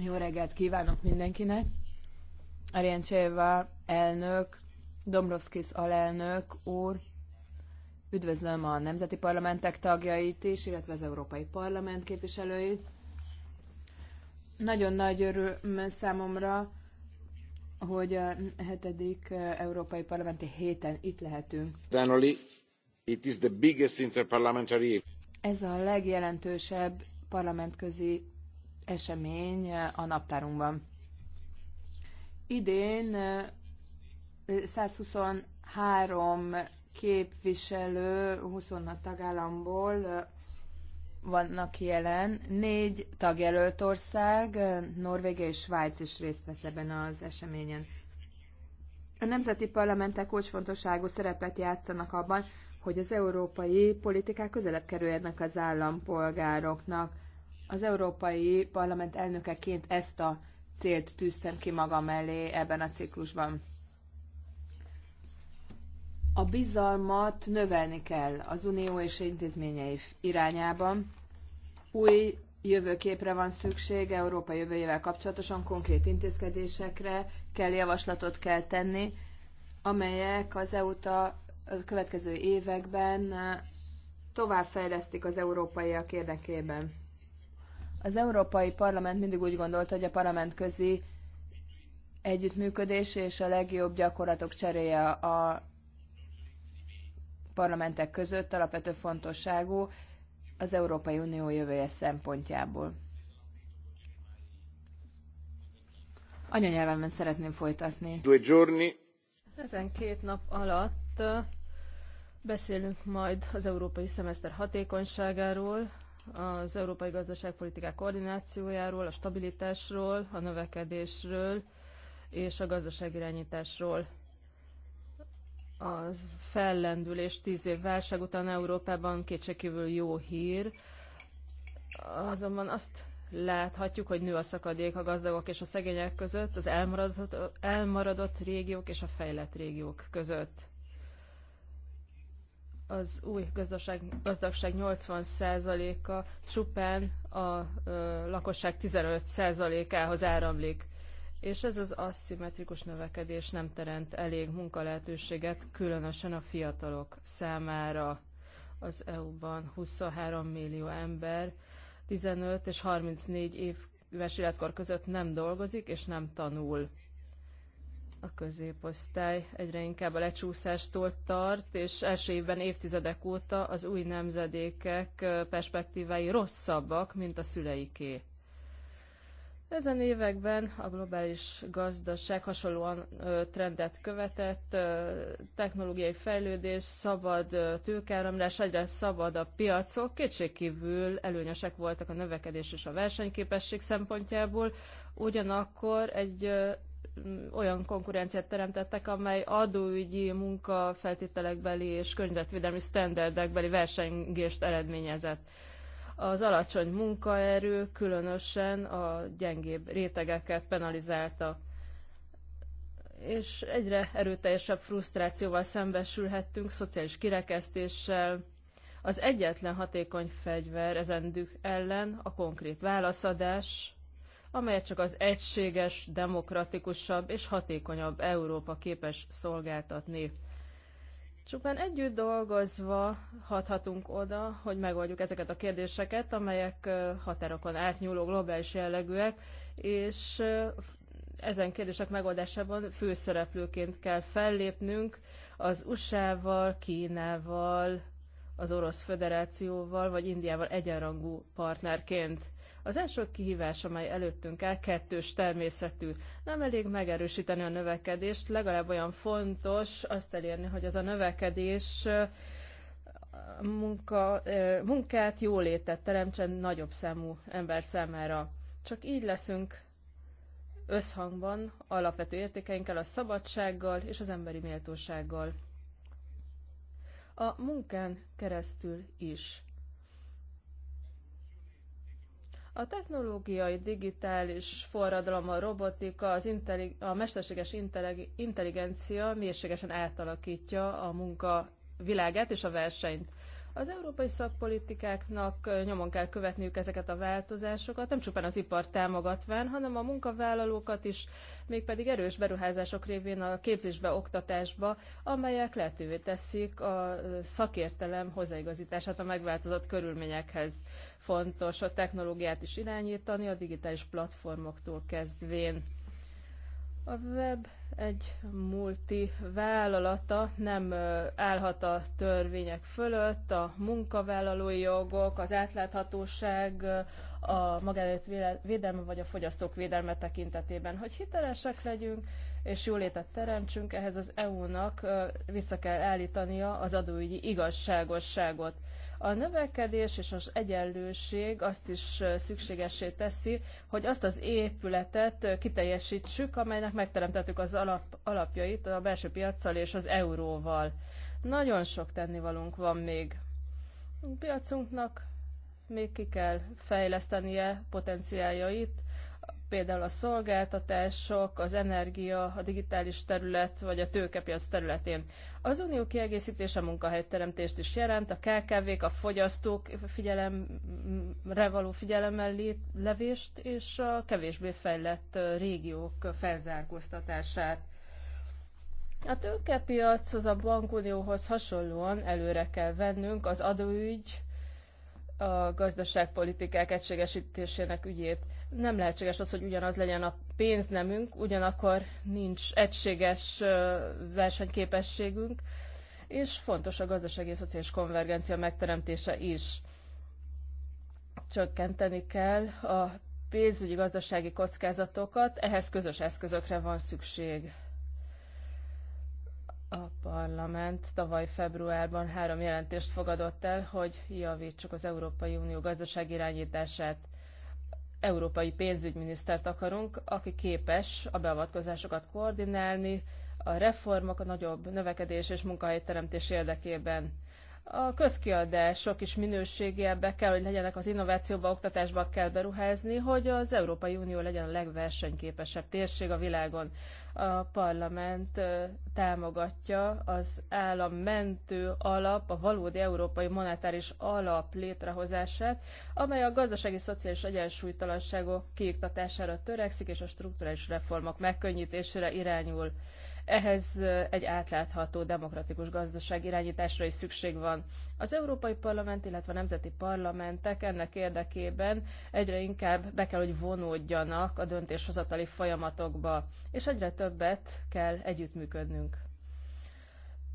Jó reggelt kívánok mindenkinek. Ariencseva elnök, Dombrovskis alelnök úr, üdvözlöm a nemzeti parlamentek tagjait is, illetve az Európai Parlament képviselőit. Nagyon nagy öröm számomra, hogy a hetedik Európai Parlamenti héten itt lehetünk. It is the biggest interparliamentary. Ez a legjelentősebb parlamentközi esemény a naptárunkban. Idén 123 képviselő 26 tagállamból vannak jelen. Négy tagjelölt ország, Norvégia és Svájc is részt vesz ebben az eseményen. A nemzeti parlamentek kulcsfontosságú szerepet játszanak abban, hogy az európai politikák közelebb kerüljenek az állampolgároknak. Az Európai Parlament elnökeként ezt a célt tűztem ki magam elé ebben a ciklusban. A bizalmat növelni kell az Unió és intézményei irányában. Új jövőképre van szükség, Európa jövőjével kapcsolatosan konkrét intézkedésekre kell javaslatot kell tenni, amelyek az eu a következő években eh, továbbfejlesztik az európaiak érdekében. Az Európai Parlament mindig úgy gondolta, hogy a parlament közi együttműködés és a legjobb gyakorlatok cseréje a parlamentek között alapvető fontosságú az Európai Unió jövője szempontjából. Anyanyelvemben szeretném folytatni. Ezen két nap alatt Beszélünk majd az európai szemeszter hatékonyságáról, az európai gazdaságpolitikák koordinációjáról, a stabilitásról, a növekedésről és a gazdaságirányításról. A fellendülés tíz év válság után Európában kétségkívül jó hír, azonban azt láthatjuk, hogy nő a szakadék a gazdagok és a szegények között, az elmaradott, elmaradott régiók és a fejlett régiók között az új gazdaság, gazdagság 80%-a csupán a ö, lakosság 15%-ához áramlik. És ez az aszimmetrikus növekedés nem teremt elég munkalehetőséget, különösen a fiatalok számára. Az EU-ban 23 millió ember 15 és 34 éves életkor között nem dolgozik és nem tanul a középosztály egyre inkább a lecsúszástól tart, és első évben évtizedek óta az új nemzedékek perspektívái rosszabbak, mint a szüleiké. Ezen években a globális gazdaság hasonlóan trendet követett, technológiai fejlődés, szabad tőkeáramlás, egyre szabad a piacok, kétségkívül előnyösek voltak a növekedés és a versenyképesség szempontjából, ugyanakkor egy olyan konkurenciát teremtettek, amely adóügyi, munkafeltételekbeli és környezetvédelmi sztenderdekbeli versengést eredményezett. Az alacsony munkaerő különösen a gyengébb rétegeket penalizálta és egyre erőteljesebb frusztrációval szembesülhettünk, szociális kirekesztéssel. Az egyetlen hatékony fegyver ezen ellen a konkrét válaszadás, amelyet csak az egységes, demokratikusabb és hatékonyabb Európa képes szolgáltatni. Csupán együtt dolgozva hathatunk oda, hogy megoldjuk ezeket a kérdéseket, amelyek határokon átnyúló globális jellegűek, és ezen kérdések megoldásában főszereplőként kell fellépnünk az USA-val, Kínával, az Orosz Föderációval vagy Indiával egyenrangú partnerként. Az első kihívás, amely előttünk el, kettős természetű. Nem elég megerősíteni a növekedést, legalább olyan fontos azt elérni, hogy az a növekedés munka, munkát, jólétet teremtsen nagyobb számú ember számára. Csak így leszünk összhangban alapvető értékeinkkel, a szabadsággal és az emberi méltósággal. A munkán keresztül is. A technológiai, digitális forradalom, a robotika, az intellig- a mesterséges intellig- intelligencia mélységesen átalakítja a munka világát és a versenyt. Az európai szakpolitikáknak nyomon kell követniük ezeket a változásokat, nem csupán az ipar támogatván, hanem a munkavállalókat is, mégpedig erős beruházások révén a képzésbe, oktatásba, amelyek lehetővé teszik a szakértelem hozzáigazítását a megváltozott körülményekhez. Fontos a technológiát is irányítani, a digitális platformoktól kezdvén. A web egy multi vállalata nem állhat a törvények fölött, a munkavállalói jogok, az átláthatóság, a magánélet védelme vagy a fogyasztók védelme tekintetében. Hogy hitelesek legyünk és jólétet teremtsünk, ehhez az EU-nak vissza kell állítania az adóügyi igazságosságot. A növekedés és az egyenlőség azt is szükségessé teszi, hogy azt az épületet kiteljesítsük, amelynek megteremtettük az alap, alapjait a belső piaccal és az euróval. Nagyon sok tennivalunk van még. A piacunknak még ki kell fejlesztenie potenciáljait, például a szolgáltatások, az energia, a digitális terület vagy a tőkepiac területén. Az unió kiegészítése munkahelyteremtést is jelent, a KKV-k, a fogyasztók figyelemre való figyelemmel levést és a kevésbé fejlett régiók felzárkóztatását. A tőkepiachoz, a bankunióhoz hasonlóan előre kell vennünk az adóügy, a gazdaságpolitikák egységesítésének ügyét. Nem lehetséges az, hogy ugyanaz legyen a pénznemünk, ugyanakkor nincs egységes versenyképességünk, és fontos a gazdasági és szociális konvergencia megteremtése is. Csökkenteni kell a pénzügyi gazdasági kockázatokat, ehhez közös eszközökre van szükség. A parlament tavaly februárban három jelentést fogadott el, hogy javítsuk az Európai Unió gazdaság irányítását. Európai pénzügyminisztert akarunk, aki képes a beavatkozásokat koordinálni, a reformok a nagyobb növekedés és munkahelyteremtés érdekében. A közkiadások is minőségiebbek kell, hogy legyenek az innovációba, oktatásba kell beruházni, hogy az Európai Unió legyen a legversenyképesebb térség a világon a parlament támogatja az állammentő alap, a valódi európai monetáris alap létrehozását, amely a gazdasági szociális egyensúlytalanságok kiiktatására törekszik és a strukturális reformok megkönnyítésére irányul ehhez egy átlátható demokratikus gazdaság irányításra is szükség van. Az Európai Parlament, illetve a nemzeti parlamentek ennek érdekében egyre inkább be kell, hogy vonódjanak a döntéshozatali folyamatokba, és egyre többet kell együttműködnünk.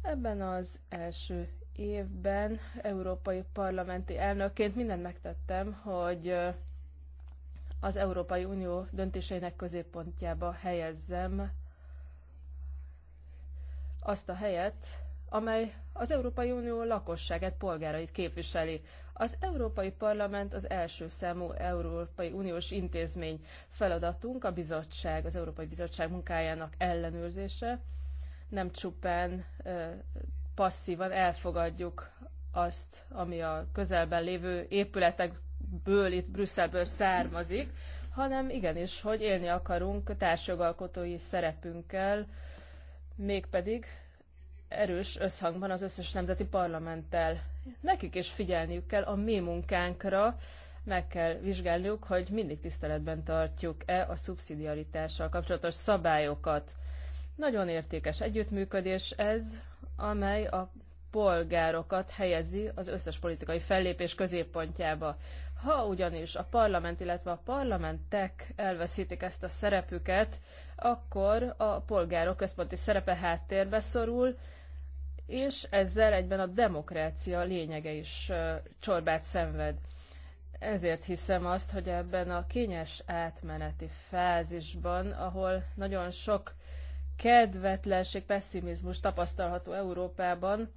Ebben az első évben európai parlamenti elnökként mindent megtettem, hogy az Európai Unió döntéseinek középpontjába helyezzem azt a helyet, amely az Európai Unió lakosságát, polgárait képviseli. Az Európai Parlament az első számú Európai Uniós intézmény feladatunk, a bizottság, az Európai Bizottság munkájának ellenőrzése. Nem csupán passzívan elfogadjuk azt, ami a közelben lévő épületekből, itt Brüsszelből származik, hanem igenis, hogy élni akarunk társjogalkotói szerepünkkel, mégpedig erős összhangban az összes nemzeti parlamenttel. Nekik is figyelniük kell a mi munkánkra, meg kell vizsgálniuk, hogy mindig tiszteletben tartjuk-e a szubszidiaritással kapcsolatos szabályokat. Nagyon értékes együttműködés ez, amely a polgárokat helyezi az összes politikai fellépés középpontjába. Ha ugyanis a parlament, illetve a parlamentek elveszítik ezt a szerepüket, akkor a polgárok központi szerepe háttérbe szorul, és ezzel egyben a demokrácia lényege is csorbát szenved. Ezért hiszem azt, hogy ebben a kényes átmeneti fázisban, ahol nagyon sok kedvetlenség, pessimizmus tapasztalható Európában,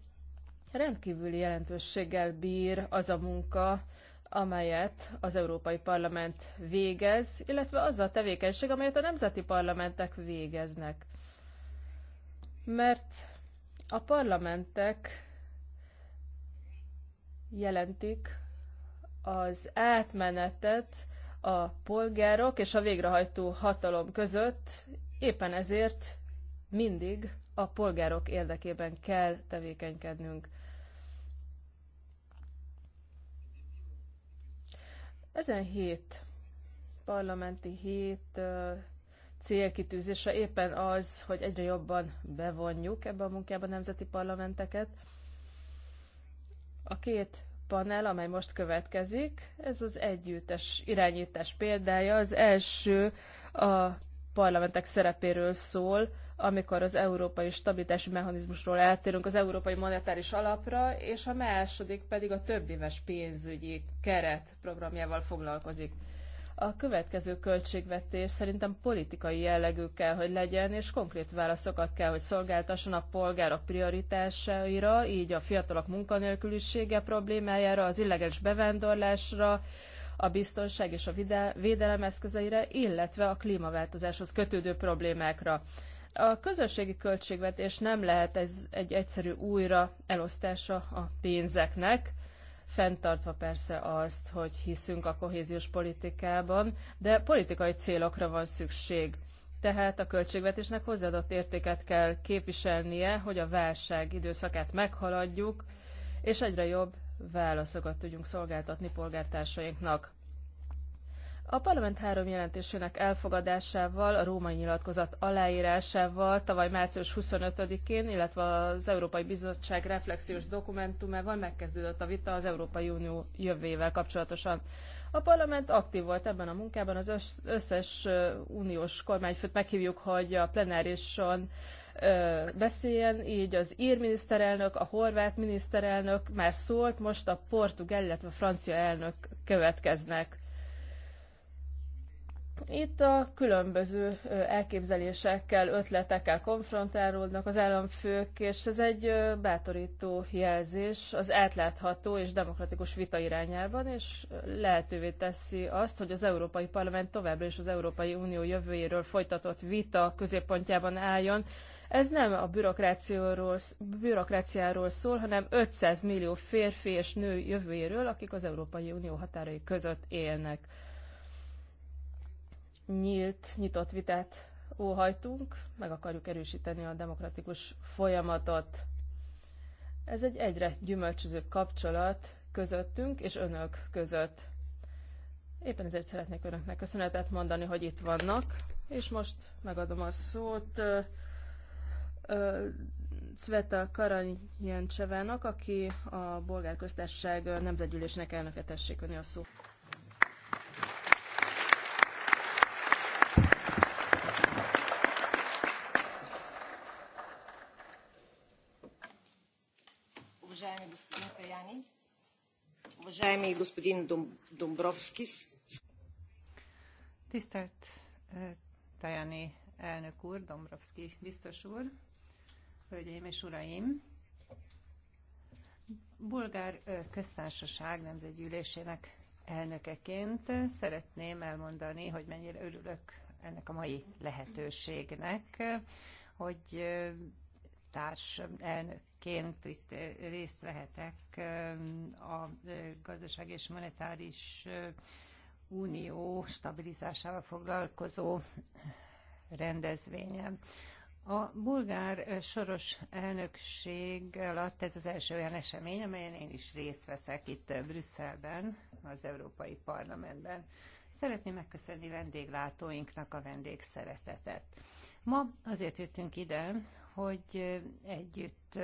rendkívüli jelentőséggel bír az a munka, amelyet az Európai Parlament végez, illetve az a tevékenység, amelyet a nemzeti parlamentek végeznek. Mert a parlamentek jelentik az átmenetet a polgárok és a végrehajtó hatalom között, éppen ezért mindig a polgárok érdekében kell tevékenykednünk. Ezen hét parlamenti hét célkitűzése éppen az, hogy egyre jobban bevonjuk ebbe a munkába a nemzeti parlamenteket. A két panel, amely most következik, ez az együttes irányítás példája. Az első a parlamentek szerepéről szól, amikor az európai stabilitási mechanizmusról eltérünk az európai monetáris alapra, és a második pedig a többéves pénzügyi keret programjával foglalkozik. A következő költségvetés szerintem politikai jellegű kell, hogy legyen, és konkrét válaszokat kell, hogy szolgáltasson a polgárok prioritásaira, így a fiatalok munkanélkülisége problémájára, az illegális bevándorlásra, a biztonság és a védelem eszközeire, illetve a klímaváltozáshoz kötődő problémákra. A közösségi költségvetés nem lehet ez egy egyszerű újra elosztása a pénzeknek, fenntartva persze azt, hogy hiszünk a kohéziós politikában, de politikai célokra van szükség. Tehát a költségvetésnek hozzáadott értéket kell képviselnie, hogy a válság időszakát meghaladjuk, és egyre jobb válaszokat tudjunk szolgáltatni polgártársainknak. A parlament három jelentésének elfogadásával, a római nyilatkozat aláírásával tavaly március 25-én, illetve az Európai Bizottság reflexiós dokumentumával megkezdődött a vita az Európai Unió jövőjével kapcsolatosan. A parlament aktív volt ebben a munkában, az összes uniós kormányfőt meghívjuk, hogy a plenárison beszéljen, így az ír miniszterelnök, a horvát miniszterelnök már szólt, most a portugál, illetve a francia elnök következnek. Itt a különböző elképzelésekkel, ötletekkel konfrontálódnak az államfők, és ez egy bátorító jelzés az átlátható és demokratikus vita irányában, és lehetővé teszi azt, hogy az Európai Parlament továbbra is az Európai Unió jövőjéről folytatott vita középpontjában álljon. Ez nem a bürokráciáról szól, hanem 500 millió férfi és nő jövőjéről, akik az Európai Unió határai között élnek nyílt, nyitott vitát óhajtunk, meg akarjuk erősíteni a demokratikus folyamatot. Ez egy egyre gyümölcsöző kapcsolat közöttünk és önök között. Éppen ezért szeretnék önöknek köszönetet mondani, hogy itt vannak, és most megadom a szót Sveta Karanyjencsevának, aki a Bolgár Köztársaság Nemzetgyűlésnek elnöke. Tessék öni a szót. господин Таяни, уважаеми господин Домбровскис. Tisztelt eh, Tajani elnök úr, Dombrovski biztos úr, hölgyeim és uraim! Bulgár eh, köztársaság nemzetgyűlésének elnökeként szeretném elmondani, hogy mennyire örülök ennek a mai lehetőségnek, hogy eh, társ elnök elnökeként itt részt vehetek a gazdaság és monetáris unió stabilizásával foglalkozó rendezvényen. A bulgár soros elnökség alatt ez az első olyan esemény, amelyen én is részt veszek itt Brüsszelben, az Európai Parlamentben. Szeretném megköszönni vendéglátóinknak a vendégszeretetet. Ma azért jöttünk ide, hogy együtt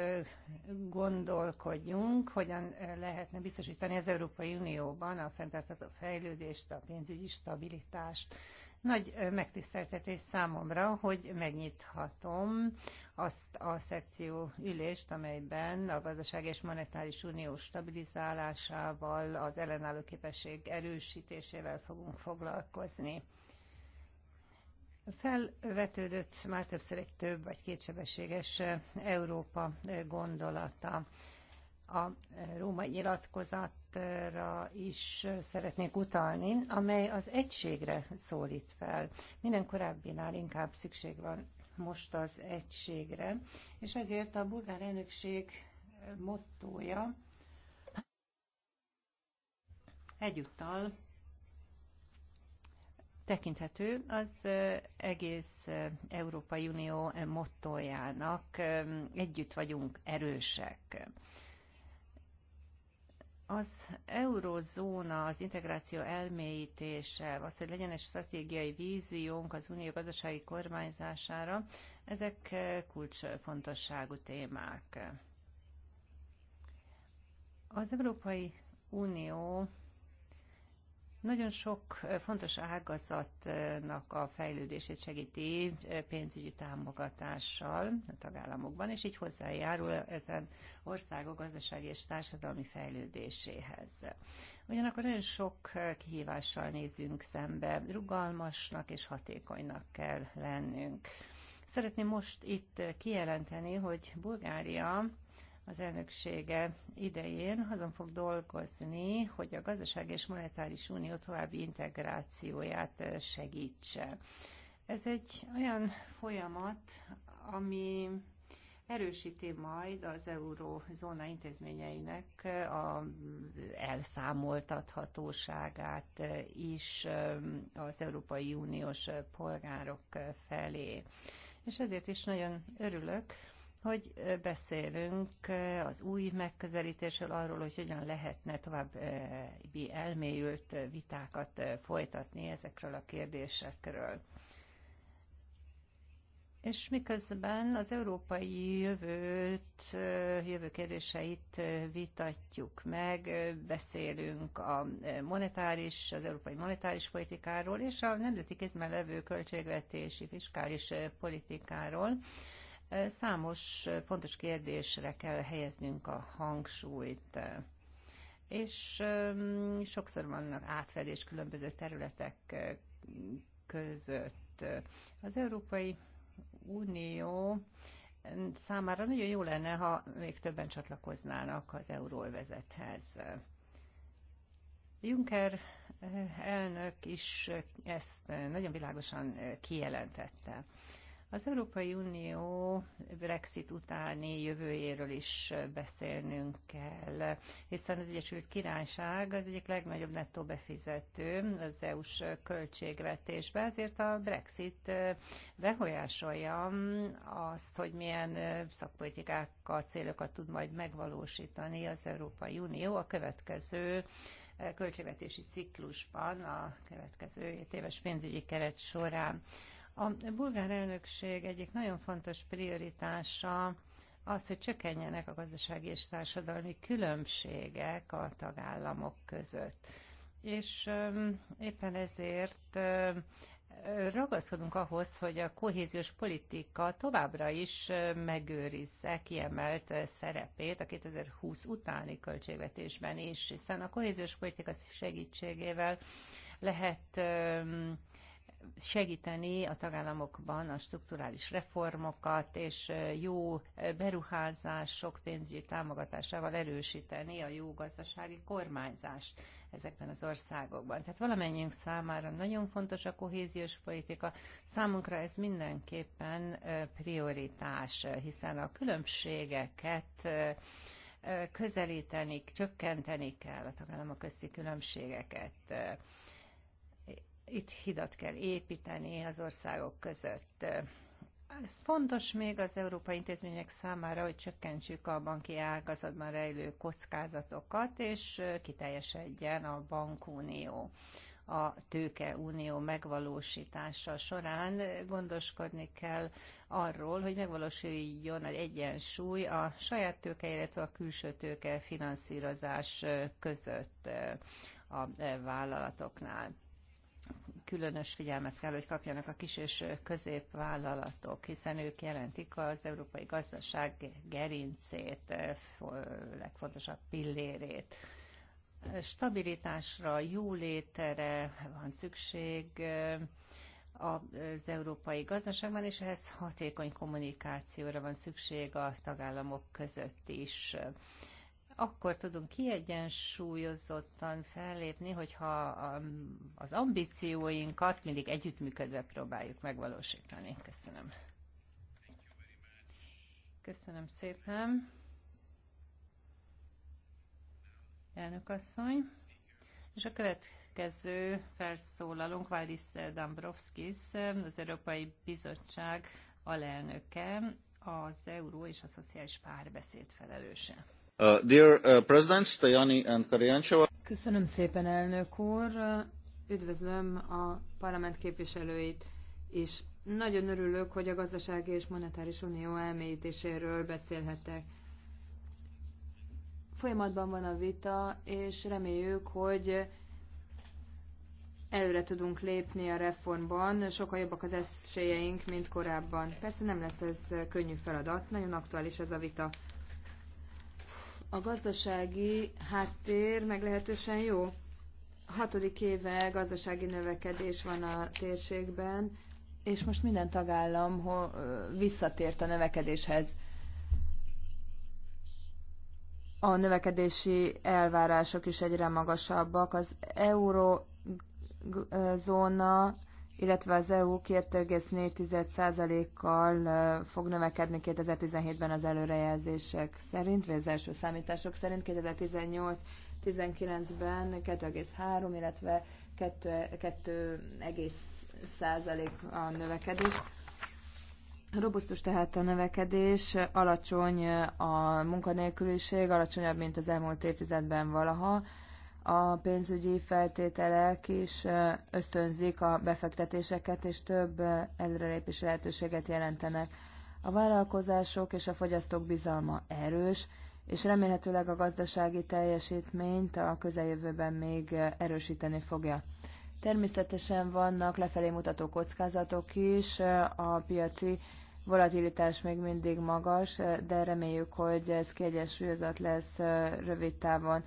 gondolkodjunk, hogyan lehetne biztosítani az Európai Unióban a fenntartható fejlődést, a pénzügyi stabilitást. Nagy megtiszteltetés számomra, hogy megnyithatom azt a szekció ülést, amelyben a gazdaság és monetáris unió stabilizálásával, az ellenálló képesség erősítésével fogunk foglalkozni. Felvetődött már többször egy több vagy kétsebességes eh, Európa eh, gondolata. A eh, római nyilatkozatra is szeretnék utalni, amely az egységre szólít fel. Minden korábbinál inkább szükség van most az egységre, és ezért a bulgár elnökség mottója egyúttal tekinthető az egész Európai Unió mottojának együtt vagyunk erősek. Az eurozóna, az integráció elmélyítése, az, hogy legyen egy stratégiai víziónk az unió gazdasági kormányzására, ezek kulcsfontosságú témák. Az Európai Unió nagyon sok fontos ágazatnak a fejlődését segíti pénzügyi támogatással a tagállamokban, és így hozzájárul ezen országok gazdasági és társadalmi fejlődéséhez. Ugyanakkor nagyon sok kihívással nézünk szembe, rugalmasnak és hatékonynak kell lennünk. Szeretném most itt kijelenteni, hogy Bulgária az elnöksége idején azon fog dolgozni, hogy a gazdaság és monetáris unió további integrációját segítse. Ez egy olyan folyamat, ami erősíti majd az eurózóna intézményeinek az elszámoltathatóságát is az Európai Uniós polgárok felé. És ezért is nagyon örülök, hogy beszélünk az új megközelítésről, arról, hogy hogyan lehetne további elmélyült vitákat folytatni ezekről a kérdésekről. És miközben az európai jövőt, jövő kérdéseit vitatjuk meg, beszélünk a monetáris, az európai monetáris politikáról és a nemzeti kézben levő költségvetési, fiskális politikáról, Számos fontos kérdésre kell helyeznünk a hangsúlyt, és sokszor vannak átfedés különböző területek között. Az Európai Unió számára nagyon jó lenne, ha még többen csatlakoznának az euróvezethez. Juncker elnök is ezt nagyon világosan kijelentette. Az Európai Unió Brexit utáni jövőjéről is beszélnünk kell, hiszen az Egyesült Királyság az egyik legnagyobb nettó befizető az EU-s költségvetésbe, ezért a Brexit befolyásolja azt, hogy milyen szakpolitikákkal célokat tud majd megvalósítani az Európai Unió a következő költségvetési ciklusban, a következő éves pénzügyi keret során. A bulgár elnökség egyik nagyon fontos prioritása az, hogy csökkenjenek a gazdasági és társadalmi különbségek a tagállamok között. És éppen ezért ragaszkodunk ahhoz, hogy a kohéziós politika továbbra is megőrizze kiemelt szerepét a 2020 utáni költségvetésben is, hiszen a kohéziós politika segítségével lehet segíteni a tagállamokban a strukturális reformokat, és jó beruházások pénzügyi támogatásával erősíteni a jó gazdasági kormányzást ezekben az országokban. Tehát valamennyiünk számára nagyon fontos a kohéziós politika, számunkra ez mindenképpen prioritás, hiszen a különbségeket közelíteni, csökkenteni kell a tagállamok közti különbségeket itt hidat kell építeni az országok között. Ez fontos még az európai intézmények számára, hogy csökkentsük a banki ágazatban rejlő kockázatokat, és kiteljesedjen a bankunió. A tőkeunió megvalósítása során gondoskodni kell arról, hogy megvalósuljon egy egyensúly a saját tőke, illetve a külső tőke finanszírozás között a vállalatoknál különös figyelmet kell, hogy kapjanak a kis és középvállalatok, hiszen ők jelentik az európai gazdaság gerincét, eh, legfontosabb pillérét. Stabilitásra, jólétre van szükség eh, az európai gazdaságban, és ehhez hatékony kommunikációra van szükség a tagállamok között is akkor tudunk kiegyensúlyozottan fellépni, hogyha um, az ambícióinkat mindig együttműködve próbáljuk megvalósítani. Köszönöm. Köszönöm szépen. Elnök asszony. És a következő felszólalunk Vális Dambrovskis, az Európai Bizottság alelnöke, az Euró és a Szociális Párbeszéd felelőse. Uh, uh, Köszönöm szépen, elnök úr. Üdvözlöm a parlament képviselőit, és nagyon örülök, hogy a gazdasági és monetáris unió elmélyítéséről beszélhetek. Folyamatban van a vita, és reméljük, hogy előre tudunk lépni a reformban, sokkal jobbak az esélyeink, mint korábban. Persze nem lesz ez könnyű feladat, nagyon aktuális ez a vita a gazdasági háttér meglehetősen jó. A hatodik éve gazdasági növekedés van a térségben, és most minden tagállam visszatért a növekedéshez. A növekedési elvárások is egyre magasabbak. Az eurozóna illetve az EU 2,4%-kal fog növekedni 2017-ben az előrejelzések szerint, vagy az első számítások szerint 2018-19-ben 2,3, illetve 2,1% a növekedés. Robusztus tehát a növekedés, alacsony a munkanélküliség, alacsonyabb, mint az elmúlt évtizedben valaha a pénzügyi feltételek is ösztönzik a befektetéseket, és több előrelépési lehetőséget jelentenek. A vállalkozások és a fogyasztók bizalma erős, és remélhetőleg a gazdasági teljesítményt a közeljövőben még erősíteni fogja. Természetesen vannak lefelé mutató kockázatok is, a piaci volatilitás még mindig magas, de reméljük, hogy ez kiegyensúlyozott lesz rövid távon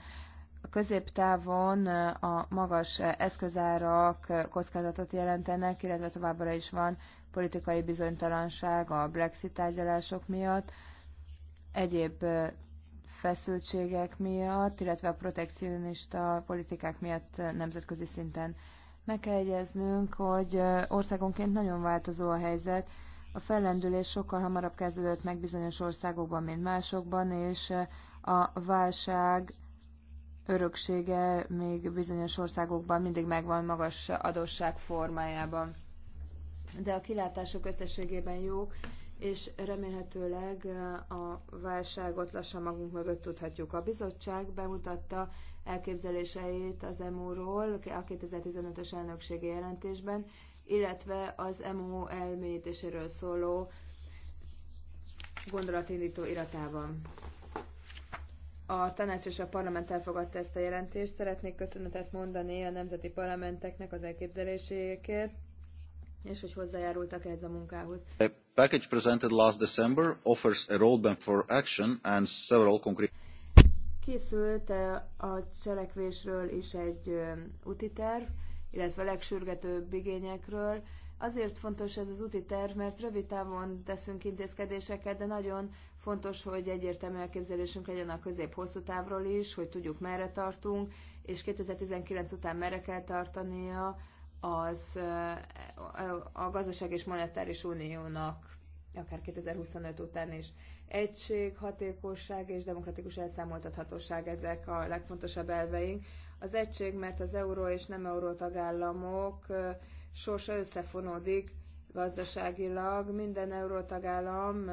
a középtávon a magas eszközárak kockázatot jelentenek, illetve továbbra is van politikai bizonytalanság a Brexit tárgyalások miatt, egyéb feszültségek miatt, illetve a protekcionista politikák miatt nemzetközi szinten. Meg kell egyeznünk, hogy országonként nagyon változó a helyzet, a fellendülés sokkal hamarabb kezdődött meg bizonyos országokban, mint másokban, és a válság öröksége még bizonyos országokban mindig megvan magas adósság formájában. De a kilátások összességében jók, és remélhetőleg a válságot lassan magunk mögött tudhatjuk. A bizottság bemutatta elképzeléseit az EMU-ról a 2015-ös elnökségi jelentésben, illetve az EMU elmélyítéséről szóló gondolatindító iratában. A tanács és a parlament elfogadta ezt a jelentést. Szeretnék köszönetet mondani a nemzeti parlamenteknek az elképzeléséért, és hogy hozzájárultak ehhez a munkához. A package presented last December offers a roadmap for action and several concrete Készült eh, a cselekvésről is egy eh, útiterv, illetve a legsürgetőbb igényekről, Azért fontos ez az úti terv, mert rövid távon teszünk intézkedéseket, de nagyon fontos, hogy egyértelmű elképzelésünk legyen a közép-hosszú távról is, hogy tudjuk merre tartunk, és 2019 után merre kell tartania az, eh, a gazdaság és monetáris uniónak, akár 2025 után is. Egység, hatékosság és demokratikus elszámoltathatóság ezek a legfontosabb elveink. Az egység, mert az euró és nem euró tagállamok eh, sorsa összefonódik gazdaságilag. Minden eurótagállam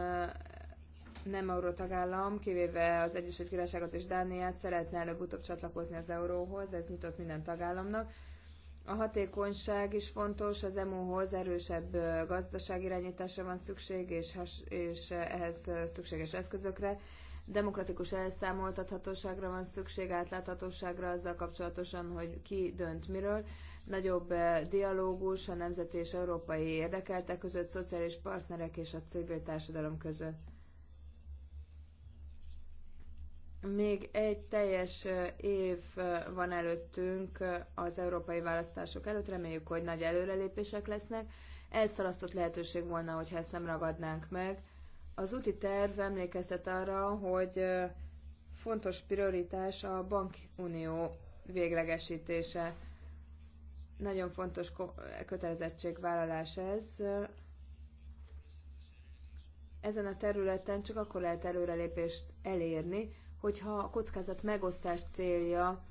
nem eurótagállam kivéve az Egyesült Királyságot és Dániát szeretne előbb-utóbb csatlakozni az euróhoz, ez nyitott minden tagállamnak. A hatékonyság is fontos, az EMU-hoz erősebb gazdaságirányításra van szükség, és, és ehhez szükséges eszközökre. Demokratikus elszámoltathatóságra van szükség, átláthatóságra azzal kapcsolatosan, hogy ki dönt miről nagyobb eh, dialógus a nemzeti és európai érdekeltek között, szociális partnerek és a civil társadalom között. Még egy teljes eh, év eh, van előttünk az európai választások előtt, reméljük, hogy nagy előrelépések lesznek. Elszalasztott lehetőség volna, hogyha ezt nem ragadnánk meg. Az úti terv emlékeztet arra, hogy fontos prioritás a bankunió véglegesítése. Nagyon fontos kötelezettségvállalás ez. Ezen a területen csak akkor lehet előrelépést elérni, hogyha a kockázat megosztás célja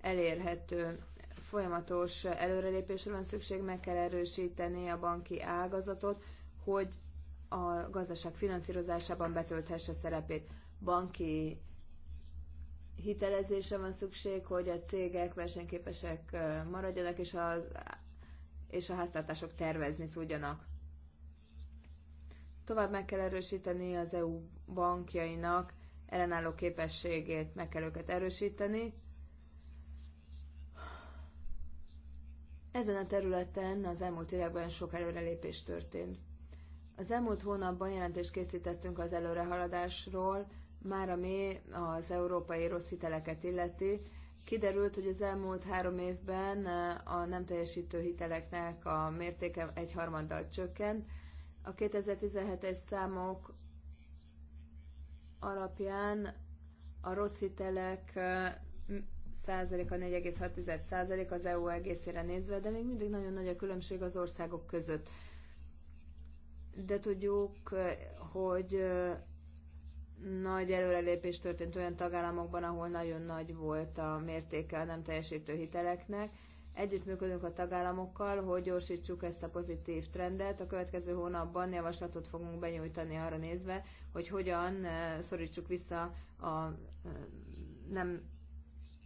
elérhető folyamatos előrelépésre van szükség, meg kell erősíteni a banki ágazatot, hogy a gazdaság finanszírozásában betölthesse szerepét. Banki hitelezésre van szükség, hogy a cégek versenyképesek maradjanak, és, az, és a háztartások tervezni tudjanak. Tovább meg kell erősíteni az EU bankjainak ellenálló képességét, meg kell őket erősíteni. Ezen a területen az elmúlt években sok előrelépés történt. Az elmúlt hónapban jelentést készítettünk az előrehaladásról, már ami az európai rossz hiteleket illeti, kiderült, hogy az elmúlt három évben eh, a nem teljesítő hiteleknek a mértéke harmaddal csökkent. A 2017-es számok alapján a rossz hitelek eh, százaléka 4,6 százalék az EU egészére nézve, de még mindig nagyon nagy a különbség az országok között. De tudjuk, eh, hogy nagy előrelépés történt olyan tagállamokban, ahol nagyon nagy volt a mértéke a nem teljesítő hiteleknek. Együttműködünk a tagállamokkal, hogy gyorsítsuk ezt a pozitív trendet. A következő hónapban javaslatot fogunk benyújtani arra nézve, hogy hogyan eh, szorítsuk vissza a eh, nem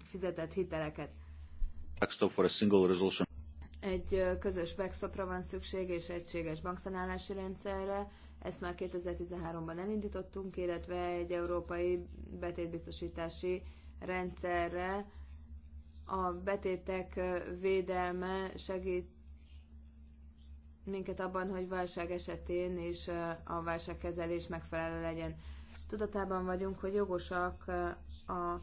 fizetett hiteleket. Backstop for a single resolution. Egy eh, közös backstopra van szükség, és egységes bankszanálási rendszerre ezt már 2013-ban elindítottunk, illetve egy európai betétbiztosítási rendszerre a betétek védelme segít minket abban, hogy válság esetén és a válságkezelés megfelelő legyen. Tudatában vagyunk, hogy jogosak a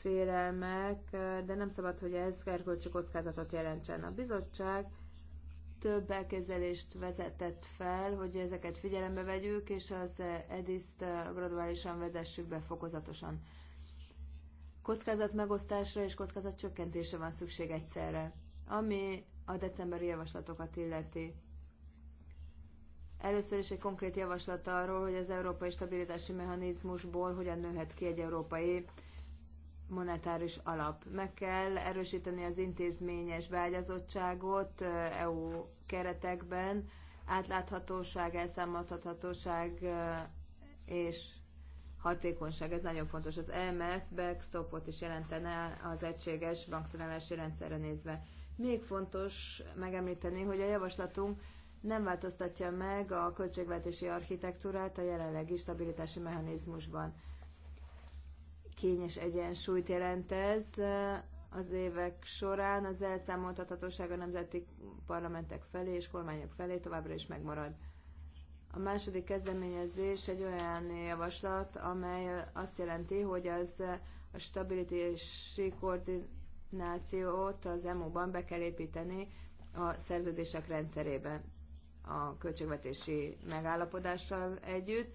félelmek, de nem szabad, hogy ez erkölcsi kockázatot jelentsen. A bizottság több elképzelést vezetett fel, hogy ezeket figyelembe vegyük, és az EDIS-t graduálisan vezessük be fokozatosan. Kockázat megosztásra és kockázat csökkentése van szükség egyszerre, ami a decemberi javaslatokat illeti. Először is egy konkrét javaslat arról, hogy az európai stabilitási mechanizmusból hogyan nőhet ki egy európai monetáris alap. Meg kell erősíteni az intézményes beágyazottságot EU keretekben, átláthatóság, elszámoltathatóság és hatékonyság, ez nagyon fontos. Az EMF backstopot is jelentene az egységes bankszerelési rendszerre nézve. Még fontos megemlíteni, hogy a javaslatunk nem változtatja meg a költségvetési architektúrát a jelenlegi stabilitási mechanizmusban kényes egyensúlyt jelent ez eh, az évek során. Az elszámoltathatóság a nemzeti parlamentek felé és kormányok felé továbbra is megmarad. A második kezdeményezés egy olyan javaslat, amely azt jelenti, hogy az eh, a stabilitási koordinációt az EMU-ban be kell építeni a szerződések rendszerébe a költségvetési megállapodással együtt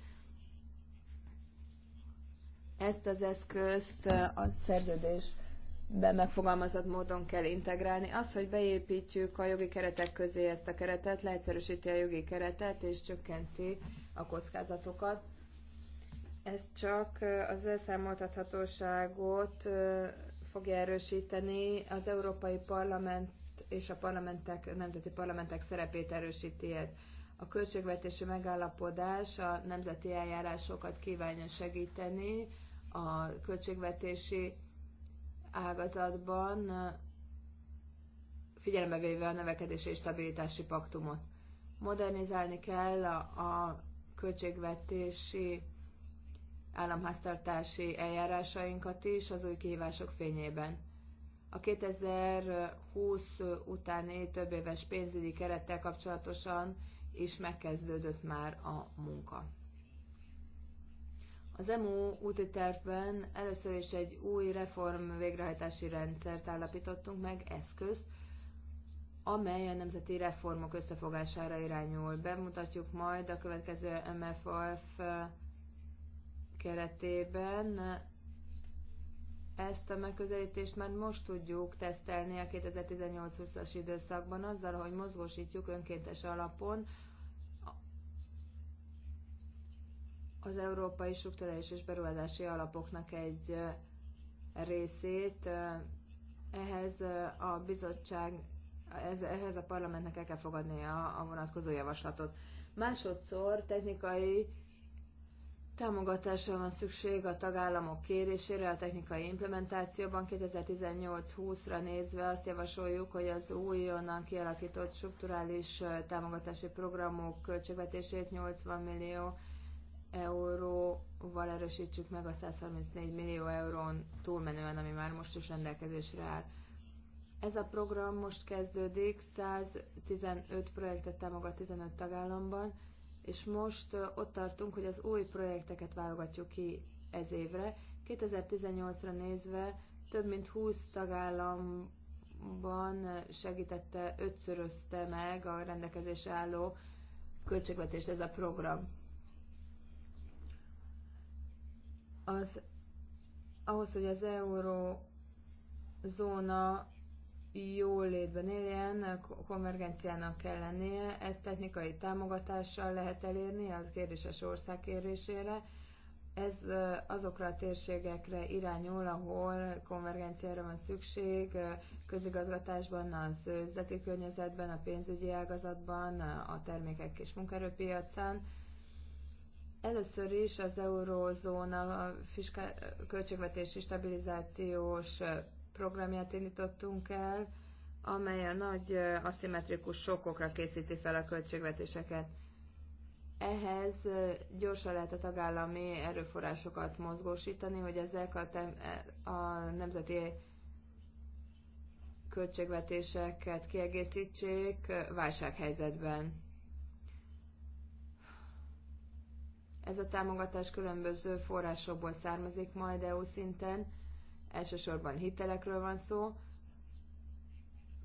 ezt az eszközt a szerződésben megfogalmazott módon kell integrálni. Az, hogy beépítjük a jogi keretek közé ezt a keretet, leegyszerűsíti a jogi keretet és csökkenti a kockázatokat. Ez csak az elszámoltathatóságot fogja erősíteni, az Európai Parlament és a parlamentek, nemzeti parlamentek szerepét erősíti ez. A költségvetési megállapodás a nemzeti eljárásokat kívánja segíteni, a költségvetési ágazatban, figyelembe véve a növekedési és stabilitási paktumot. Modernizálni kell a, a költségvetési államháztartási eljárásainkat is az új kihívások fényében. A 2020 utáni több éves pénzügyi kerettel kapcsolatosan is megkezdődött már a munka. Az EMU úti tervben először is egy új reform végrehajtási rendszert állapítottunk meg, eszközt, amely a nemzeti reformok összefogására irányul. Bemutatjuk majd a következő MFF keretében. Ezt a megközelítést már most tudjuk tesztelni a 2018-20-as időszakban azzal, hogy mozgósítjuk önkéntes alapon az Európai Struktúrális és Beruházási Alapoknak egy eh, részét. Eh, ehhez eh, a bizottság, ehhez a parlamentnek el kell fogadnia a vonatkozó javaslatot. Másodszor technikai támogatásra van szükség a tagállamok kérésére a technikai implementációban. 2018-20-ra nézve azt javasoljuk, hogy az újonnan kialakított strukturális támogatási programok költségvetését 80 millió euróval erősítsük meg a 134 millió eurón túlmenően, ami már most is rendelkezésre áll. Ez a program most kezdődik, 115 projektet támogat 15 tagállamban, és most ott tartunk, hogy az új projekteket válogatjuk ki ez évre. 2018-ra nézve több mint 20 tagállamban segítette, ötszörözte meg a rendelkezésre álló költségvetést ez a program. az, ahhoz, hogy az eurózóna jól létben éljen, konvergenciának kell lennie, ezt technikai támogatással lehet elérni az kérdéses ország kérésére. Ez azokra a térségekre irányul, ahol konvergenciára van szükség, közigazgatásban, az üzleti környezetben, a pénzügyi ágazatban, a termékek és munkerőpiacán. Először is az eurózóna fiskál, költségvetési stabilizációs programját indítottunk el, amely a nagy aszimmetrikus sokokra készíti fel a költségvetéseket. Ehhez gyorsan lehet a tagállami erőforrásokat mozgósítani, hogy ezek a, e, a nemzeti költségvetéseket kiegészítsék válsághelyzetben Ez a támogatás különböző forrásokból származik majd EU szinten, elsősorban hitelekről van szó.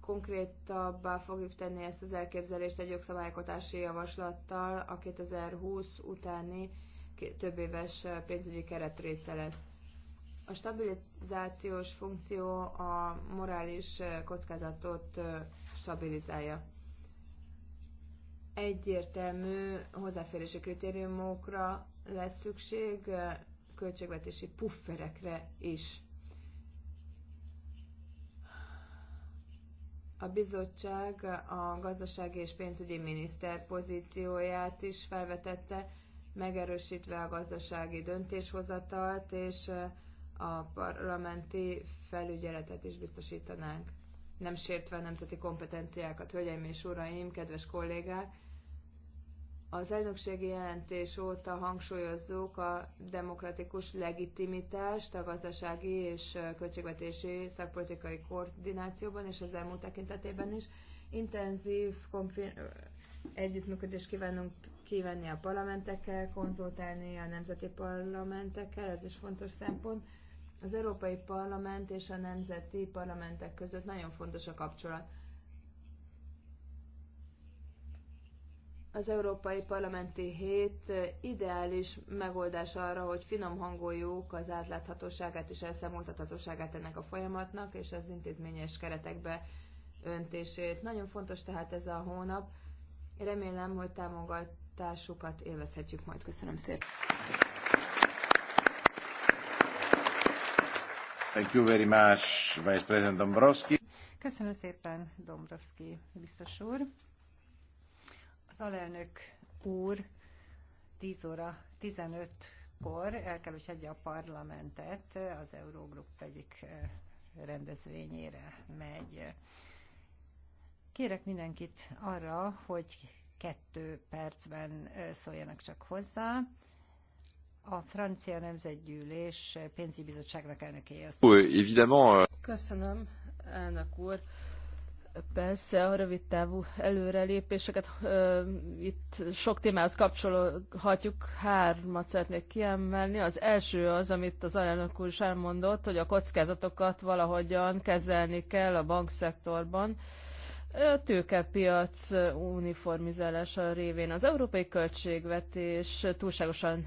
Konkrétabbá fogjuk tenni ezt az elképzelést egy jogszabályokatási javaslattal, a 2020 utáni több éves pénzügyi keret része lesz. A stabilizációs funkció a morális kockázatot stabilizálja egyértelmű hozzáférési kritériumokra lesz szükség, költségvetési pufferekre is. A bizottság a gazdasági és pénzügyi miniszter pozícióját is felvetette, megerősítve a gazdasági döntéshozatalt, és eh, a parlamenti felügyeletet is biztosítanánk. Nem sértve a nemzeti kompetenciákat, hölgyeim és uraim, kedves kollégák, az elnökségi jelentés óta hangsúlyozzuk a demokratikus legitimitást a gazdasági és költségvetési szakpolitikai koordinációban és az elmúlt tekintetében is. Intenzív konfir- együttműködést kívánunk kivenni a parlamentekkel, konzultálni a nemzeti parlamentekkel, ez is fontos szempont. Az Európai Parlament és a nemzeti parlamentek között nagyon fontos a kapcsolat az Európai Parlamenti Hét ideális megoldás arra, hogy finom hangoljuk az átláthatóságát és elszámoltathatóságát ennek a folyamatnak, és az intézményes keretekbe öntését. Nagyon fontos tehát ez a hónap. Remélem, hogy támogatásukat élvezhetjük majd. Köszönöm szépen. Thank you very much, Vice President Dombrovski. Köszönöm szépen, Dombrovski biztos úr. Az alelnök úr 10 óra 15-kor el kell, hogy hagyja a parlamentet, az Eurogrup egyik rendezvényére megy. Kérek mindenkit arra, hogy kettő percben szóljanak csak hozzá. A francia nemzetgyűlés pénzügyi bizottságnak elnökéhez. Köszönöm, elnök úr. Persze a rövid távú előrelépéseket ö, itt sok témához kapcsolhatjuk, hármat szeretnék kiemelni. Az első az, amit az alelnök úr is elmondott, hogy a kockázatokat valahogyan kezelni kell a bankszektorban. A tőkepiac uniformizálása révén az európai költségvetés túlságosan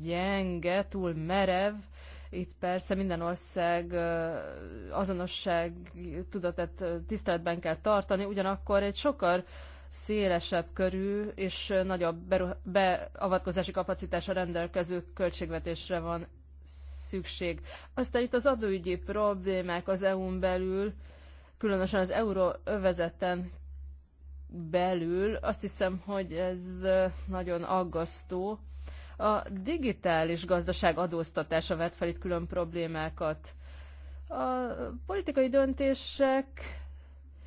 gyenge, túl merev, itt persze minden ország azonosság tudatát tiszteletben kell tartani, ugyanakkor egy sokkal szélesebb körű és nagyobb beavatkozási kapacitásra rendelkező költségvetésre van szükség. Aztán itt az adóügyi problémák az EU-n belül, különösen az euróövezeten belül, azt hiszem, hogy ez nagyon aggasztó. A digitális gazdaság adóztatása vet fel itt külön problémákat. A politikai döntések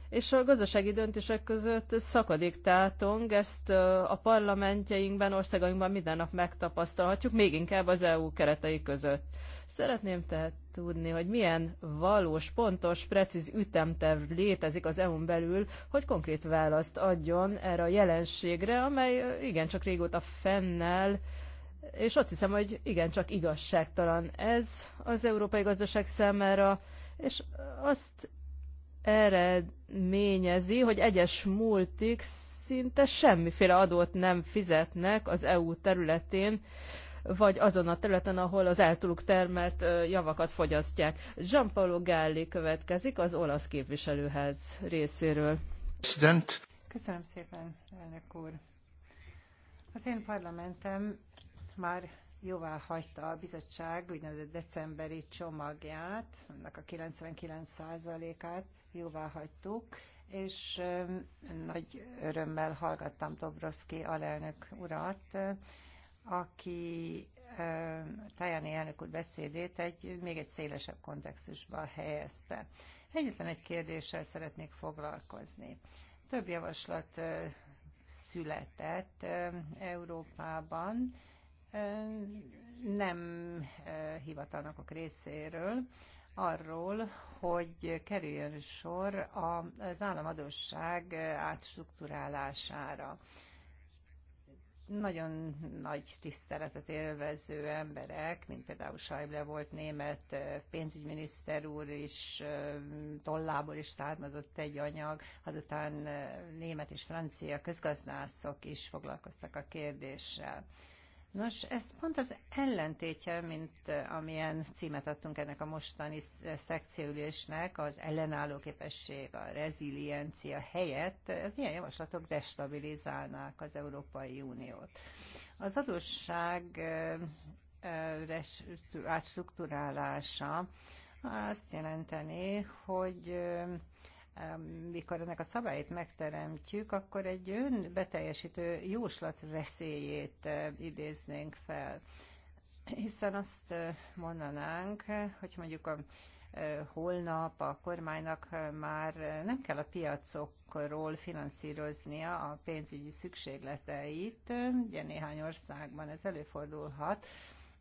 és a gazdasági döntések között szakadék tátong, ezt a parlamentjeinkben, országainkban minden nap megtapasztalhatjuk, még inkább az EU keretei között. Szeretném tehát tudni, hogy milyen valós, pontos, precíz ütemterv létezik az EU-n belül, hogy konkrét választ adjon erre a jelenségre, amely igencsak régóta fennáll, és azt hiszem, hogy igen, csak igazságtalan ez az európai gazdaság számára, és azt eredményezi, hogy egyes multik szinte semmiféle adót nem fizetnek az EU területén, vagy azon a területen, ahol az általuk termelt javakat fogyasztják. Paulo Galli következik az olasz képviselőház részéről. Köszönöm szépen, elnök úr. Az én parlamentem már jóvá hagyta a bizottság úgynevezett decemberi csomagját, annak a 99%-át jóvá hagytuk, és nagy örömmel hallgattam Dobroszki alelnök urat, aki Tajani elnök úr beszédét egy még egy szélesebb kontextusba helyezte. Egyetlen egy kérdéssel szeretnék foglalkozni. Több javaslat született Európában, nem hivatalnokok részéről arról, hogy kerüljön sor az államadóság átstruktúrálására nagyon nagy tiszteletet élvező emberek, mint például sajble volt német pénzügyminiszter úr is, tollából is származott egy anyag, azután német és francia közgazdászok is foglalkoztak a kérdéssel. Nos, ez pont az ellentétje, mint eh, amilyen címet adtunk ennek a mostani eh, szekcióülésnek, az ellenálló képesség, a reziliencia helyett, az ilyen javaslatok destabilizálnák az Európai Uniót. Az adósság eh, átstruktúrálása azt jelenteni, hogy mikor ennek a szabályt megteremtjük, akkor egy önbeteljesítő jóslat veszélyét idéznénk fel. Hiszen azt mondanánk, hogy mondjuk a holnap a kormánynak már nem kell a piacokról finanszíroznia a pénzügyi szükségleteit, ugye néhány országban ez előfordulhat,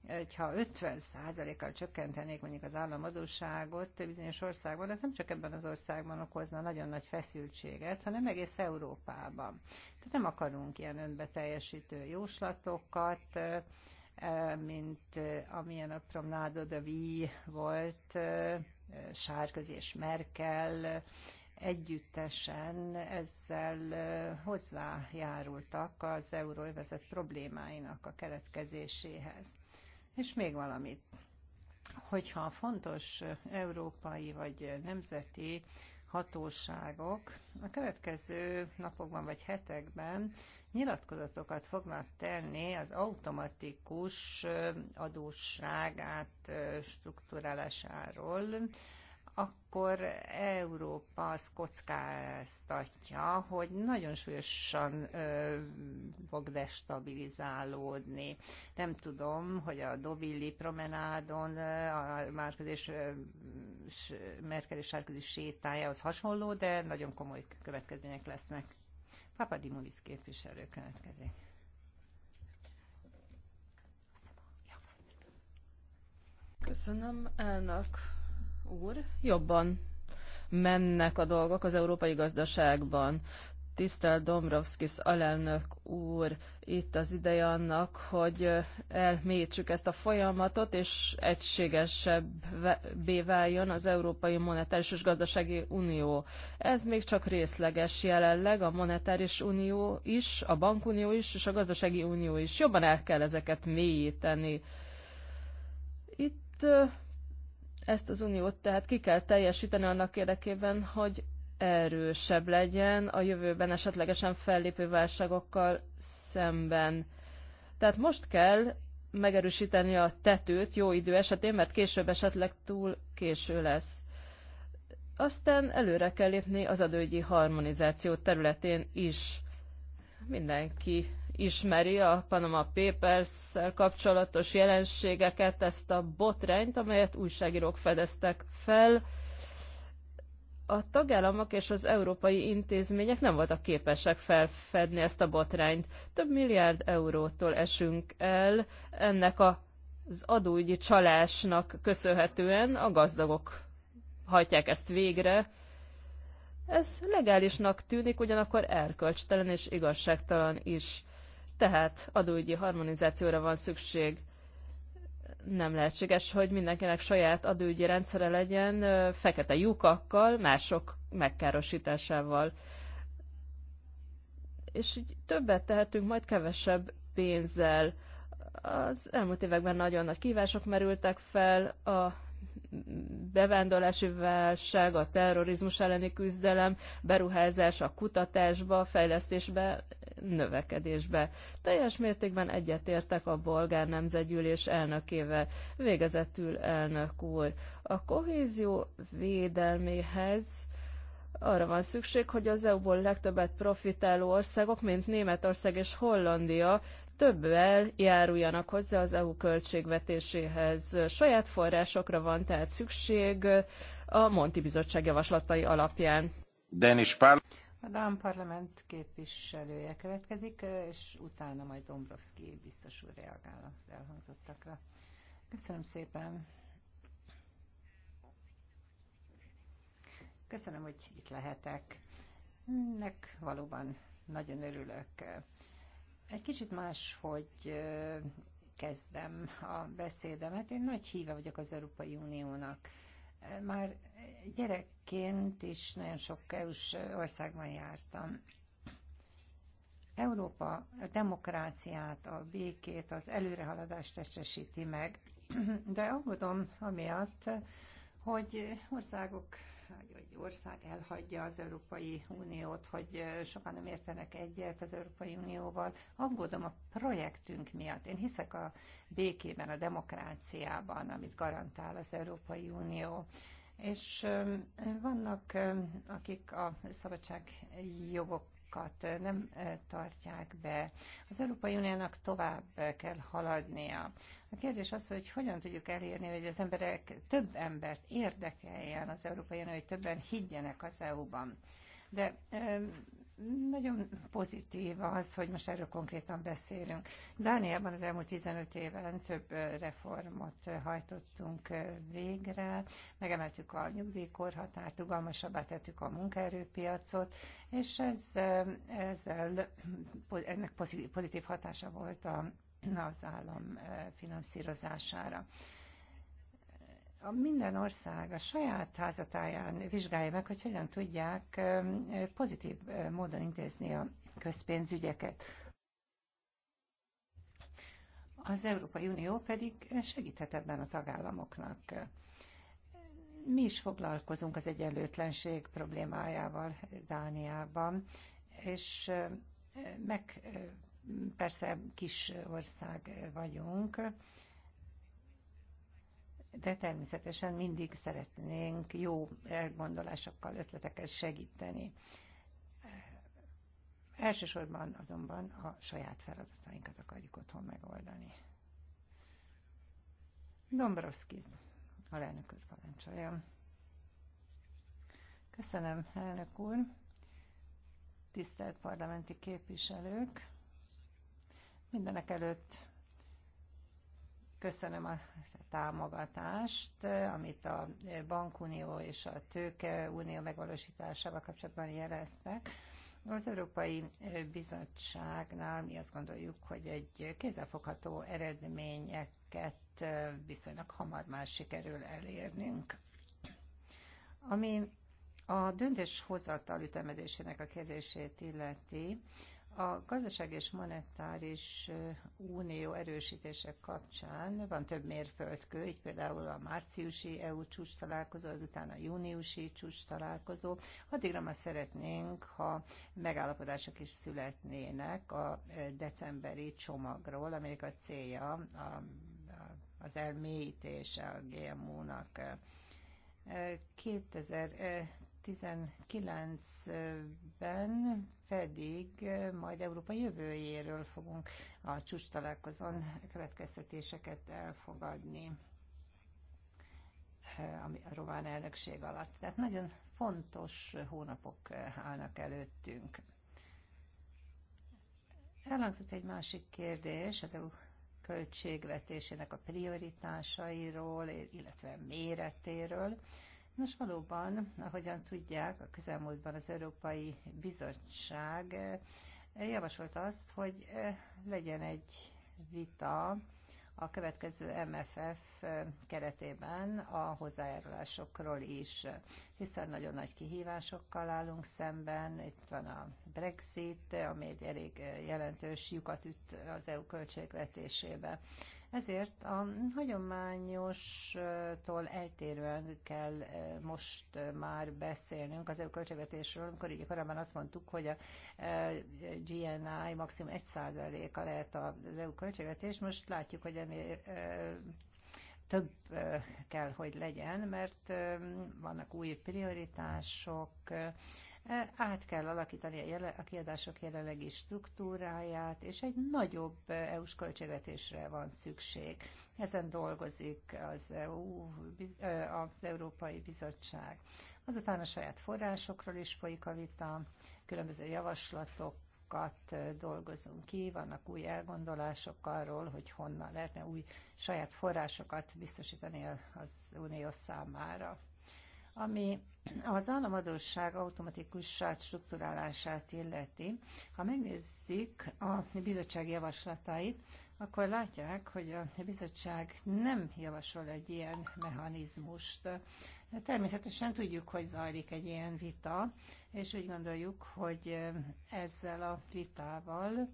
hogyha 50%-kal csökkentenék mondjuk az államadóságot bizonyos országban, ez nem csak ebben az országban okozna nagyon nagy feszültséget, hanem egész Európában. Tehát nem akarunk ilyen önbeteljesítő jóslatokat, eh, mint eh, amilyen a Promenade de Vie volt, eh, Sárközi és Merkel, együttesen ezzel hozzájárultak az euróövezet problémáinak a keletkezéséhez. És még valamit. Hogyha fontos európai vagy nemzeti hatóságok a következő napokban vagy hetekben nyilatkozatokat fognak tenni az automatikus adósságát struktúrálásáról, akkor Európa azt kockáztatja, hogy nagyon súlyosan ö, fog destabilizálódni. Nem tudom, hogy a Dovilli promenádon a Márkez Merkel és Sárközi sétája az hasonló, de nagyon komoly következmények lesznek. Papadimulis képviselő következik. Köszönöm, elnök úr, jobban mennek a dolgok az európai gazdaságban. Tisztelt Dombrovskis alelnök úr, itt az ideje annak, hogy elmélyítsük ezt a folyamatot, és egységesebbé váljon az Európai Monetáris és Gazdasági Unió. Ez még csak részleges jelenleg, a Monetáris Unió is, a Bankunió is, és a Gazdasági Unió is. Jobban el kell ezeket mélyíteni. Itt ezt az uniót tehát ki kell teljesíteni annak érdekében, hogy erősebb legyen a jövőben esetlegesen fellépő válságokkal szemben. Tehát most kell megerősíteni a tetőt jó idő esetén, mert később esetleg túl késő lesz. Aztán előre kell lépni az adőgyi harmonizáció területén is. Mindenki ismeri a Panama papers kapcsolatos jelenségeket, ezt a botrányt, amelyet újságírók fedeztek fel. A tagállamok és az európai intézmények nem voltak képesek felfedni ezt a botrányt. Több milliárd eurótól esünk el ennek az adóügyi csalásnak köszönhetően a gazdagok hajtják ezt végre, ez legálisnak tűnik, ugyanakkor erkölcstelen és igazságtalan is. Tehát adóügyi harmonizációra van szükség. Nem lehetséges, hogy mindenkinek saját adóügyi rendszere legyen fekete lyukakkal, mások megkárosításával. És így többet tehetünk, majd kevesebb pénzzel. Az elmúlt években nagyon nagy kívások merültek fel a bevándorlási válság, a terrorizmus elleni küzdelem, beruházás a kutatásba, a fejlesztésbe, növekedésbe. Teljes mértékben egyetértek a bolgár nemzetgyűlés elnökével, végezetül elnök úr. A kohézió védelméhez arra van szükség, hogy az EU-ból legtöbbet profitáló országok, mint Németország és Hollandia többel járuljanak hozzá az EU költségvetéséhez. Saját forrásokra van tehát szükség a Monti Bizottság javaslatai alapján. Denis Pál. A Dán parlament képviselője következik, és utána majd Dombrovski biztos úr reagál az elhangzottakra. Köszönöm szépen. Köszönöm, hogy itt lehetek. Ennek valóban nagyon örülök. Egy kicsit más, hogy kezdem a beszédemet. Én nagy híve vagyok az Európai Uniónak. Már gyerekként is nagyon sok EU-s országban jártam. Európa a demokráciát, a békét, az előrehaladást testesíti meg, de aggódom amiatt, hogy országok egy ország elhagyja az Európai Uniót, hogy sokan nem értenek egyet az Európai Unióval. Aggódom a projektünk miatt. Én hiszek a békében, a demokráciában, amit garantál az Európai Unió. És vannak, akik a szabadságjogok szabályokat nem eh, tartják be. Az Európai Uniónak tovább eh, kell haladnia. A kérdés az, hogy hogyan tudjuk elérni, hogy az emberek több embert érdekeljen az Európai Unió, hogy többen higgyenek az EU-ban. De eh, nagyon pozitív az, hogy most erről konkrétan beszélünk. Dániában az elmúlt 15 éven több reformot hajtottunk végre, megemeltük a nyugdíjkorhatárt, ugalmasabbá tettük a munkaerőpiacot, és ez, ezzel, ennek pozitív hatása volt a, az állam finanszírozására a minden ország a saját házatáján vizsgálja meg, hogy hogyan tudják pozitív módon intézni a közpénzügyeket. Az Európai Unió pedig segíthet ebben a tagállamoknak. Mi is foglalkozunk az egyenlőtlenség problémájával Dániában, és meg persze kis ország vagyunk, de természetesen mindig szeretnénk jó elgondolásokkal, ötletekkel segíteni. Elsősorban azonban a saját feladatainkat akarjuk otthon megoldani. Dombrovskis, a elnök úr parancsolja. Köszönöm, elnök úr. Tisztelt parlamenti képviselők! Mindenek előtt Köszönöm a támogatást, amit a bankunió és a tőkeunió megvalósításával kapcsolatban jeleztek. Az Európai Bizottságnál mi azt gondoljuk, hogy egy kézzelfogható eredményeket viszonylag hamar már sikerül elérnünk. Ami a döntéshozatal ütemezésének a kérdését illeti, a gazdaság és monetáris unió erősítése kapcsán van több mérföldkő, így például a márciusi EU csúcs találkozó, azután a júniusi csúcs találkozó. Addigra már szeretnénk, ha megállapodások is születnének a decemberi csomagról, aminek a célja a, az elmélyítése a GMO-nak. 2000 2019-ben pedig majd Európa jövőjéről fogunk a csúcs találkozón következtetéseket elfogadni ami a román elnökség alatt. Tehát nagyon fontos hónapok állnak előttünk. Elhangzott egy másik kérdés az EU költségvetésének a prioritásairól, illetve méretéről. Nos, valóban, ahogyan tudják, a közelmúltban az Európai Bizottság eh, javasolt azt, hogy eh, legyen egy vita a következő MFF eh, keretében a hozzájárulásokról is, hiszen nagyon nagy kihívásokkal állunk szemben. Itt van a Brexit, ami egy elég jelentős lyukat üt az EU költségvetésébe. Ezért a hagyományostól eltérően kell eh, most eh, már beszélnünk az EU költségvetésről, amikor így korábban azt mondtuk, hogy a eh, GNI maximum 1%-a lehet az EU költségvetés, most látjuk, hogy ennél több kell, hogy legyen, mert vannak új prioritások, át kell alakítani a, jelen, a kiadások jelenlegi struktúráját, és egy nagyobb EU-s költségvetésre van szükség. Ezen dolgozik az, EU, az Európai Bizottság. Azután a saját forrásokról is folyik a vita, különböző javaslatok dolgozunk ki, vannak új elgondolások arról, hogy honnan lehetne új saját forrásokat biztosítani az unió számára. Ami az államadóság automatikus struktúrálását illeti, ha megnézzük a bizottság javaslatait, akkor látják, hogy a bizottság nem javasol egy ilyen mechanizmust. Természetesen tudjuk, hogy zajlik egy ilyen vita, és úgy gondoljuk, hogy ezzel a vitával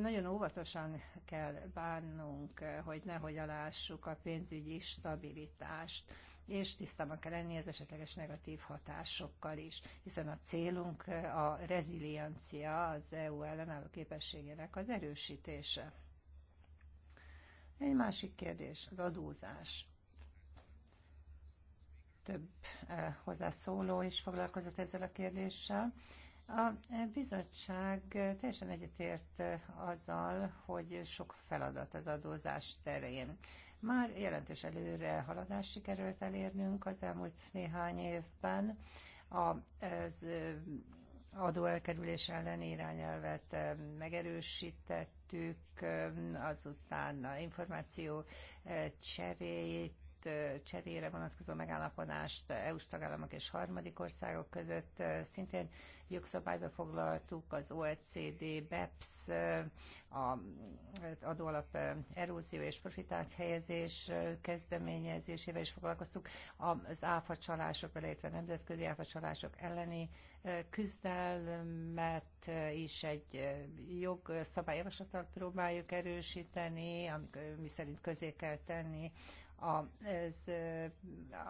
nagyon óvatosan kell bánnunk, hogy nehogy alássuk a pénzügyi stabilitást és tisztában kell lenni az esetleges negatív hatásokkal is, hiszen a célunk a reziliencia, az EU ellenálló képességének az erősítése. Egy másik kérdés, az adózás. Több hozzászóló is foglalkozott ezzel a kérdéssel. A e, bizottság teljesen egyetért azzal, hogy sok feladat az adózás terén. Már jelentős előre haladást sikerült elérnünk az elmúlt néhány évben. A, ez, adóelkerülés ellen irányelvet megerősítettük, azután a információ cseréjét cserére vonatkozó megállapodást EU-s tagállamok és harmadik országok között szintén jogszabályba foglaltuk, az OECD, BEPS, a adóalap erózió és profitált helyezés kezdeményezésével is foglalkoztuk, az áfa csalások, illetve nemzetközi áfa csalások elleni küzdelmet is egy jogszabályjavaslattal próbáljuk erősíteni, ami mi szerint közé kell tenni az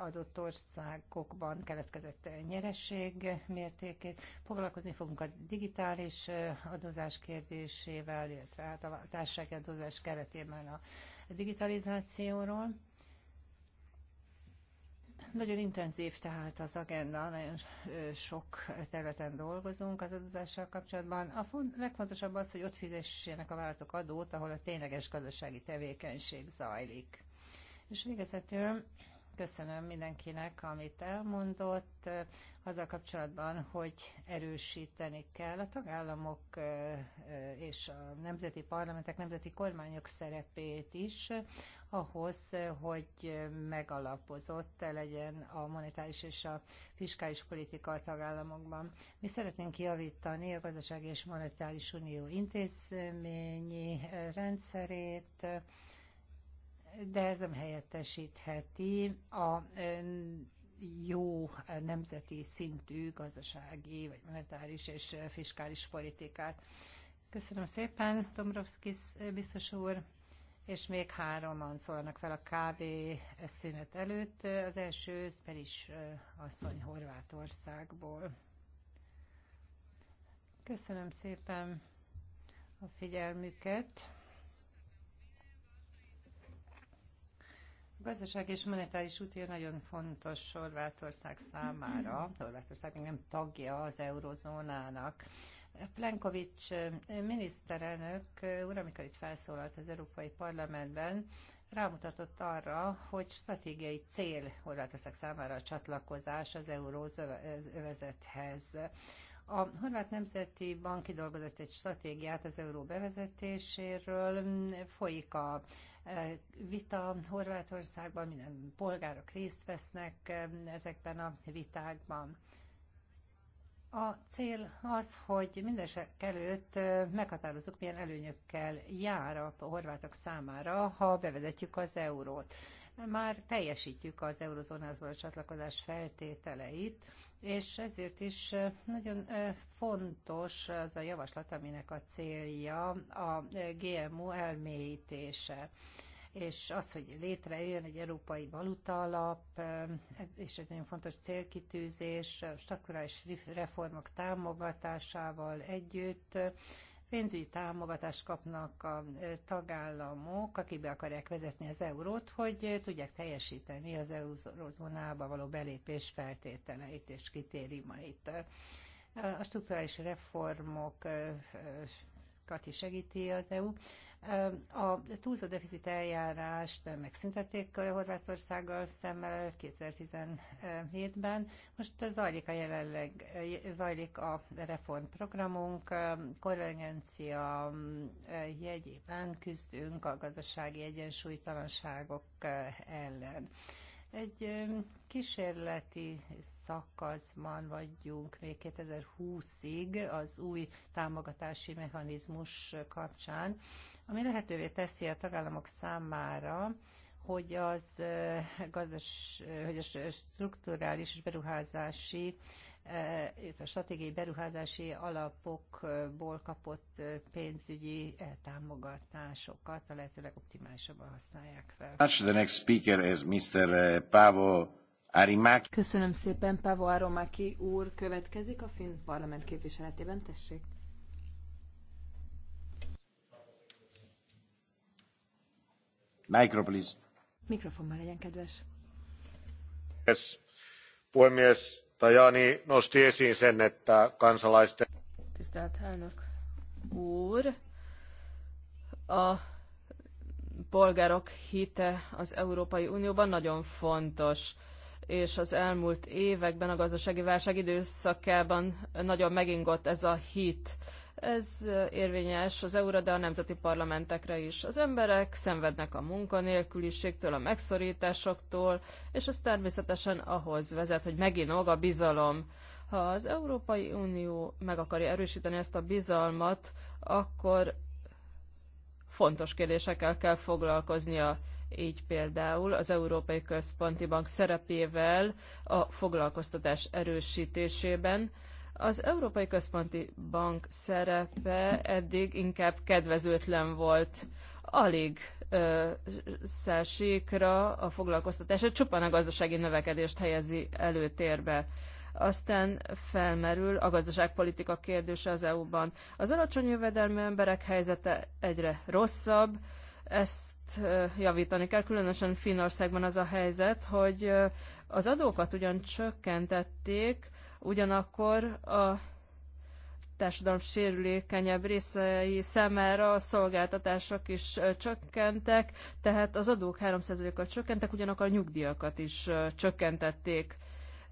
adott országokban keletkezett nyeresség mértékét. Foglalkozni fogunk a digitális adózás kérdésével, illetve hát a társasági adózás keretében a digitalizációról. Nagyon intenzív tehát az agenda, nagyon sok területen dolgozunk az adózással kapcsolatban. A font, legfontosabb az, hogy ott fizessenek a vállalatok adót, ahol a tényleges gazdasági tevékenység zajlik. És végezetül köszönöm mindenkinek, amit elmondott, eh, azzal kapcsolatban, hogy erősíteni kell a tagállamok eh, eh, és a nemzeti parlamentek, nemzeti kormányok szerepét is, ahhoz, hogy megalapozott legyen a monetáris és a fiskális politika a tagállamokban. Mi szeretnénk javítani a gazdasági és monetáris unió intézményi rendszerét, de ez nem helyettesítheti a jó nemzeti szintű gazdasági, vagy monetáris és fiskális politikát. Köszönöm szépen, Dombrovskis biztos úr, és még hároman szólnak fel a kávé szünet előtt. Az első is asszony Horvátországból. Köszönöm szépen a figyelmüket. A gazdaság és monetáris útja nagyon fontos Horvátország számára. Horvátország még nem tagja az eurozónának. Plenkovics miniszterelnök úr, amikor itt felszólalt az Európai Parlamentben, rámutatott arra, hogy stratégiai cél Horvátország számára a csatlakozás az euróövezethez. A Horvát Nemzeti Bank kidolgozott egy stratégiát az euró bevezetéséről, folyik a vita Horvátországban, minden polgárok részt vesznek ezekben a vitákban. A cél az, hogy mindesek előtt meghatározzuk, milyen előnyökkel jár a horvátok számára, ha bevezetjük az eurót. Már teljesítjük az eurozónázból a csatlakozás feltételeit, és ezért is nagyon fontos az a javaslat, aminek a célja a GMO elmélyítése és az, hogy létrejön egy európai valuta alap, és egy nagyon fontos célkitűzés, strukturális reformok támogatásával együtt, pénzügyi támogatást kapnak a tagállamok, akik be akarják vezetni az eurót, hogy tudják teljesíteni az eurozónába való belépés feltételeit és kritériumait. A strukturális reformokat is segíti az EU, a túlzó deficit eljárást megszüntették Horvátországgal szemmel 2017-ben. Most zajlik a jelenleg zajlik a reformprogramunk, konvergencia jegyében küzdünk a gazdasági egyensúlytalanságok ellen. Egy kísérleti szakaszban vagyunk még 2020-ig az új támogatási mechanizmus kapcsán, ami lehetővé teszi a tagállamok számára, hogy az gazdas, hogy a strukturális és beruházási a stratégiai beruházási alapokból kapott pénzügyi támogatásokat a lehető legoptimálisabban használják fel. The next speaker is Mr. Pavo Arimaki. Köszönöm szépen, Pavo Aromaki úr következik a Finn parlament képviseletében, tessék. Micro, legyen kedves. Yes. Puhemies Tajani nosti esiin sen, että kansalaisten... Tisztelt elnök úr, a polgárok hite az Európai Unióban nagyon fontos és az elmúlt években, a gazdasági válság időszakában nagyon megingott ez a hit. Ez érvényes az eu de a nemzeti parlamentekre is. Az emberek szenvednek a munkanélküliségtől, a megszorításoktól, és ez természetesen ahhoz vezet, hogy megint a bizalom. Ha az Európai Unió meg akarja erősíteni ezt a bizalmat, akkor fontos kérdésekkel kell foglalkoznia, így például az Európai Központi Bank szerepével a foglalkoztatás erősítésében, az Európai Központi Bank szerepe eddig inkább kedvezőtlen volt. Alig szersékra a foglalkoztatása csupán a gazdasági növekedést helyezi előtérbe. Aztán felmerül a gazdaságpolitika kérdése az EU-ban. Az alacsony jövedelmű emberek helyzete egyre rosszabb, ezt javítani kell. Különösen Finnországban az a helyzet, hogy az adókat ugyan csökkentették, Ugyanakkor a társadalom sérülékenyebb részei számára a szolgáltatások is csökkentek, tehát az adók 3%-kal csökkentek, ugyanakkor a nyugdíjakat is csökkentették.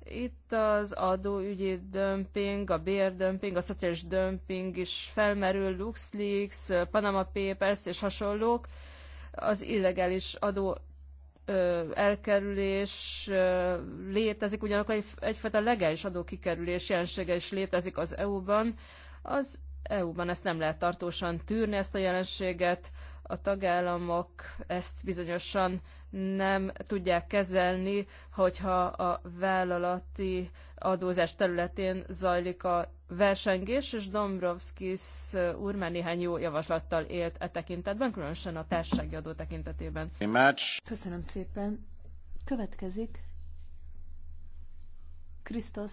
Itt az adóügyi dömping, a bérdömping, a szociális dömping is felmerül, LuxLeaks, Panama Papers és hasonlók. Az illegális adó elkerülés létezik, ugyanakkor egy, egyfajta legális adókikerülés jelensége is létezik az EU-ban. Az EU-ban ezt nem lehet tartósan tűrni, ezt a jelenséget. A tagállamok ezt bizonyosan nem tudják kezelni, hogyha a vállalati adózás területén zajlik a versengés, és Dombrovskis uh, úr már néhány jó javaslattal élt e tekintetben, különösen a társasági adó tekintetében. Köszönöm szépen. Következik Krisztos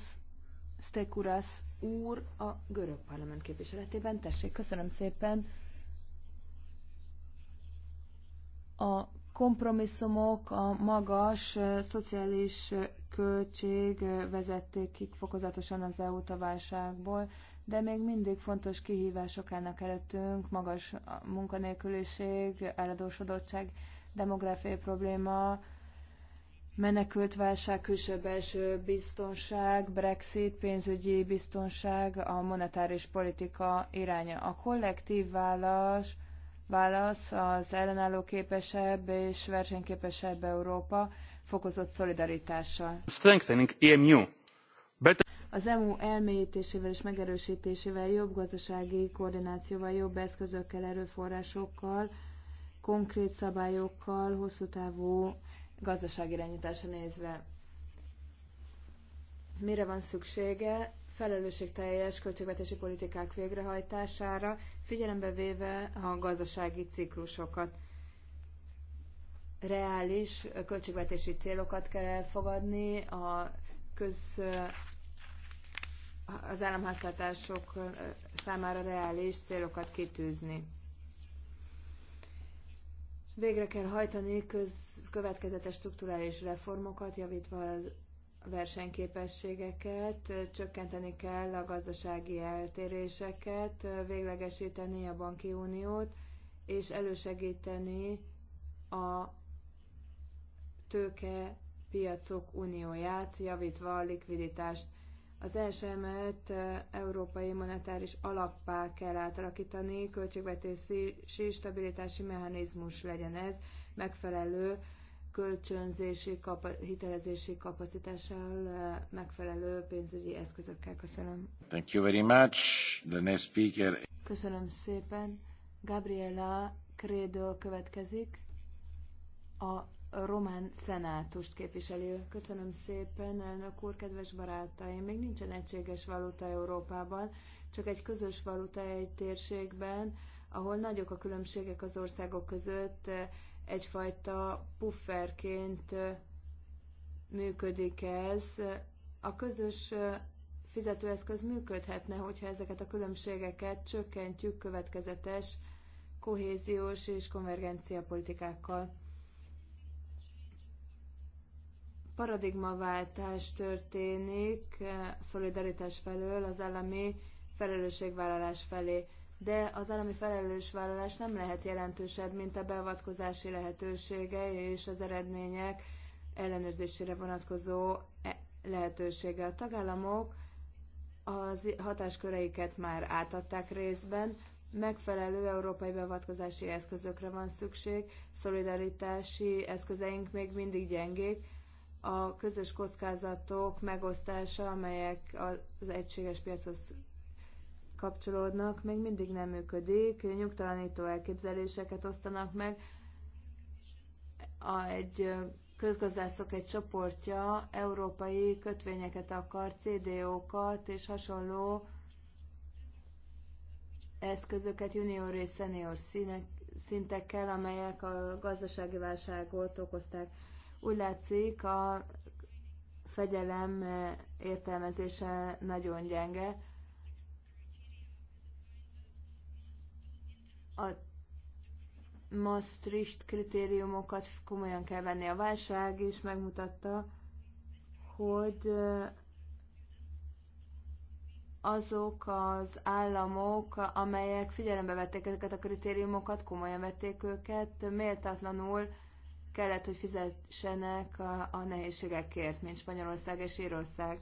Stekuras úr a görög parlament képviseletében. Tessék, köszönöm szépen. A kompromisszumok a magas szociális költség vezették ki fokozatosan az EU-t a válságból, de még mindig fontos kihívások állnak előttünk, magas munkanélküliség, eladósodottság, demográfiai probléma, menekültválság, külső belső biztonság, Brexit, pénzügyi biztonság, a monetáris politika iránya. A kollektív válasz Válasz az ellenálló képesebb és versenyképesebb Európa fokozott szolidaritással. Strengthening EMU. Better... Az EMU elmélyítésével és megerősítésével jobb gazdasági koordinációval, jobb eszközökkel, erőforrásokkal, konkrét szabályokkal, hosszú távú gazdasági gazdaságirányításra nézve. Mire van szüksége? felelősségteljes költségvetési politikák végrehajtására, figyelembe véve a gazdasági ciklusokat. Reális költségvetési célokat kell elfogadni, a köz, az államháztartások számára reális célokat kitűzni. Végre kell hajtani köz, következetes strukturális reformokat, javítva az versenyképességeket, csökkenteni kell a gazdasági eltéréseket, véglegesíteni a banki uniót, és elősegíteni a tőke piacok unióját, javítva a likviditást. Az ESM-et eh, európai monetáris alappá kell átalakítani, költségvetési stabilitási mechanizmus legyen ez, megfelelő kölcsönzési, kapa- hitelezési kapacitással megfelelő pénzügyi eszközökkel. Köszönöm. Thank you very much. The next speaker. Köszönöm szépen. Gabriela Credo következik. A román szenátust képviseli. Köszönöm szépen, elnök úr, kedves barátaim. Még nincsen egységes valuta Európában, csak egy közös valuta egy térségben, ahol nagyok a különbségek az országok között, egyfajta pufferként működik ez. A közös fizetőeszköz működhetne, hogyha ezeket a különbségeket csökkentjük következetes kohéziós és konvergencia politikákkal. Paradigmaváltás történik szolidaritás felől az állami felelősségvállalás felé de az állami felelősvállalás nem lehet jelentősebb, mint a beavatkozási lehetősége és az eredmények ellenőrzésére vonatkozó e- lehetősége. A tagállamok az hatásköreiket már átadták részben, megfelelő európai beavatkozási eszközökre van szükség, szolidaritási eszközeink még mindig gyengék, a közös kockázatok megosztása, amelyek az egységes piachoz kapcsolódnak, még mindig nem működik, nyugtalanító elképzeléseket osztanak meg. A, egy közgazdászok egy csoportja európai kötvényeket akar, CDO-kat és hasonló eszközöket junior és senior színek, szintekkel, amelyek a gazdasági válságot okozták. Úgy látszik, a fegyelem értelmezése nagyon gyenge. a Maastricht kritériumokat komolyan kell venni. A válság is megmutatta, hogy azok az államok, amelyek figyelembe vették ezeket a kritériumokat, komolyan vették őket, méltatlanul kellett, hogy fizessenek a, a nehézségekért, mint Spanyolország és Írország,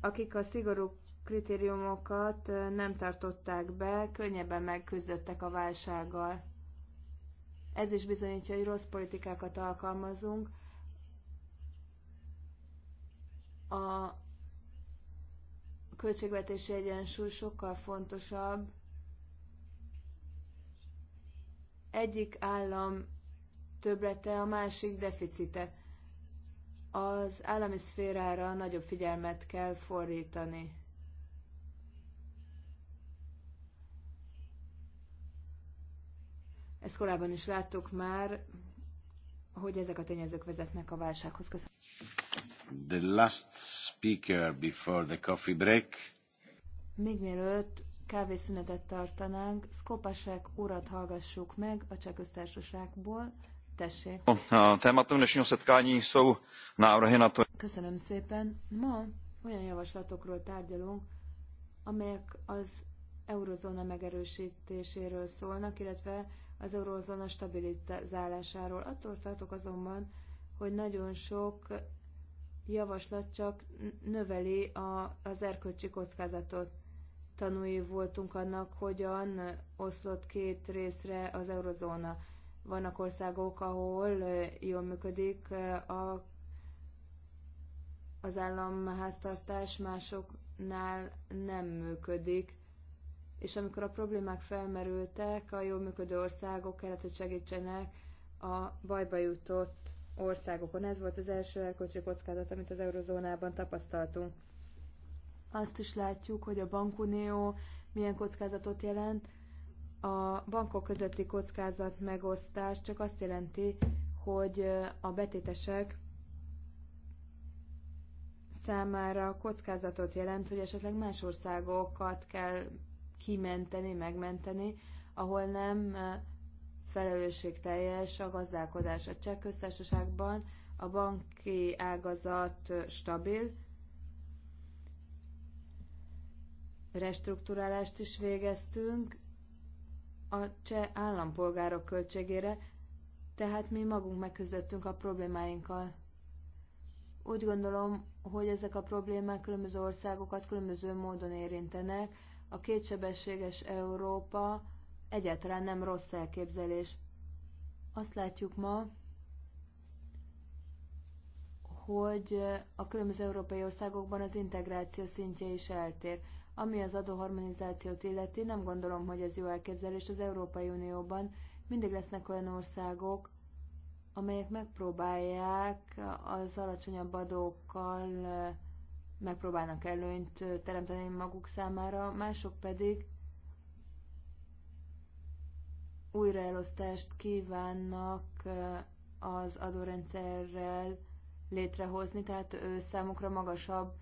akik a szigorú kritériumokat nem tartották be, könnyebben megküzdöttek a válsággal. Ez is bizonyítja, hogy rossz politikákat alkalmazunk. A költségvetési egyensúly sokkal fontosabb. Egyik állam többlete, a másik deficite. Az állami szférára nagyobb figyelmet kell fordítani Ezt korábban is láttuk már, hogy ezek a tényezők vezetnek a válsághoz. Köszönöm. The last speaker before the coffee break. Még mielőtt kávészünetet tartanánk, Skopasek urat hallgassuk meg a Cseh Köztársaságból. Tessék. A tématom és setkání jsou návrhy na to. Köszönöm szépen. Ma olyan javaslatokról tárgyalunk, amelyek az eurozóna megerősítéséről szólnak, illetve az eurózóna stabilizálásáról. Attól tartok azonban, hogy nagyon sok javaslat csak növeli a, az erkölcsi kockázatot. Tanúi voltunk annak, hogyan oszlott két részre az eurozóna. Vannak országok, ahol jól működik a, az államháztartás, másoknál nem működik és amikor a problémák felmerültek, a jól működő országok kellett, hogy segítsenek a bajba jutott országokon. Ez volt az első erkölcsi kockázat, amit az eurozónában tapasztaltunk. Azt is látjuk, hogy a bankunió milyen kockázatot jelent. A bankok közötti kockázat megosztás csak azt jelenti, hogy a betétesek számára kockázatot jelent, hogy esetleg más országokat kell kimenteni, megmenteni, ahol nem felelősségteljes a gazdálkodás. A cseh köztársaságban a banki ágazat stabil, restruktúrálást is végeztünk a cseh állampolgárok költségére, tehát mi magunk megküzdöttünk a problémáinkkal. Úgy gondolom, hogy ezek a problémák különböző országokat különböző módon érintenek, a kétsebességes Európa egyáltalán nem rossz elképzelés. Azt látjuk ma, hogy a különböző európai országokban az integráció szintje is eltér. Ami az adóharmonizációt illeti, nem gondolom, hogy ez jó elképzelés az Európai Unióban. Mindig lesznek olyan országok, amelyek megpróbálják az alacsonyabb adókkal megpróbálnak előnyt teremteni maguk számára, mások pedig újraelosztást kívánnak az adórendszerrel létrehozni, tehát ő számukra magasabb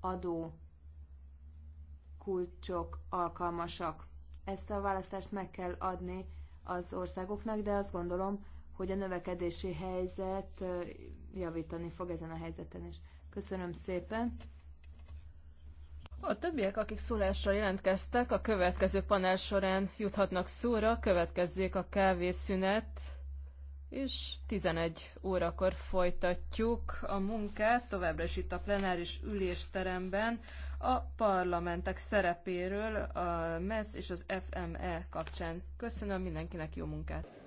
adó kulcsok alkalmasak. Ezt a választást meg kell adni az országoknak, de azt gondolom, hogy a növekedési helyzet javítani fog ezen a helyzeten is. Köszönöm szépen. A többiek, akik szólásra jelentkeztek, a következő panel során juthatnak szóra, következzék a kávészünet, és 11 órakor folytatjuk a munkát, továbbra is itt a plenáris ülésteremben, a parlamentek szerepéről a MESZ és az FME kapcsán. Köszönöm mindenkinek jó munkát!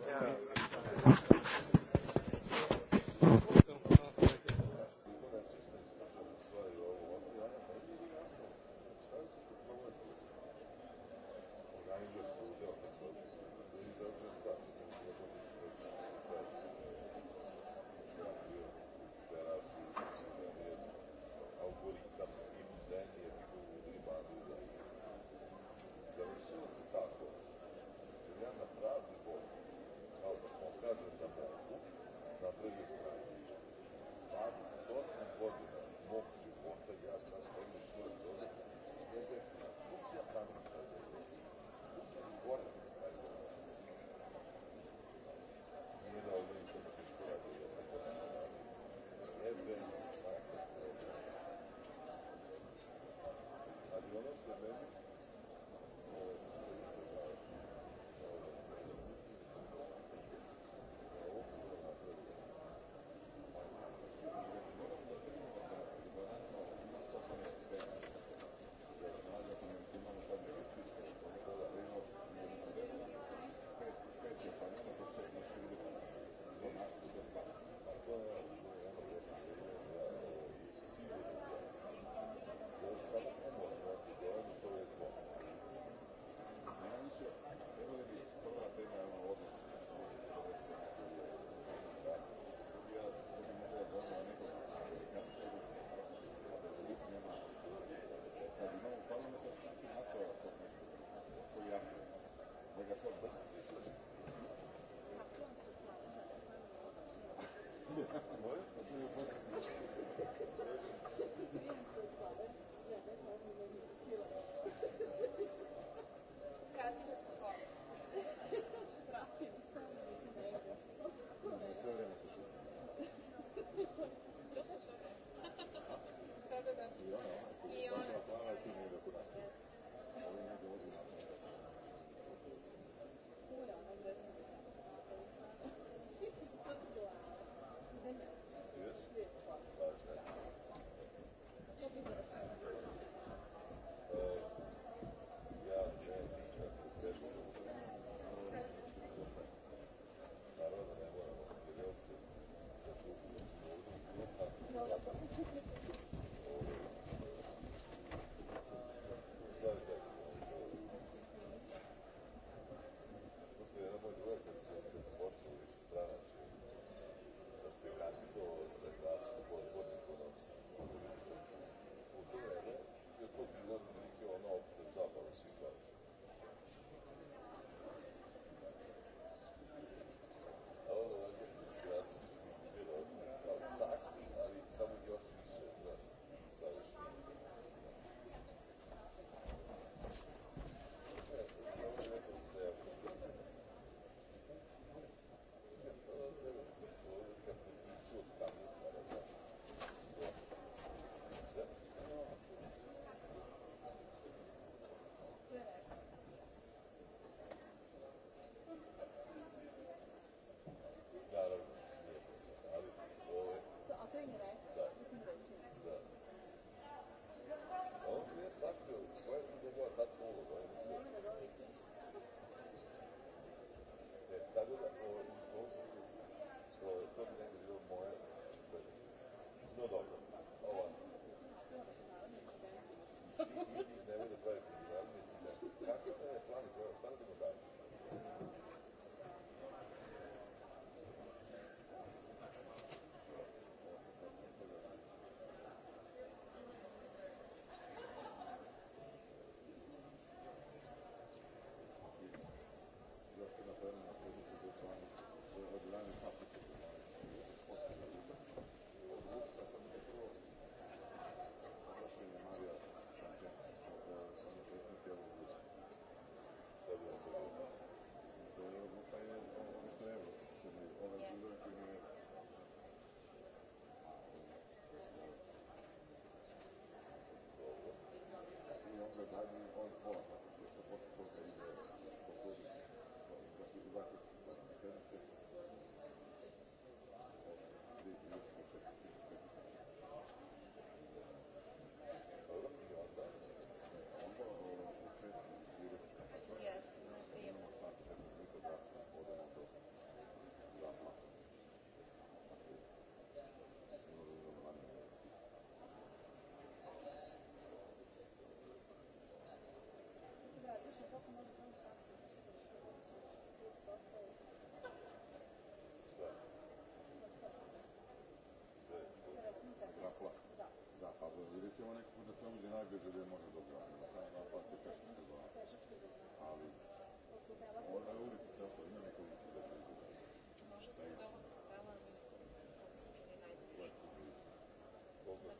Yeah. Szóval,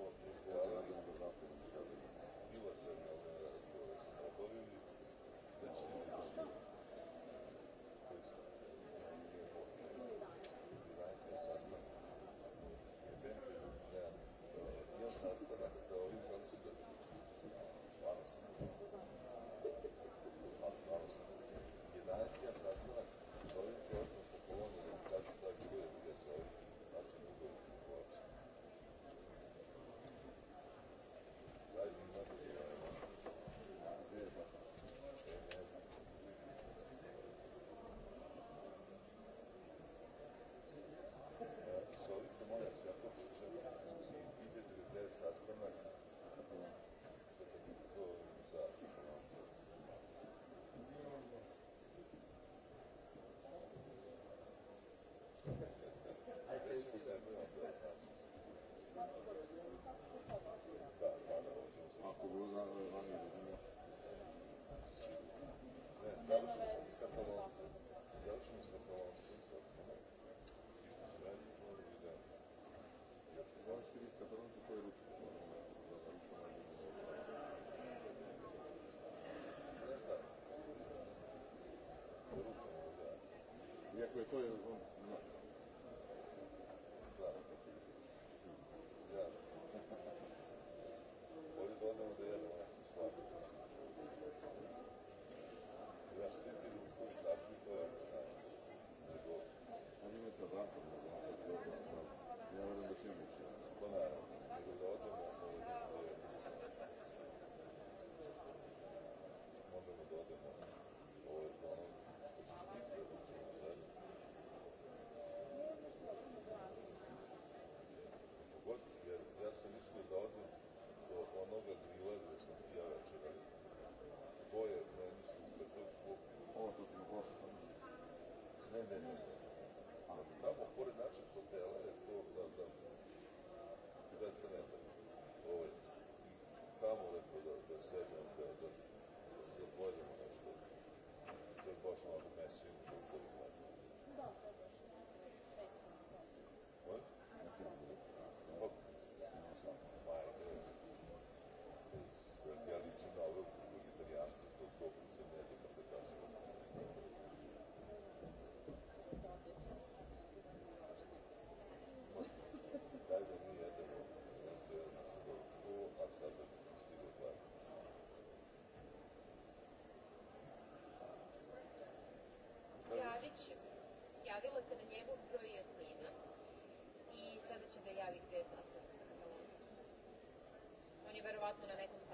volt anni per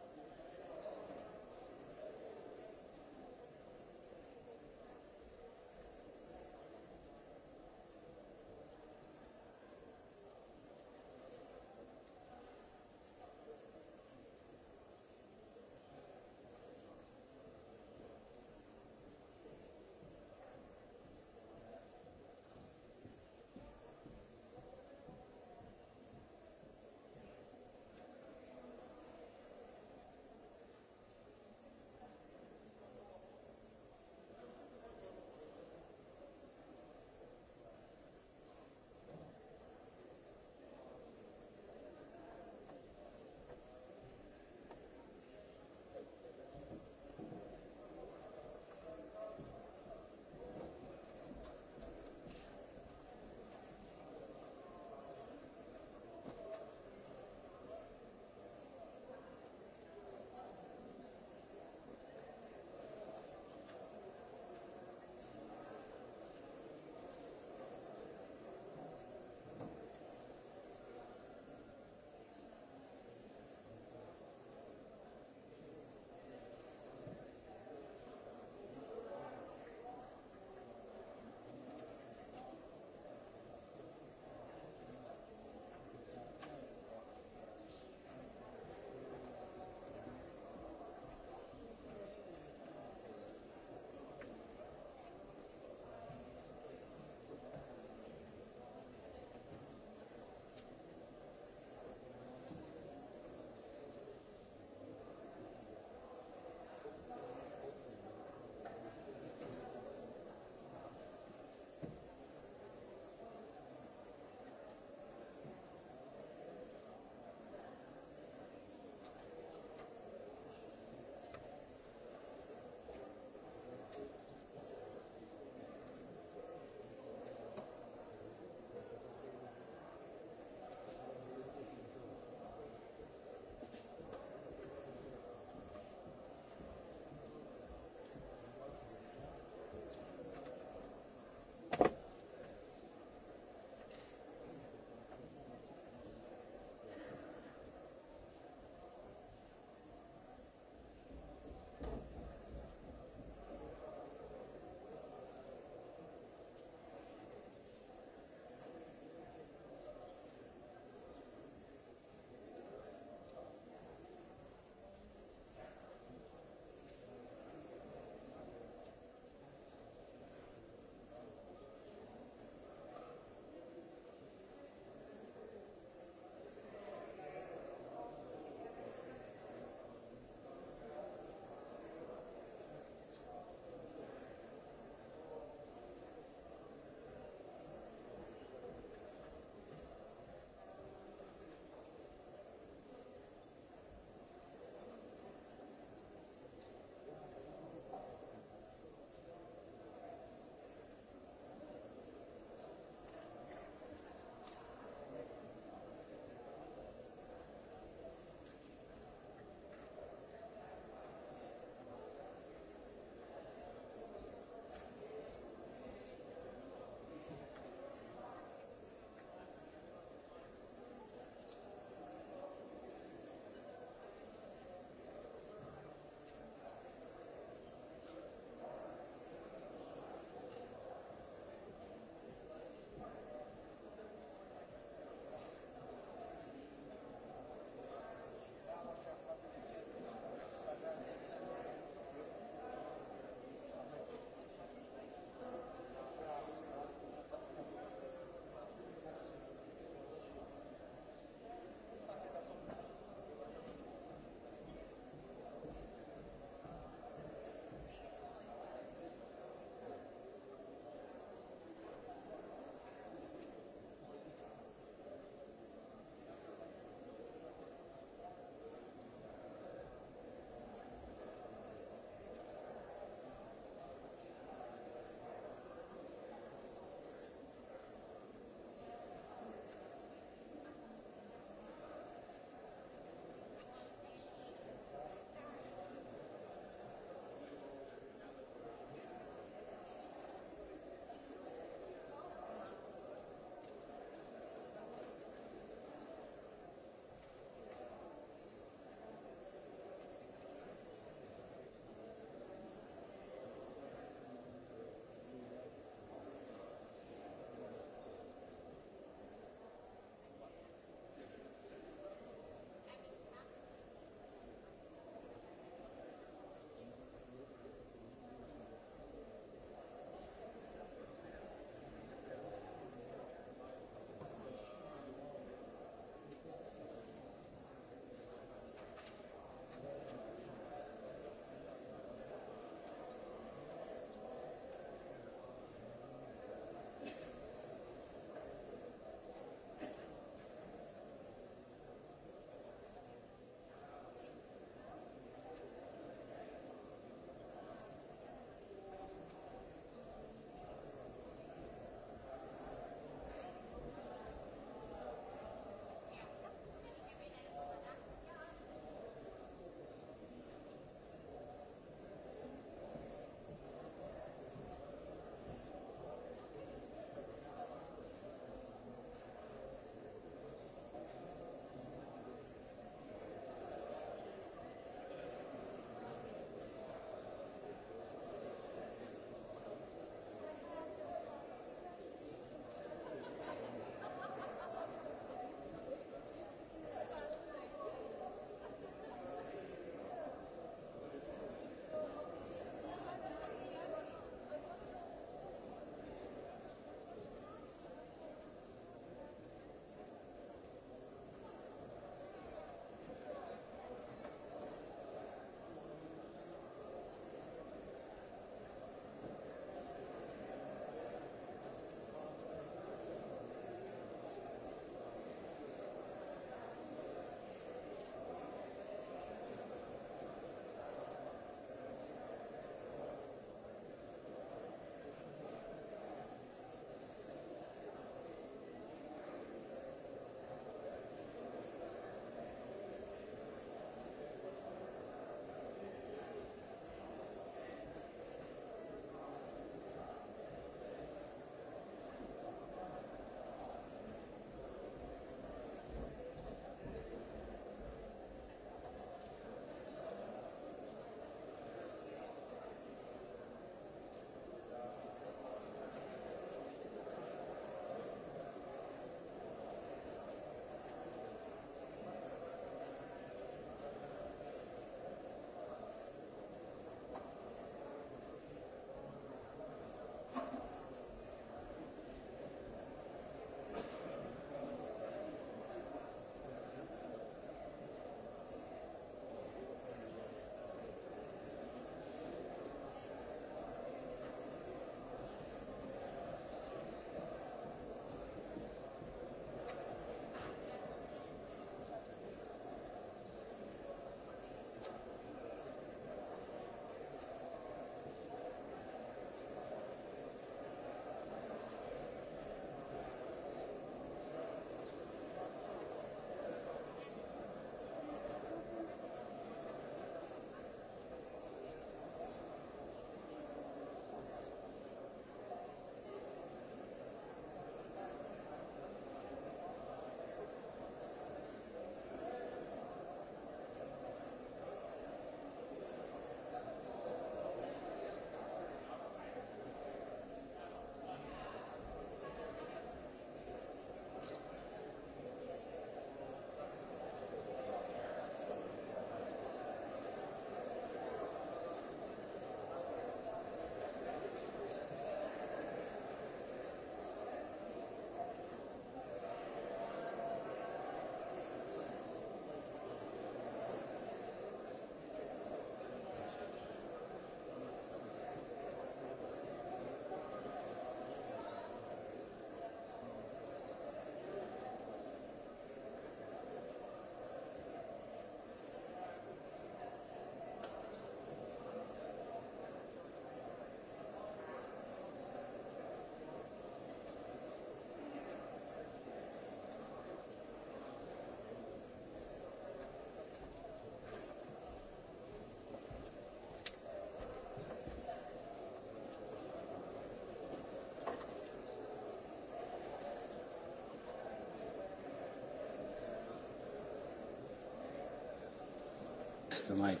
the mic.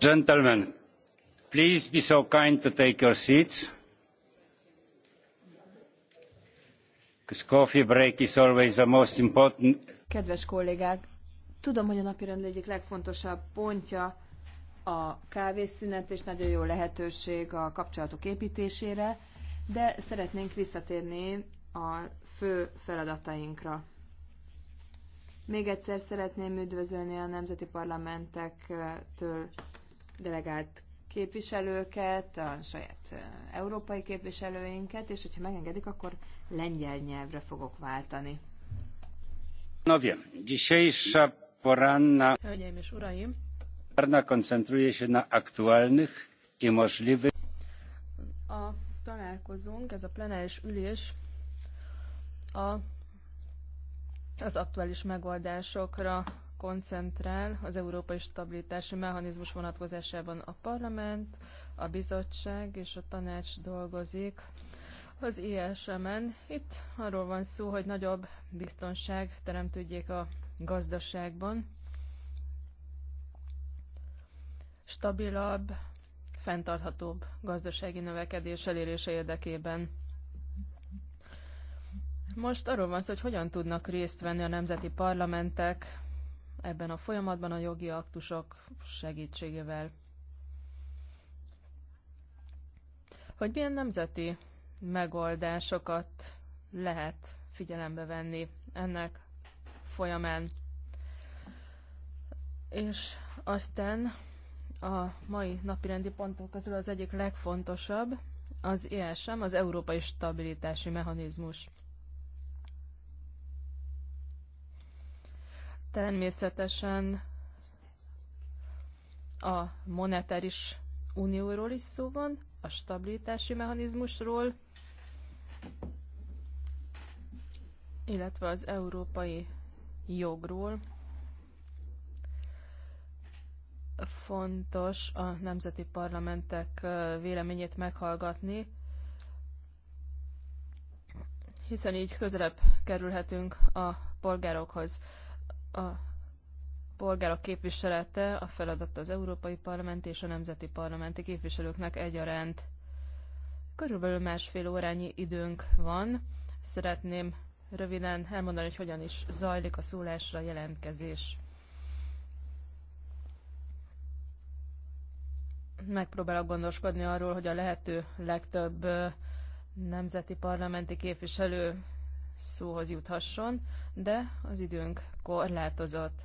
Gentlemen, please be so kind to take your seats. Because coffee break is always the most important. Kedves kollégák, tudom, hogy a napi rend egyik legfontosabb pontja a kávészünet, és nagyon jó lehetőség a kapcsolatok építésére, de szeretnénk visszatérni a fő feladatainkra. Még egyszer szeretném üdvözölni a nemzeti parlamentektől delegált képviselőket, a saját európai képviselőinket, és hogyha megengedik, akkor lengyel nyelvre fogok váltani. Hölgyeim és uraim! A találkozónk, ez a plenáris ülés a, az aktuális megoldásokra koncentrál az Európai Stabilitási Mechanizmus vonatkozásában a parlament, a bizottság és a tanács dolgozik az ISM-en. Itt arról van szó, hogy nagyobb biztonság teremtődjék a gazdaságban, stabilabb, fenntarthatóbb gazdasági növekedés elérése érdekében. Most arról van szó, hogy hogyan tudnak részt venni a nemzeti parlamentek ebben a folyamatban a jogi aktusok segítségével. Hogy milyen nemzeti megoldásokat lehet figyelembe venni ennek folyamán. És aztán a mai napirendi pontok közül az egyik legfontosabb az ESM, az Európai Stabilitási Mechanizmus. Természetesen a monetáris unióról is szó van, a stabilitási mechanizmusról, illetve az európai jogról. Fontos a nemzeti parlamentek véleményét meghallgatni, hiszen így közelebb kerülhetünk a polgárokhoz a polgárok képviselete a feladat az Európai Parlament és a Nemzeti Parlamenti képviselőknek egyaránt. Körülbelül másfél órányi időnk van. Szeretném röviden elmondani, hogy hogyan is zajlik a szólásra jelentkezés. Megpróbálok gondoskodni arról, hogy a lehető legtöbb nemzeti parlamenti képviselő szóhoz juthasson, de az időnk korlátozott.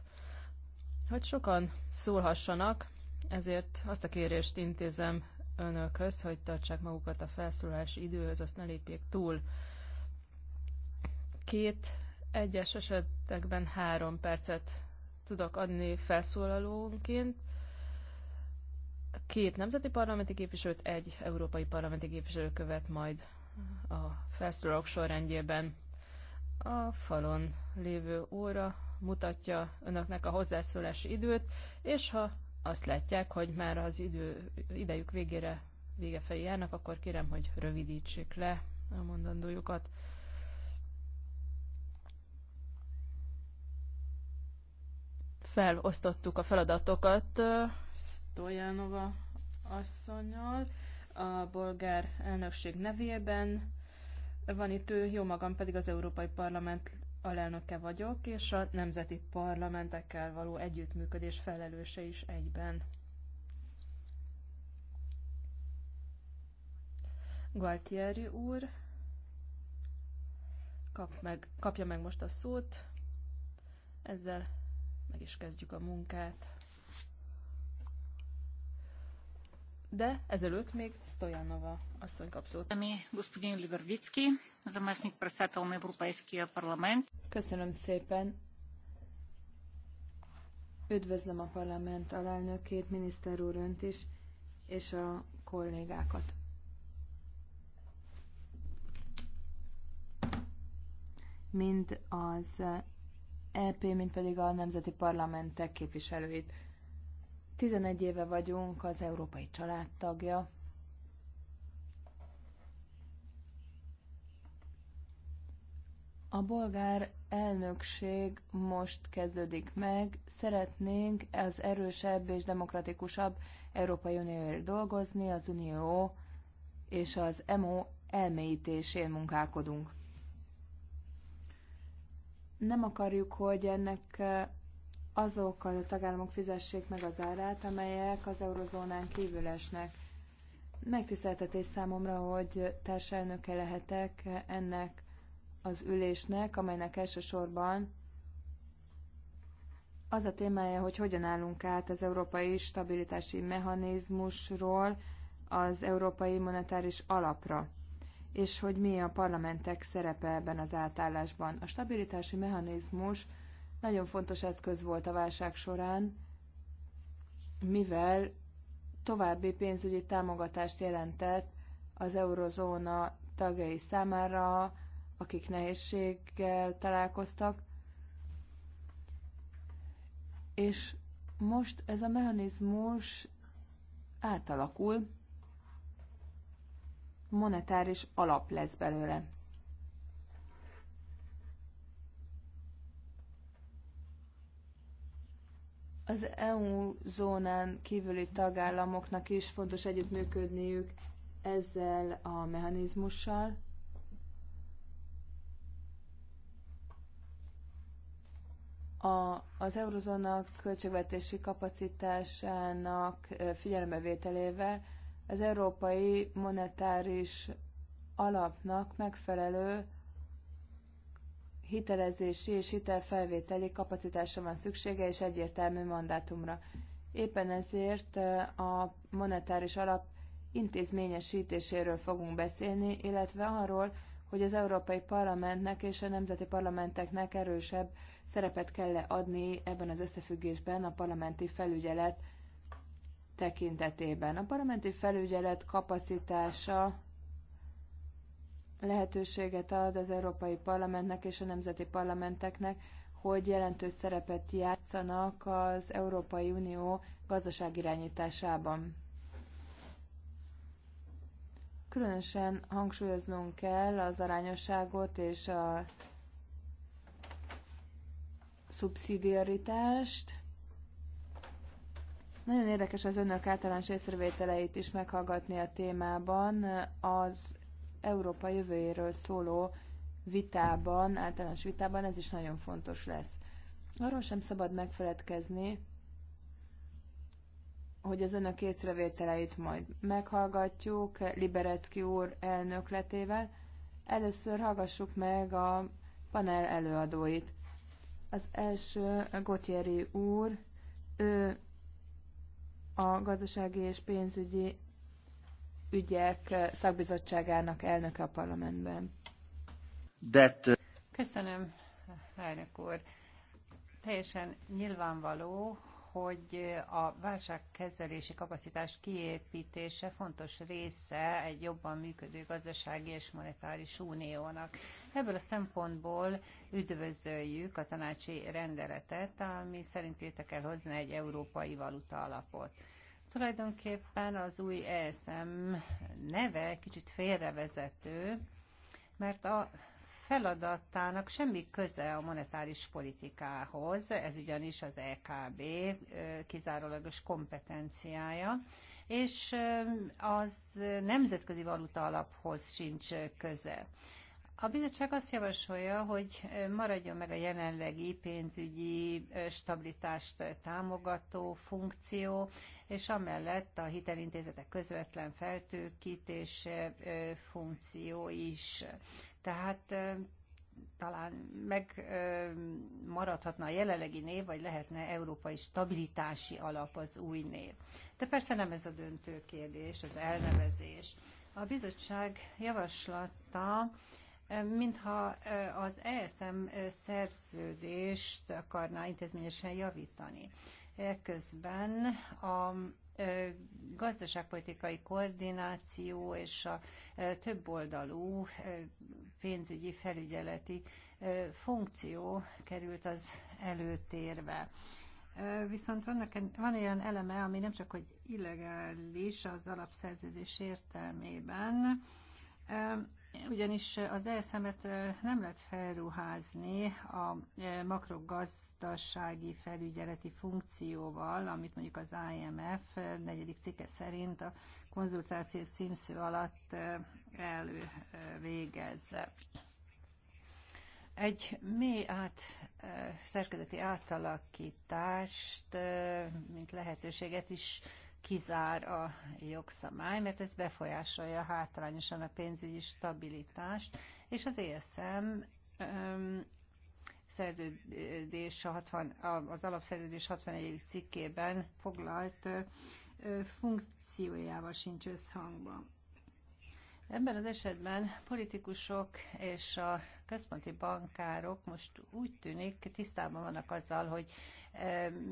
Hogy sokan szólhassanak, ezért azt a kérést intézem önökhöz, hogy tartsák magukat a felszólás időhöz, azt ne lépjék túl. Két egyes esetekben három percet tudok adni felszólalónként. Két nemzeti parlamenti képviselőt, egy európai parlamenti képviselő követ majd a felszólalók sorrendjében. A falon lévő óra mutatja önöknek a hozzászólási időt, és ha azt látják, hogy már az idő, idejük végére vége felé járnak, akkor kérem, hogy rövidítsék le a mondandójukat. Felosztottuk a feladatokat Stojanova asszonyal a bolgár elnökség nevében van itt ő, jó magam pedig az Európai Parlament alelnöke vagyok, és a nemzeti parlamentekkel való együttműködés felelőse is egyben. Galtieri úr, kap meg, kapja meg most a szót, ezzel meg is kezdjük a munkát. de ezelőtt még Stojanova asszony kap szót. Köszönöm szépen. Üdvözlöm a parlament alelnökét, miniszter úr önt is, és a kollégákat. Mind az EP, mind pedig a nemzeti parlamentek képviselőit. 11 éve vagyunk az európai családtagja. A bolgár elnökség most kezdődik meg. Szeretnénk az erősebb és demokratikusabb Európai Unióért dolgozni, az Unió és az EMO elmélyítésén munkálkodunk. Nem akarjuk, hogy ennek azok a tagállamok fizessék meg az árát, amelyek az eurozónán kívül esnek. Megtiszteltetés számomra, hogy társelnöke lehetek ennek az ülésnek, amelynek elsősorban az a témája, hogy hogyan állunk át az európai stabilitási mechanizmusról az európai monetáris alapra, és hogy mi a parlamentek szerepe ebben az átállásban. A stabilitási mechanizmus nagyon fontos eszköz volt a válság során, mivel további pénzügyi támogatást jelentett az eurozóna tagjai számára, akik nehézséggel találkoztak, és most ez a mechanizmus átalakul, monetáris alap lesz belőle. Az EU zónán kívüli tagállamoknak is fontos együttműködniük ezzel a mechanizmussal. A, az eurozóna költségvetési kapacitásának figyelembevételével az európai monetáris alapnak megfelelő hitelezési és hitelfelvételi kapacitásra van szüksége és egyértelmű mandátumra. Éppen ezért a monetáris alap intézményesítéséről fogunk beszélni, illetve arról, hogy az Európai Parlamentnek és a nemzeti parlamenteknek erősebb szerepet kell adni ebben az összefüggésben a parlamenti felügyelet tekintetében. A parlamenti felügyelet kapacitása lehetőséget ad az Európai Parlamentnek és a nemzeti parlamenteknek, hogy jelentős szerepet játszanak az Európai Unió gazdaságirányításában. Különösen hangsúlyoznunk kell az arányosságot és a szubszidiaritást. Nagyon érdekes az önök általános észrevételeit is meghallgatni a témában. Az Európa jövőjéről szóló vitában, általános vitában ez is nagyon fontos lesz. Arról sem szabad megfeledkezni, hogy az önök észrevételeit majd meghallgatjuk Liberecki úr elnökletével. Először hallgassuk meg a panel előadóit. Az első Gotyeri úr, ő a gazdasági és pénzügyi ügyek szakbizottságának elnöke a parlamentben. That, uh... Köszönöm, elnök úr. Teljesen nyilvánvaló, hogy a válságkezelési kapacitás kiépítése fontos része egy jobban működő gazdasági és monetáris uniónak. Ebből a szempontból üdvözöljük a tanácsi rendeletet, ami szerint létre kell hozni egy európai valuta alapot. Tulajdonképpen az új ESM neve kicsit félrevezető, mert a feladatának semmi köze a monetáris politikához, ez ugyanis az EKB kizárólagos kompetenciája, és az nemzetközi valuta alaphoz sincs köze. A bizottság azt javasolja, hogy maradjon meg a jelenlegi pénzügyi stabilitást támogató funkció, és amellett a hitelintézetek közvetlen feltőkítése funkció is. Tehát talán megmaradhatna a jelenlegi név, vagy lehetne Európai Stabilitási Alap az új név. De persze nem ez a döntő kérdés, az elnevezés. A bizottság javaslata mintha az ESM szerződést akarná intézményesen javítani. Ekközben a gazdaságpolitikai koordináció és a többoldalú pénzügyi felügyeleti funkció került az előtérbe. Viszont vannak, van olyan eleme, ami nem csak hogy illegális az alapszerződés értelmében, ugyanis az ESM-et nem lehet felruházni a makrogazdasági felügyeleti funkcióval, amit mondjuk az IMF negyedik cikke szerint a konzultáció címsző alatt elvégezze. Egy mély át, szerkezeti átalakítást, mint lehetőséget is kizár a jogszabály, mert ez befolyásolja hátrányosan a pénzügyi stabilitást, és az ESM szerződés az alapszerződés 61. cikkében foglalt funkciójával sincs összhangban. Ebben az esetben politikusok és a központi bankárok most úgy tűnik tisztában vannak azzal, hogy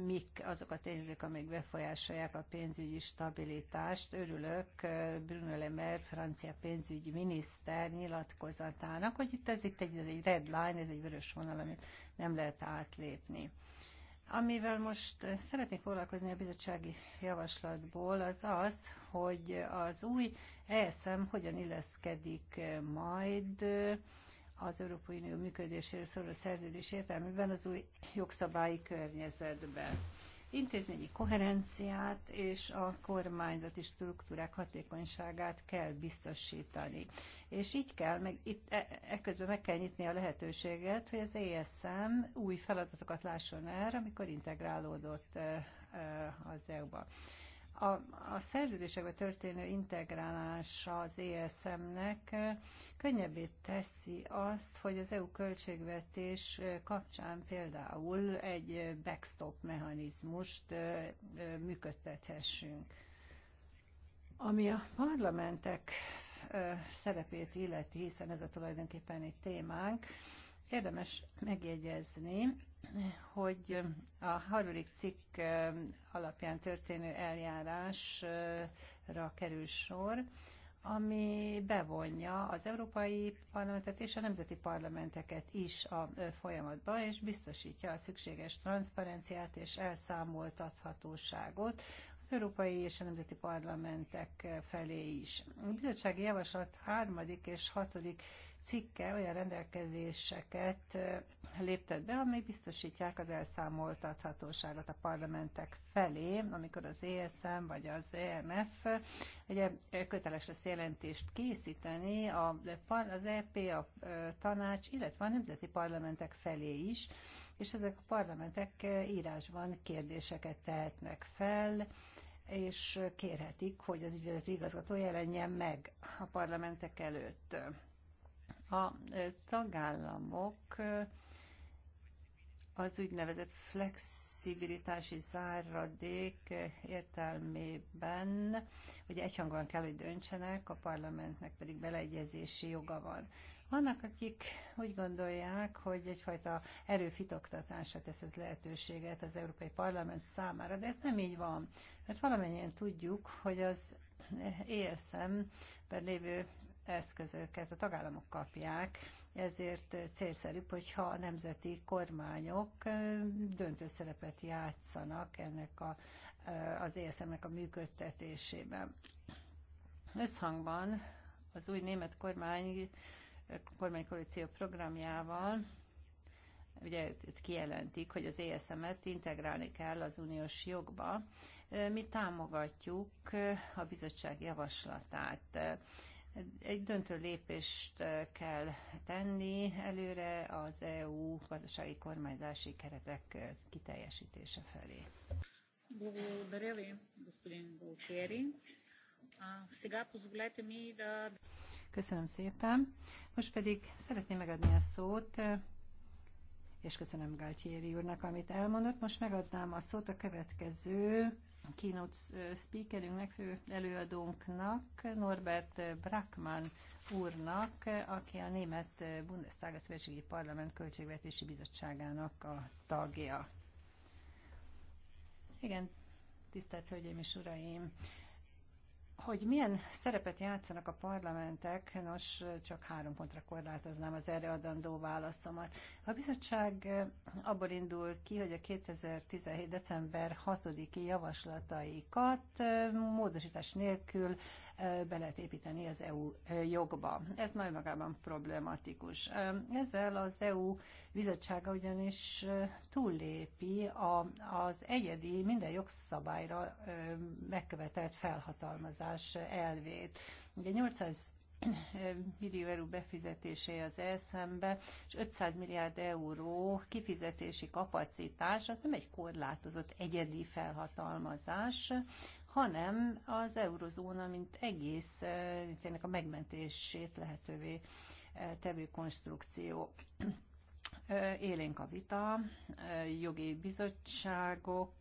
mik azok a tényezők, amik befolyásolják a pénzügyi stabilitást. Örülök Bruno Le Maire, francia pénzügyi miniszter nyilatkozatának, hogy itt ez itt egy, ez egy red line, ez egy vörös vonal, amit nem lehet átlépni. Amivel most szeretnék foglalkozni a bizottsági javaslatból, az az, hogy az új ESM hogyan illeszkedik majd az Európai Unió működéséről szóló szerződés értelmében az új jogszabályi környezetben. Intézményi koherenciát és a kormányzati struktúrák hatékonyságát kell biztosítani. És így kell, meg itt, e, ekközben e meg kell nyitni a lehetőséget, hogy az ESM új feladatokat lásson el, amikor integrálódott e, e, az EU-ba. A, a szerződésekbe történő integrálása az ESM-nek könnyebbé teszi azt, hogy az EU költségvetés kapcsán például egy backstop mechanizmust működtethessünk. Ami a parlamentek szerepét illeti, hiszen ez a tulajdonképpen egy témánk, érdemes megjegyezni, hogy a harmadik cikk alapján történő eljárásra kerül sor, ami bevonja az Európai Parlamentet és a nemzeti parlamenteket is a folyamatba, és biztosítja a szükséges transzparenciát és elszámoltathatóságot az európai és a nemzeti parlamentek felé is. A bizottsági javaslat harmadik és hatodik cikke olyan rendelkezéseket léptet be, amik biztosítják az elszámoltathatóságot a parlamentek felé, amikor az ESM vagy az e EMF ugye köteles lesz jelentést készíteni a, az EP, a tanács, illetve a nemzeti parlamentek felé is, és ezek a parlamentek írásban kérdéseket tehetnek fel, és kérhetik, hogy az ügyvezető igazgató jelenjen meg a parlamentek előtt a tagállamok az úgynevezett flexibilitási záradék értelmében, hogy egyhangban kell, hogy döntsenek, a parlamentnek pedig beleegyezési joga van. Vannak, akik úgy gondolják, hogy egyfajta erőfitoktatásra tesz ez lehetőséget az Európai Parlament számára, de ez nem így van. Mert valamennyien tudjuk, hogy az ESM-ben lévő eszközöket a tagállamok kapják, ezért célszerűbb, hogyha a nemzeti kormányok döntő szerepet játszanak ennek a, az ESM-nek a működtetésében. Összhangban az új német kormány kormánykoalíció programjával ugye itt kijelentik, hogy az ESM-et integrálni kell az uniós jogba. Mi támogatjuk a bizottság javaslatát, egy döntő lépést eh, kell tenni előre az EU gazdasági kormányzási keretek eh, kiteljesítése felé. Köszönöm szépen. Most pedig szeretném megadni a szót, eh, és köszönöm Galtieri úrnak, amit elmondott. Most megadnám a szót a következő keynote speakerünknek, fő előadónknak, Norbert Brackmann úrnak, aki a Német Bundestag Szövetségi Parlament Költségvetési Bizottságának a tagja. Igen, tisztelt Hölgyeim és Uraim! Hogy milyen szerepet játszanak a parlamentek, nos, csak három pontra korlátoznám az erre adandó válaszomat. A bizottság abból indul ki, hogy a 2017. december 6-i javaslataikat módosítás nélkül be lehet építeni az EU jogba. Ez majd magában problematikus. Ezzel az EU bizottsága ugyanis túllépi a, az egyedi minden jogszabályra megkövetelt felhatalmazás elvét. Ugye 800 millió euró befizetése az elszembe, és 500 milliárd euró kifizetési kapacitás, az nem egy korlátozott egyedi felhatalmazás, hanem az eurozóna, mint egész eh, ennek a megmentését lehetővé eh, tevő konstrukció. Eh, élénk a vita, jogi bizottságok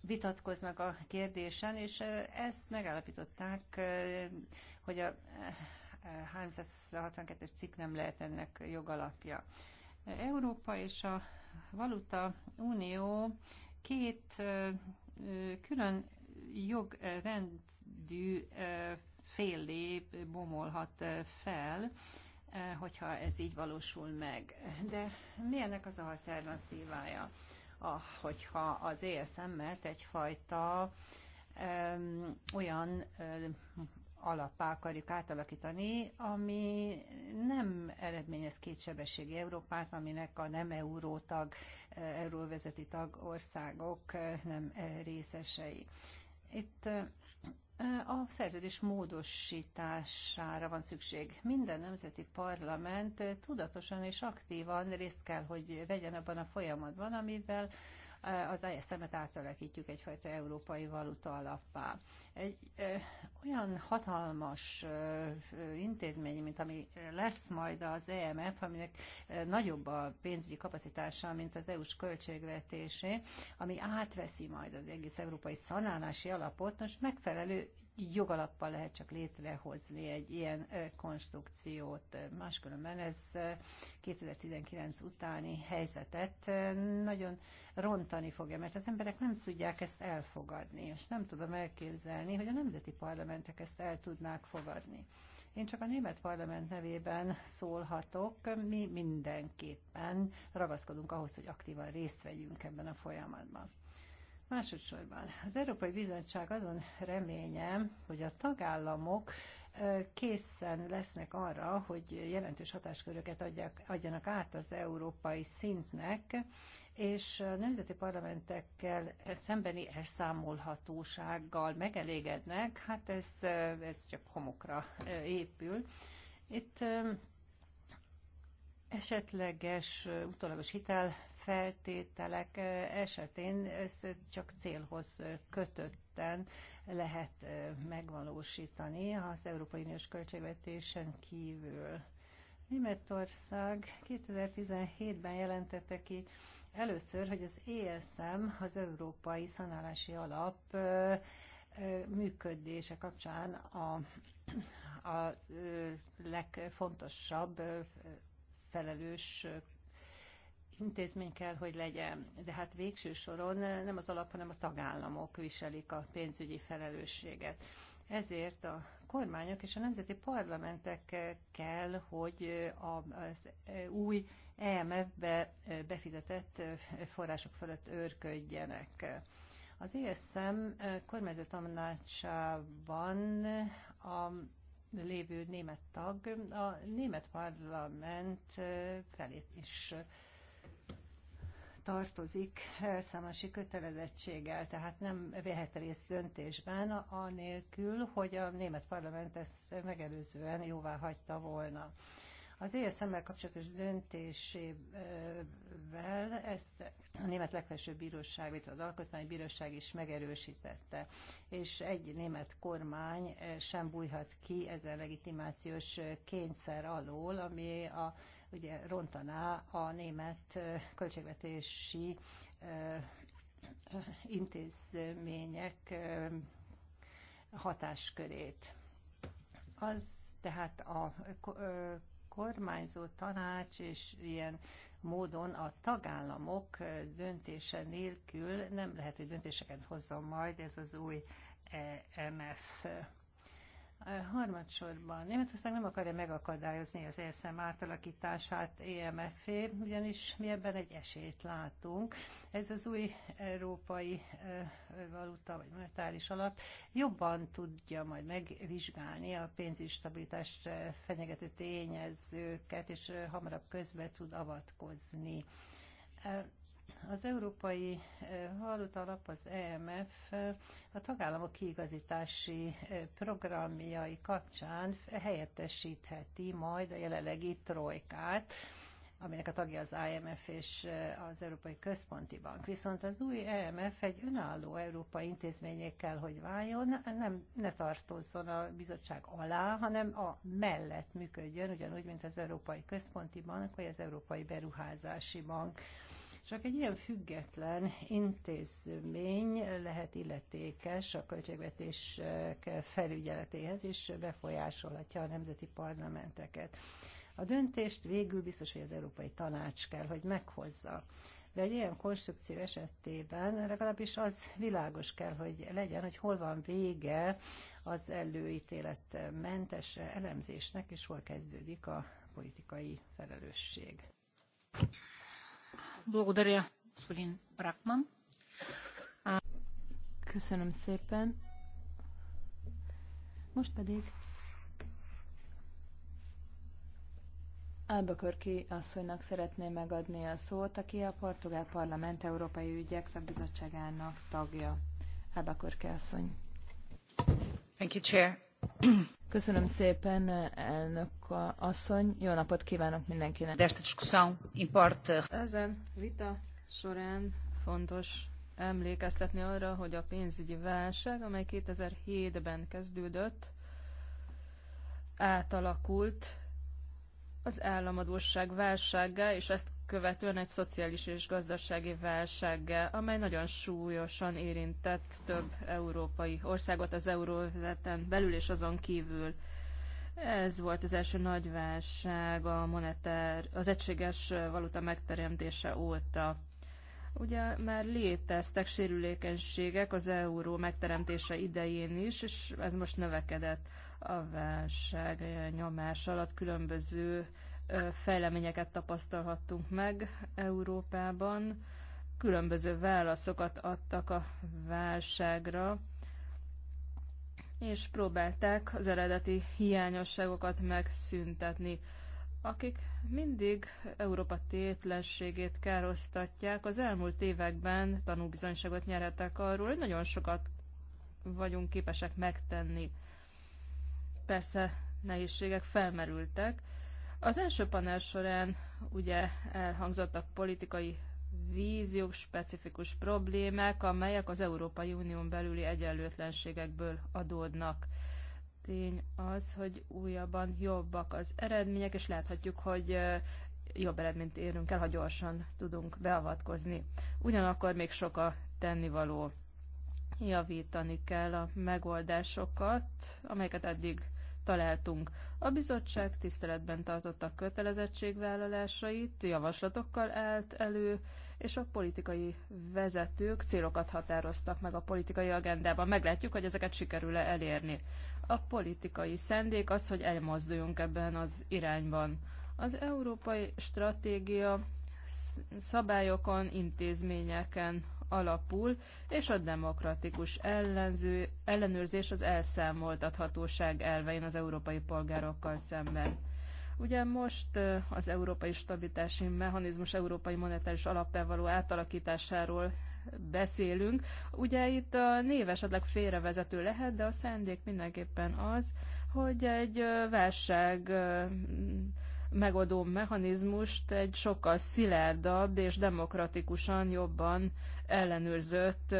vitatkoznak a kérdésen, és ezt megállapították, hogy a 362-es cikk nem lehet ennek jogalapja. Európa és a Valuta Unió két külön jogrendű féllé bomolhat fel, hogyha ez így valósul meg. De mi ennek az alternatívája? Ah, hogyha az ESM-et egyfajta olyan alappá akarjuk átalakítani, ami nem eredményez kétsebességi Európát, aminek a nem eurótag, euróvezeti tag országok nem részesei. Itt a szerződés módosítására van szükség. Minden nemzeti parlament tudatosan és aktívan részt kell, hogy vegyen abban a folyamatban, amivel az ISM-et átalakítjuk egyfajta európai valuta alappá. Egy ö, olyan hatalmas ö, intézmény, mint ami lesz majd az EMF, aminek nagyobb a pénzügyi kapacitása, mint az EU-s költségvetésé, ami átveszi majd az egész európai szanálási alapot, most megfelelő jogalappal lehet csak létrehozni egy ilyen konstrukciót. Máskülönben ez 2019 utáni helyzetet nagyon rontani fogja, mert az emberek nem tudják ezt elfogadni, és nem tudom elképzelni, hogy a nemzeti parlamentek ezt el tudnák fogadni. Én csak a német parlament nevében szólhatok, mi mindenképpen ragaszkodunk ahhoz, hogy aktívan részt vegyünk ebben a folyamatban. Másodszorban az Európai Bizottság azon reményem, hogy a tagállamok készen lesznek arra, hogy jelentős hatásköröket adják, adjanak át az európai szintnek, és a nemzeti parlamentekkel szembeni elszámolhatósággal megelégednek, hát ez, ez csak homokra épül. Itt esetleges utólagos hitel feltételek esetén ez csak célhoz kötötten lehet megvalósítani az Európai Uniós költségvetésen kívül. Németország 2017-ben jelentette ki először, hogy az ESM, az Európai Szanálási Alap működése kapcsán a, a legfontosabb felelős intézmény kell, hogy legyen, de hát végső soron nem az alap, hanem a tagállamok viselik a pénzügyi felelősséget. Ezért a kormányok és a nemzeti parlamentek kell, hogy az új EMF-be befizetett források fölött őrködjenek. Az ESM kormányzatomnácsában a lévő német tag a német parlament felét is tartozik elszámolási eh, kötelezettséggel, tehát nem vehet részt döntésben, anélkül, hogy a német parlament ezt megelőzően jóvá hagyta volna. Az ESM-mel kapcsolatos döntésével ezt a német legfelsőbb bíróság, vagy az alkotmánybíróság is megerősítette, és egy német kormány eh, sem bújhat ki ezen legitimációs kényszer alól, ami a ugye rontaná a német költségvetési intézmények hatáskörét. Az tehát a kormányzó tanács és ilyen módon a tagállamok döntése nélkül nem lehet, hogy döntéseket hozzon majd ez az új EMF. Harmadsorban Németország nem akarja megakadályozni az ESM átalakítását EMF-é, ugyanis mi ebben egy esélyt látunk. Ez az új európai valuta vagy monetáris alap jobban tudja majd megvizsgálni a pénzügyi stabilitást fenyegető tényezőket, és hamarabb közbe tud avatkozni. Az Európai Valutalap, az EMF a tagállamok kiigazítási programjai kapcsán helyettesítheti majd a jelenlegi trojkát, aminek a tagja az IMF és az Európai Központi Bank. Viszont az új EMF egy önálló európai intézményé kell, hogy váljon, nem, ne tartozzon a bizottság alá, hanem a mellett működjön, ugyanúgy, mint az Európai Központi Bank, vagy az Európai Beruházási Bank. Csak egy ilyen független intézmény lehet illetékes a költségvetés felügyeletéhez, és befolyásolhatja a nemzeti parlamenteket. A döntést végül biztos, hogy az Európai Tanács kell, hogy meghozza. De egy ilyen konstrukció esetében legalábbis az világos kell, hogy legyen, hogy hol van vége az előítélet mentes elemzésnek, és hol kezdődik a politikai felelősség. Köszönöm szépen. Most pedig Albuquerque asszonynak szeretném megadni a szót, aki a Portugál Parlament Európai Ügyek Szakbizottságának tagja. Albuquerque asszony. Thank you, Chair. Köszönöm szépen, elnök asszony. Jó napot kívánok mindenkinek. De Ezen vita során fontos emlékeztetni arra, hogy a pénzügyi válság, amely 2007-ben kezdődött, átalakult az államadóság válsággá, és ezt követően egy szociális és gazdasági válsággá, amely nagyon súlyosan érintett több európai országot az euróvezeten belül és azon kívül. Ez volt az első nagy válság a monetár, az egységes valuta megteremtése óta. Ugye már léteztek sérülékenységek az euró megteremtése idején is, és ez most növekedett a válság nyomás alatt különböző fejleményeket tapasztalhattunk meg Európában. Különböző válaszokat adtak a válságra, és próbálták az eredeti hiányosságokat megszüntetni akik mindig Európa tétlenségét károsztatják, az elmúlt években tanúbizonyságot nyertek arról, hogy nagyon sokat vagyunk képesek megtenni. Persze nehézségek felmerültek. Az első panel során ugye elhangzottak politikai víziók, specifikus problémák, amelyek az Európai Unión belüli egyenlőtlenségekből adódnak tény az, hogy újabban jobbak az eredmények, és láthatjuk, hogy jobb eredményt érünk el, ha gyorsan tudunk beavatkozni. Ugyanakkor még sok a tennivaló. Javítani kell a megoldásokat, amelyeket eddig találtunk. A bizottság tiszteletben tartotta kötelezettségvállalásait, javaslatokkal állt elő, és a politikai vezetők célokat határoztak meg a politikai agendában. Meglátjuk, hogy ezeket sikerül-e elérni. A politikai szendék az, hogy elmozduljunk ebben az irányban. Az európai stratégia szabályokon, intézményeken alapul, és a demokratikus ellenző, ellenőrzés az elszámoltathatóság elvein az európai polgárokkal szemben. Ugye most az európai stabilitási mechanizmus európai monetáris alapjával való átalakításáról beszélünk. Ugye itt a név esetleg félrevezető lehet, de a szándék mindenképpen az, hogy egy válság megoldó mechanizmust egy sokkal szilárdabb és demokratikusan jobban ellenőrzött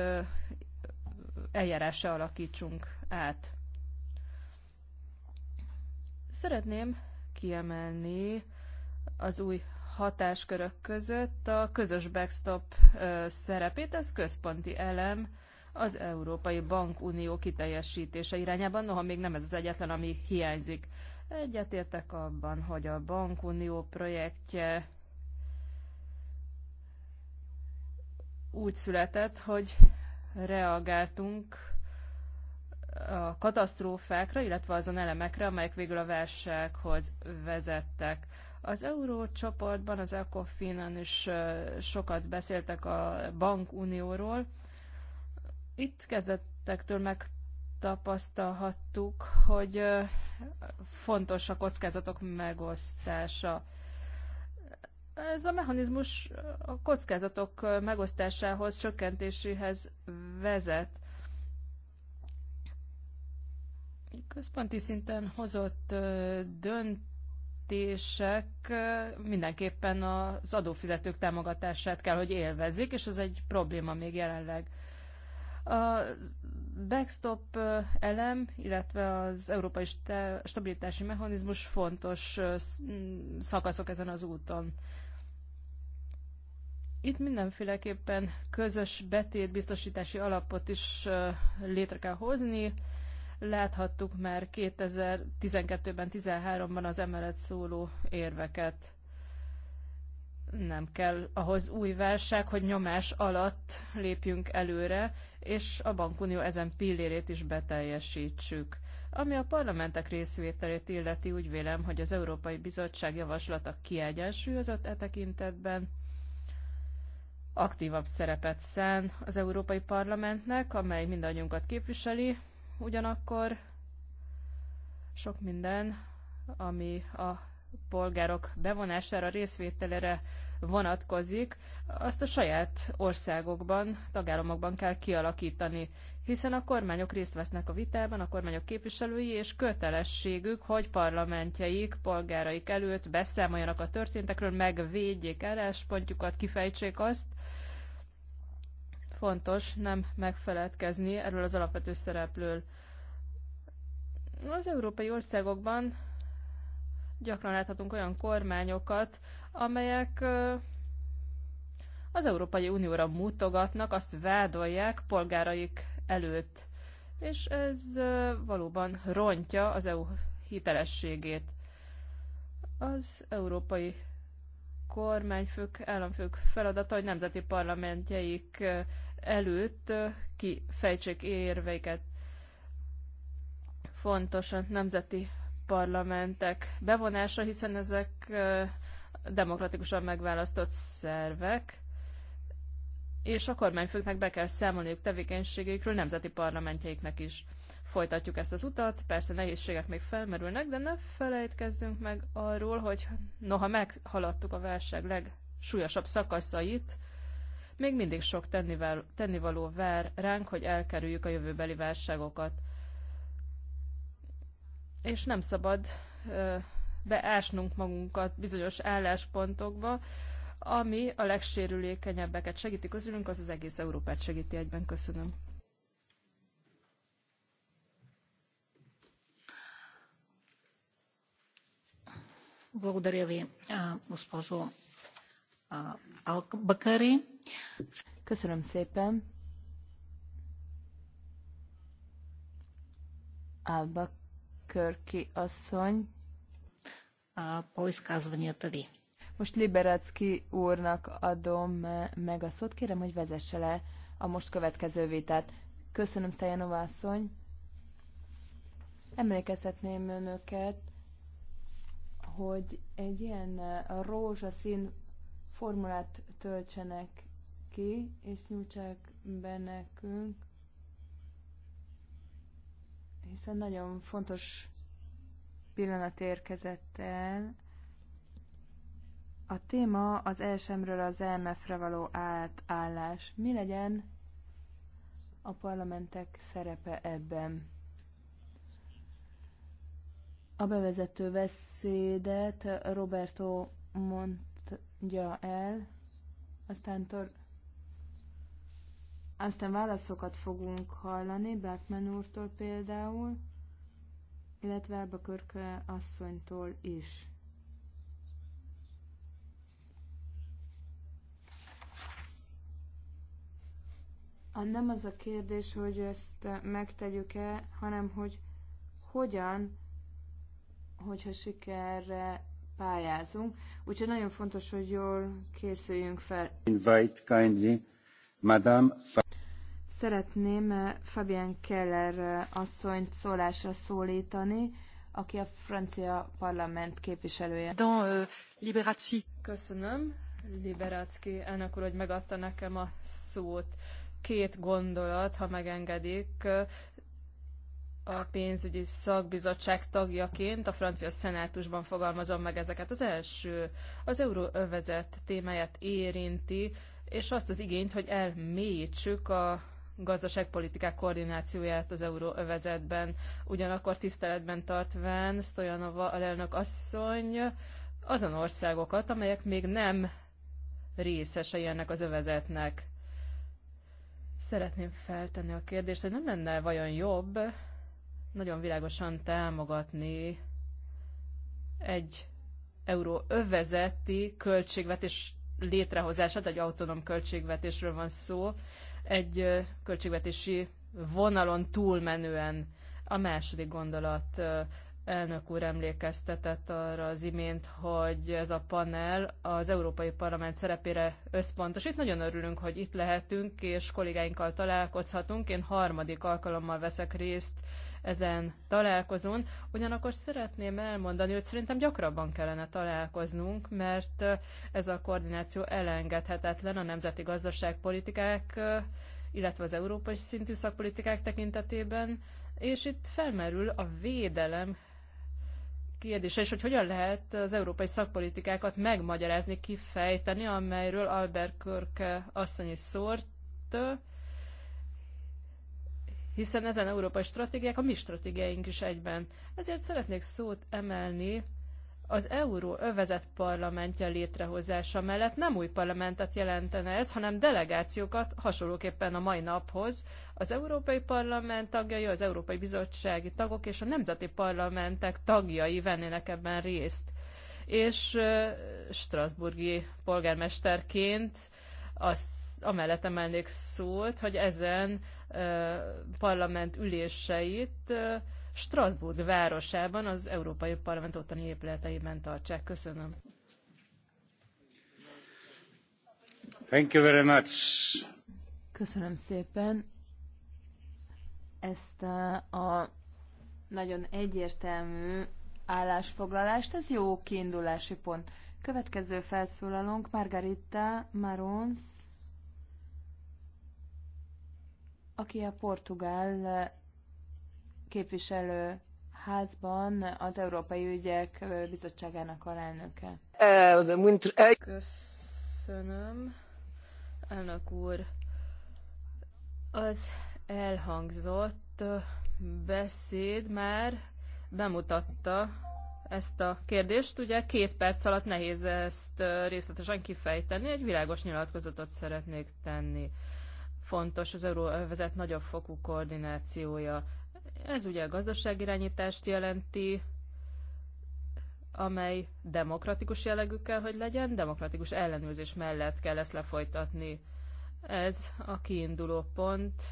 eljárásra alakítsunk át. Szeretném kiemelni az új hatáskörök között a közös backstop szerepét, ez központi elem az Európai Bankunió kiteljesítése irányában, noha még nem ez az egyetlen, ami hiányzik. Egyetértek abban, hogy a Bankunió projektje úgy született, hogy reagáltunk a katasztrófákra, illetve azon elemekre, amelyek végül a válsághoz vezettek. Az eurócsoportban, az ECOFIN-en is sokat beszéltek a bankunióról. Itt kezdettektől megtapasztalhattuk, hogy fontos a kockázatok megosztása. Ez a mechanizmus a kockázatok megosztásához, csökkentéséhez vezet. Központi szinten hozott dönt fizetések mindenképpen az adófizetők támogatását kell, hogy élvezzék, és ez egy probléma még jelenleg. A backstop elem, illetve az európai stabilitási mechanizmus fontos szakaszok ezen az úton. Itt mindenféleképpen közös betétbiztosítási alapot is létre kell hozni, Láthattuk már 2012-ben, 13-ban az emelet szóló érveket. Nem kell ahhoz új válság, hogy nyomás alatt lépjünk előre, és a bankunió ezen pillérét is beteljesítsük. Ami a parlamentek részvételét illeti, úgy vélem, hogy az Európai Bizottság javaslata kiegyensúlyozott e tekintetben, aktívabb szerepet szán az Európai Parlamentnek, amely mindannyiunkat képviseli, Ugyanakkor sok minden, ami a polgárok bevonására, részvételére vonatkozik, azt a saját országokban, tagállamokban kell kialakítani, hiszen a kormányok részt vesznek a vitában, a kormányok képviselői, és kötelességük, hogy parlamentjeik, polgáraik előtt beszámoljanak a történtekről, megvédjék álláspontjukat, kifejtsék azt, Fontos nem megfeledkezni erről az alapvető szereplől. Az európai országokban gyakran láthatunk olyan kormányokat, amelyek az Európai Unióra mutogatnak, azt vádolják polgáraik előtt. És ez valóban rontja az EU hitelességét. Az európai kormányfők, államfők feladata, hogy nemzeti parlamentjeik előtt kifejtsék érveiket. Fontos a nemzeti parlamentek bevonása, hiszen ezek demokratikusan megválasztott szervek, és a kormányfőknek be kell számolniuk tevékenységükről nemzeti parlamentjeiknek is. Folytatjuk ezt az utat, persze nehézségek még felmerülnek, de ne felejtkezzünk meg arról, hogy noha meghaladtuk a válság legsúlyosabb szakaszait, még mindig sok tennivaló vár ránk, hogy elkerüljük a jövőbeli válságokat. És nem szabad beásnunk magunkat bizonyos álláspontokba, ami a legsérülékenyebbeket segíti közülünk, az az egész Európát segíti egyben. Köszönöm. Благодаря ви, госпожо Uh, Köszönöm szépen. Albuquerque asszony. Uh, a Most Liberacki úrnak adom meg a szót. Kérem, hogy vezesse le a most következő vitát. Köszönöm, Szajanova asszony. Emlékeztetném önöket, hogy egy ilyen uh, rózsaszín formulát töltsenek ki, és nyújtsák be nekünk, hiszen nagyon fontos pillanat érkezett el. A téma az elsőmről az elmefre való átállás. Mi legyen a parlamentek szerepe ebben? A bevezető beszédet Roberto Mont mondja el, aztán, tor- aztán válaszokat fogunk hallani Blackman úrtól például, illetve a Körke asszonytól is. A nem az a kérdés, hogy ezt megtegyük-e, hanem hogy hogyan, hogyha sikerre pályázunk, úgyhogy nagyon fontos, hogy jól készüljünk fel. Invite kindly, Madame Szeretném eh, Fabian Keller eh, asszonyt szólásra szólítani, aki a francia parlament képviselője. Dans, euh, Köszönöm, Liberácki elnök úr, hogy megadta nekem a szót. Két gondolat, ha megengedik a pénzügyi szakbizottság tagjaként a francia szenátusban fogalmazom meg ezeket. Az első az euróövezet témáját érinti, és azt az igényt, hogy elmélyítsük a gazdaságpolitikák koordinációját az euróövezetben, ugyanakkor tiszteletben tartván Stojanova alelnök asszony azon országokat, amelyek még nem részesei ennek az övezetnek. Szeretném feltenni a kérdést, hogy nem lenne vajon jobb, nagyon világosan támogatni egy euró övezeti költségvetés létrehozását, egy autonóm költségvetésről van szó, egy költségvetési vonalon túlmenően. A második gondolat elnök úr emlékeztetett arra az imént, hogy ez a panel az Európai Parlament szerepére összpontosít. Nagyon örülünk, hogy itt lehetünk, és kollégáinkkal találkozhatunk. Én harmadik alkalommal veszek részt ezen találkozón. Ugyanakkor szeretném elmondani, hogy szerintem gyakrabban kellene találkoznunk, mert ez a koordináció elengedhetetlen a nemzeti gazdaságpolitikák, illetve az európai szintű szakpolitikák tekintetében, és itt felmerül a védelem kérdése, és hogy hogyan lehet az európai szakpolitikákat megmagyarázni, kifejteni, amelyről Albert Körke asszony is szólt, hiszen ezen európai stratégiák a mi stratégiáink is egyben. Ezért szeretnék szót emelni az euró övezet parlamentje létrehozása mellett nem új parlamentet jelentene ez, hanem delegációkat hasonlóképpen a mai naphoz. Az Európai Parlament tagjai, az Európai Bizottsági tagok és a nemzeti parlamentek tagjai vennének ebben részt. És Strasburgi polgármesterként azt amellett emelnék szót, hogy ezen parlament üléseit Strasbourg városában, az Európai Parlament ottani épületeiben tartsák. Köszönöm. Thank you very much. Köszönöm szépen ezt a, a nagyon egyértelmű állásfoglalást. Ez jó kiindulási pont. Következő felszólalónk Margarita Marons aki a portugál képviselő házban az Európai Ügyek Bizottságának alelnöke. Köszönöm, elnök úr. Az elhangzott beszéd már bemutatta ezt a kérdést. Ugye két perc alatt nehéz ezt részletesen kifejteni, egy világos nyilatkozatot szeretnék tenni fontos az euróvezet nagyobb fokú koordinációja. Ez ugye a gazdaságirányítást jelenti, amely demokratikus jellegű kell, hogy legyen, demokratikus ellenőrzés mellett kell ezt lefolytatni. Ez a kiinduló pont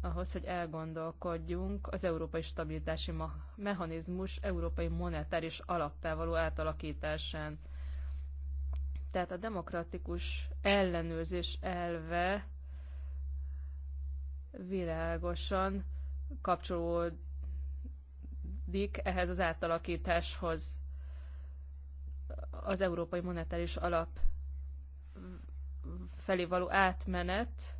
ahhoz, hogy elgondolkodjunk az európai stabilitási mechanizmus európai monetáris alappá való átalakításán. Tehát a demokratikus ellenőrzés elve világosan kapcsolódik ehhez az átalakításhoz. Az Európai Monetáris Alap felé való átmenet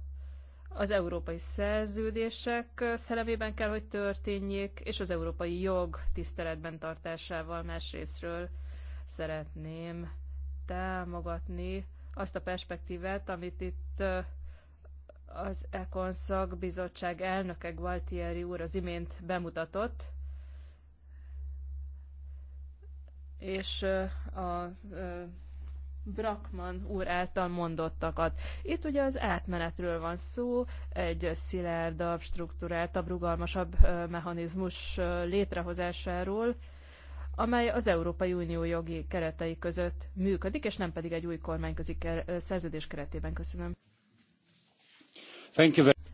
az európai szerződések szellemében kell, hogy történjék, és az európai jog tiszteletben tartásával másrésztről szeretném támogatni azt a perspektívet, amit itt az Econ szakbizottság elnöke Gualtieri úr az imént bemutatott, és a Brakman úr által mondottakat. Itt ugye az átmenetről van szó, egy szilárdabb, struktúráltabb, rugalmasabb mechanizmus létrehozásáról, amely az Európai Unió jogi keretei között működik, és nem pedig egy új kormányközi szerződés keretében. Köszönöm.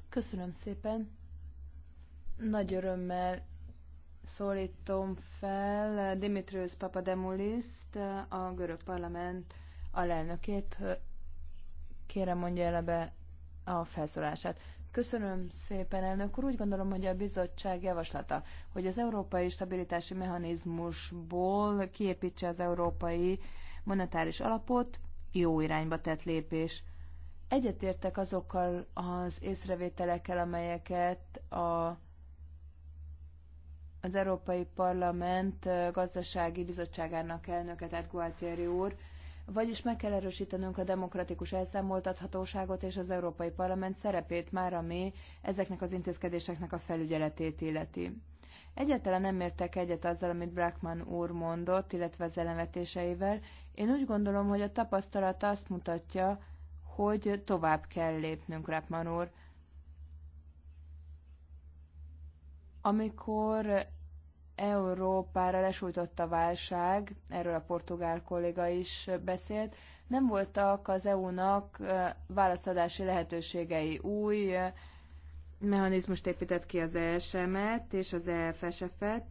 Köszönöm szépen. Nagy örömmel szólítom fel Dimitrios Papademouliszt, a görög parlament alelnökét. Kérem mondja el be a felszólását. Köszönöm szépen, elnök úr. Úgy gondolom, hogy a bizottság javaslata, hogy az európai stabilitási mechanizmusból kiépítse az európai monetáris alapot, jó irányba tett lépés. Egyetértek azokkal az észrevételekkel, amelyeket a az Európai Parlament gazdasági bizottságának elnöke, tehát Gualtieri úr vagyis meg kell erősítenünk a demokratikus elszámoltathatóságot és az Európai Parlament szerepét már, ami ezeknek az intézkedéseknek a felügyeletét illeti. Egyáltalán nem értek egyet azzal, amit Brackman úr mondott, illetve az elemetéseivel. Én úgy gondolom, hogy a tapasztalat azt mutatja, hogy tovább kell lépnünk, Brackman úr. Amikor Európára lesújtott a válság, erről a portugál kolléga is beszélt, nem voltak az EU-nak válaszadási lehetőségei. Új mechanizmust épített ki az ESM-et és az EFSF-et.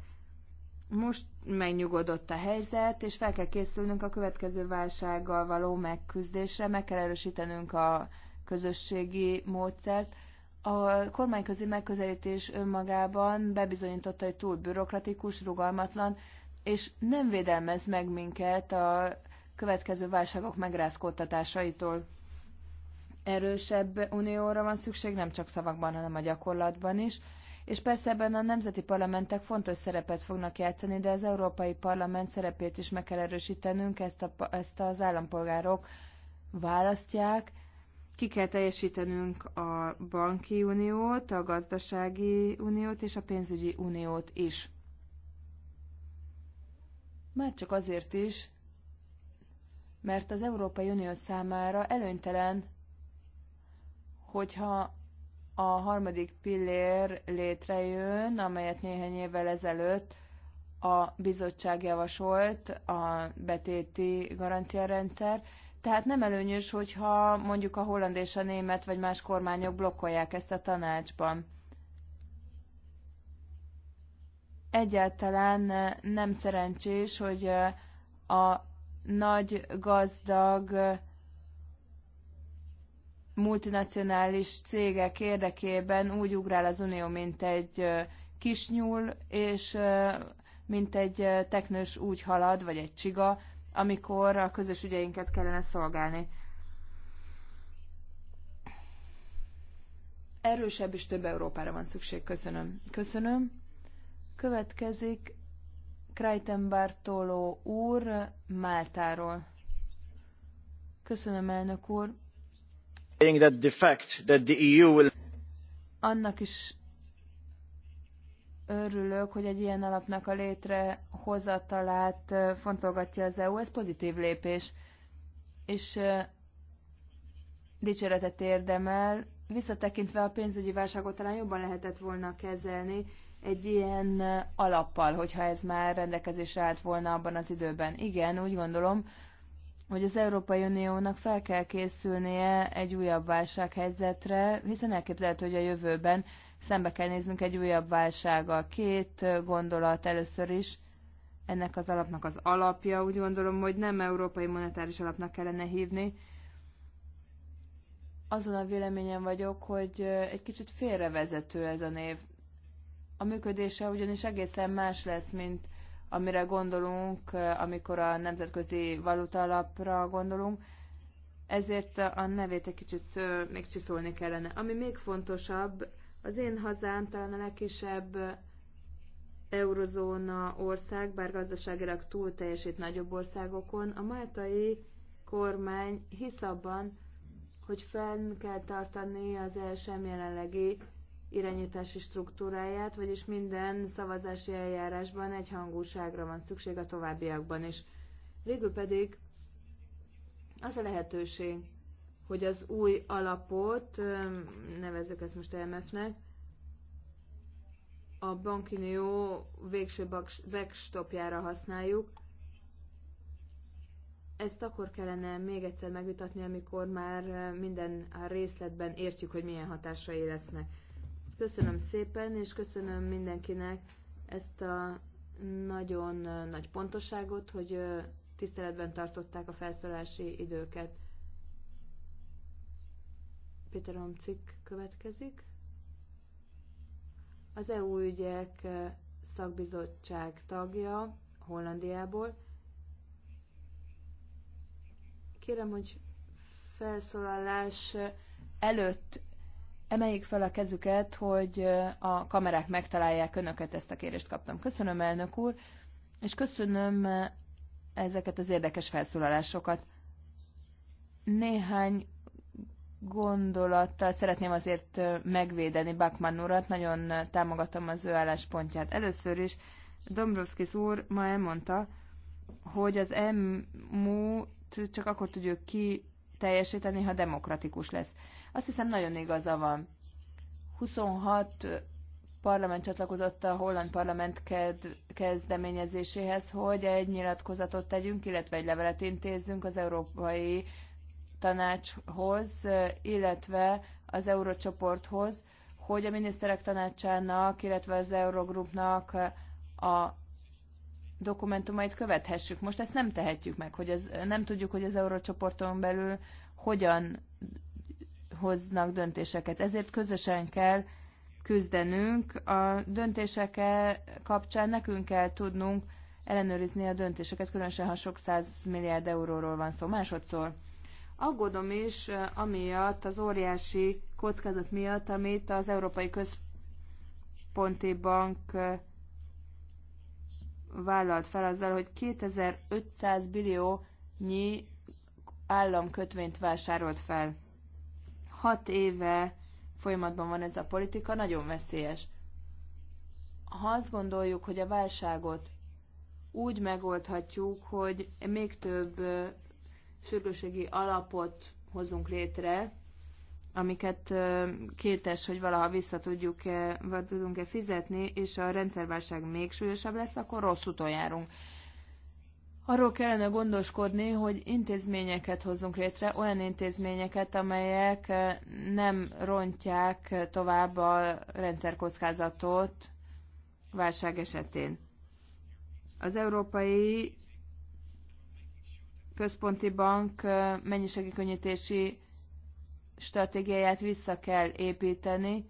Most megnyugodott a helyzet, és fel kell készülnünk a következő válsággal való megküzdésre, meg kell erősítenünk a közösségi módszert. A kormányközi megközelítés önmagában bebizonyította, hogy túl bürokratikus, rugalmatlan, és nem védelmez meg minket a következő válságok megrázkódtatásaitól. Erősebb unióra van szükség, nem csak szavakban, hanem a gyakorlatban is. És persze ebben a nemzeti parlamentek fontos szerepet fognak játszani, de az Európai Parlament szerepét is meg kell erősítenünk, ezt, a, ezt az állampolgárok választják, ki kell teljesítenünk a banki uniót, a gazdasági uniót és a pénzügyi uniót is. Már csak azért is, mert az Európai Unió számára előnytelen, hogyha a harmadik pillér létrejön, amelyet néhány évvel ezelőtt a bizottság javasolt, a betéti garanciarendszer, tehát nem előnyös, hogyha mondjuk a holland és a német vagy más kormányok blokkolják ezt a tanácsban. Egyáltalán eh, nem szerencsés, hogy eh, a nagy gazdag eh, multinacionális cégek érdekében úgy ugrál az Unió, mint egy kisnyúl, és mint egy teknős úgy halad, vagy egy csiga, amikor a közös ügyeinket kellene szolgálni. Erősebb és több Európára van szükség. Köszönöm. Köszönöm. Következik Krajten Bartoló úr Máltáról. Köszönöm, elnök úr. E Annak is örülök, hogy egy ilyen alapnak a létrehozatalát fontolgatja az EU, ez pozitív lépés, és dicséretet érdemel. Visszatekintve a pénzügyi válságot talán jobban lehetett volna kezelni egy ilyen alappal, hogyha ez már rendelkezésre állt volna abban az időben. Igen, úgy gondolom, hogy az Európai Uniónak fel kell készülnie egy újabb válsághelyzetre, hiszen elképzelhető, hogy a jövőben szembe kell néznünk egy újabb válsággal. Két gondolat először is. Ennek az alapnak az alapja, úgy gondolom, hogy nem európai monetáris alapnak kellene hívni. Azon a véleményen vagyok, hogy egy kicsit félrevezető ez a név. A működése ugyanis egészen más lesz, mint amire gondolunk, amikor a nemzetközi valuta alapra gondolunk ezért a nevét egy kicsit még csiszolni kellene. Ami még fontosabb, az én hazám talán a legkisebb eurozóna ország, bár gazdaságilag túl teljesít nagyobb országokon, a máltai kormány hisz abban, hogy fenn kell tartani az ESM jelenlegi irányítási struktúráját, vagyis minden szavazási eljárásban egy hangúságra van szükség a továbbiakban is. Végül pedig az a lehetőség, hogy az új alapot, nevezzük ezt most EMF-nek, a bankinió végső backstopjára használjuk. Ezt akkor kellene még egyszer megvitatni, amikor már minden részletben értjük, hogy milyen hatásai lesznek. Köszönöm szépen, és köszönöm mindenkinek ezt a nagyon nagy pontosságot, hogy tiszteletben tartották a felszólási időket. Péter cikk következik. Az EU ügyek eh, szakbizottság tagja Hollandiából. Kérem, hogy felszólalás előtt emeljék fel a kezüket, hogy eh, a kamerák megtalálják önöket, ezt a kérést kaptam. Köszönöm, elnök úr, és köszönöm eh, ezeket az érdekes felszólalásokat. Néhány gondolattal szeretném azért megvédeni Bakman urat, nagyon támogatom az ő álláspontját. Először is Dombrovskis úr ma elmondta, hogy az emu csak akkor tudjuk ki teljesíteni, ha demokratikus lesz. Azt hiszem nagyon igaza van. 26 parlament csatlakozott a holland parlament kezdeményezéséhez, hogy egy nyilatkozatot tegyünk, illetve egy levelet intézzünk az Európai tanácshoz, illetve az eurócsoporthoz, hogy a miniszterek tanácsának, illetve az Eurogrupnak a dokumentumait követhessük. Most ezt nem tehetjük meg, hogy az, nem tudjuk, hogy az eurócsoporton belül hogyan hoznak döntéseket. Ezért közösen kell küzdenünk. A döntések kapcsán nekünk kell tudnunk ellenőrizni a döntéseket, különösen ha sok száz milliárd euróról van szó. Másodszor Aggódom is eh, amiatt az óriási kockázat miatt, amit az Európai Központi Bank eh, vállalt fel azzal, hogy 2500 billió nyi államkötvényt vásárolt fel. Hat éve folyamatban van ez a politika, nagyon veszélyes. Ha azt gondoljuk, hogy a válságot úgy megoldhatjuk, hogy még több eh, sürgőségi alapot hozunk létre, amiket kétes, hogy valaha vissza tudjuk-e, vagy tudunk-e fizetni, és a rendszerválság még súlyosabb lesz, akkor rossz úton járunk. Arról kellene gondoskodni, hogy intézményeket hozzunk létre, olyan intézményeket, amelyek nem rontják tovább a rendszerkockázatot válság esetén. Az európai központi bank mennyiségi könnyítési stratégiáját vissza kell építeni.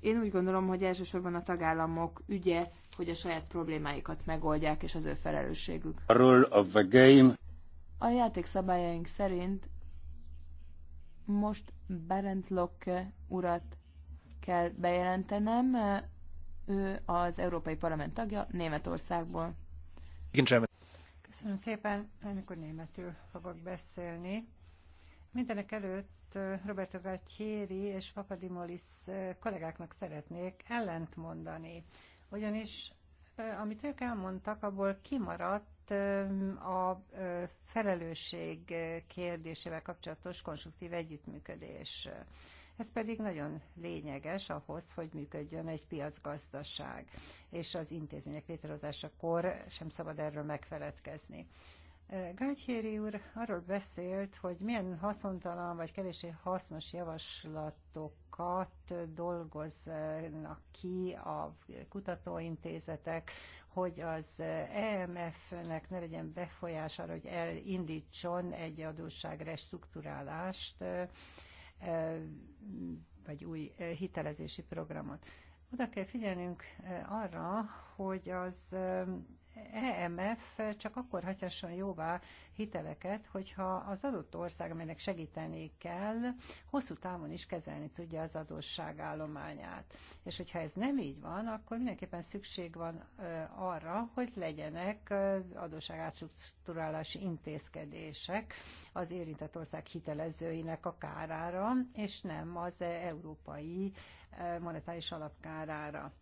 Én úgy gondolom, hogy elsősorban a tagállamok ügye, hogy a saját problémáikat megoldják, és az ő felelősségük. A, rule of the game. a játék szabályaink szerint most Berend Locke urat kell bejelentenem. Ő az Európai Parlament tagja Németországból. Köszönöm szépen, amikor németül fogok beszélni. Mindenek előtt Roberto Galtieri és Papadimolis kollégáknak szeretnék ellent mondani, ugyanis amit ők elmondtak, abból kimaradt a felelősség kérdésével kapcsolatos konstruktív együttműködés. Ez pedig nagyon lényeges ahhoz, hogy működjön egy piacgazdaság, és az intézmények létrehozásakor sem szabad erről megfeledkezni. Gágyhéri úr arról beszélt, hogy milyen haszontalan vagy kevésbé hasznos javaslatokat dolgoznak ki a kutatóintézetek, hogy az EMF-nek ne legyen arra, hogy elindítson egy adósság restruktúrálást, vagy új hitelezési programot. Oda kell figyelnünk arra, hogy az EMF csak akkor hagyhasson jóvá hiteleket, hogyha az adott ország, amelynek segíteni kell, hosszú távon is kezelni tudja az állományát, És hogyha ez nem így van, akkor mindenképpen szükség van arra, hogy legyenek átstruktúrálási intézkedések az érintett ország hitelezőinek a kárára, és nem az európai monetáris alapkárára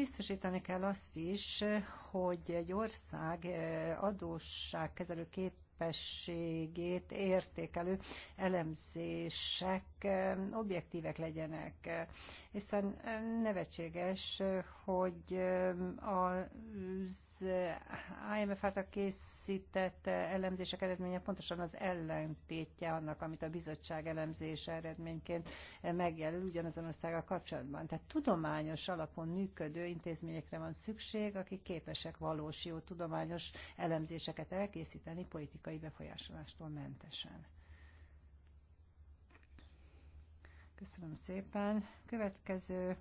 biztosítani kell azt is, hogy egy ország eh, adósságkezelő képességét értékelő elemzések eh, objektívek legyenek hiszen nevetséges, hogy az IMF által készített elemzések eredménye pontosan az ellentétje annak, amit a bizottság elemzése eredményként megjelöl ugyanazon országgal kapcsolatban. Tehát tudományos alapon működő intézményekre van szükség, akik képesek valós jó tudományos elemzéseket elkészíteni politikai befolyásolástól mentesen. Köszönöm szépen. Következő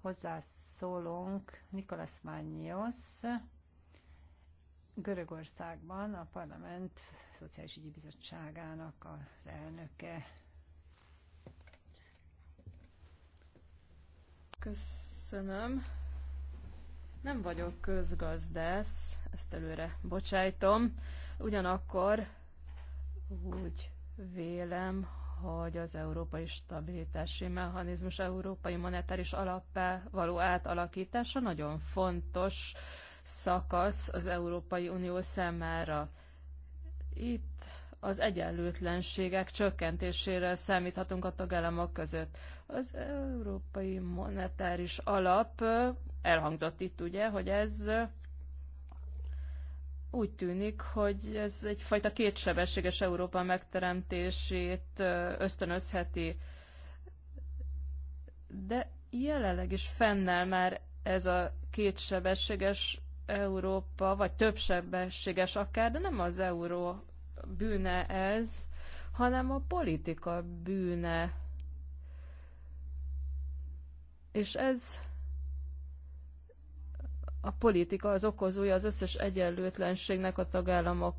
hozzászólónk Nikolas Mányios, Görögországban a Parlament Szociális Ügyi Bizottságának az elnöke. Köszönöm. Nem vagyok közgazdász, ezt előre bocsájtom. Ugyanakkor úgy vélem, hogy az európai stabilitási mechanizmus európai monetáris alappá való átalakítása nagyon fontos szakasz az Európai Unió számára. Itt az egyenlőtlenségek csökkentésére számíthatunk a tagállamok között. Az Európai Monetáris Alap eh, elhangzott itt ugye, hogy ez úgy tűnik, hogy ez egyfajta kétsebességes Európa megteremtését ösztönözheti. De jelenleg is fennel már ez a kétsebességes Európa, vagy többsebességes akár, de nem az euró bűne ez, hanem a politika bűne. És ez a politika az okozója az összes egyenlőtlenségnek a tagállamok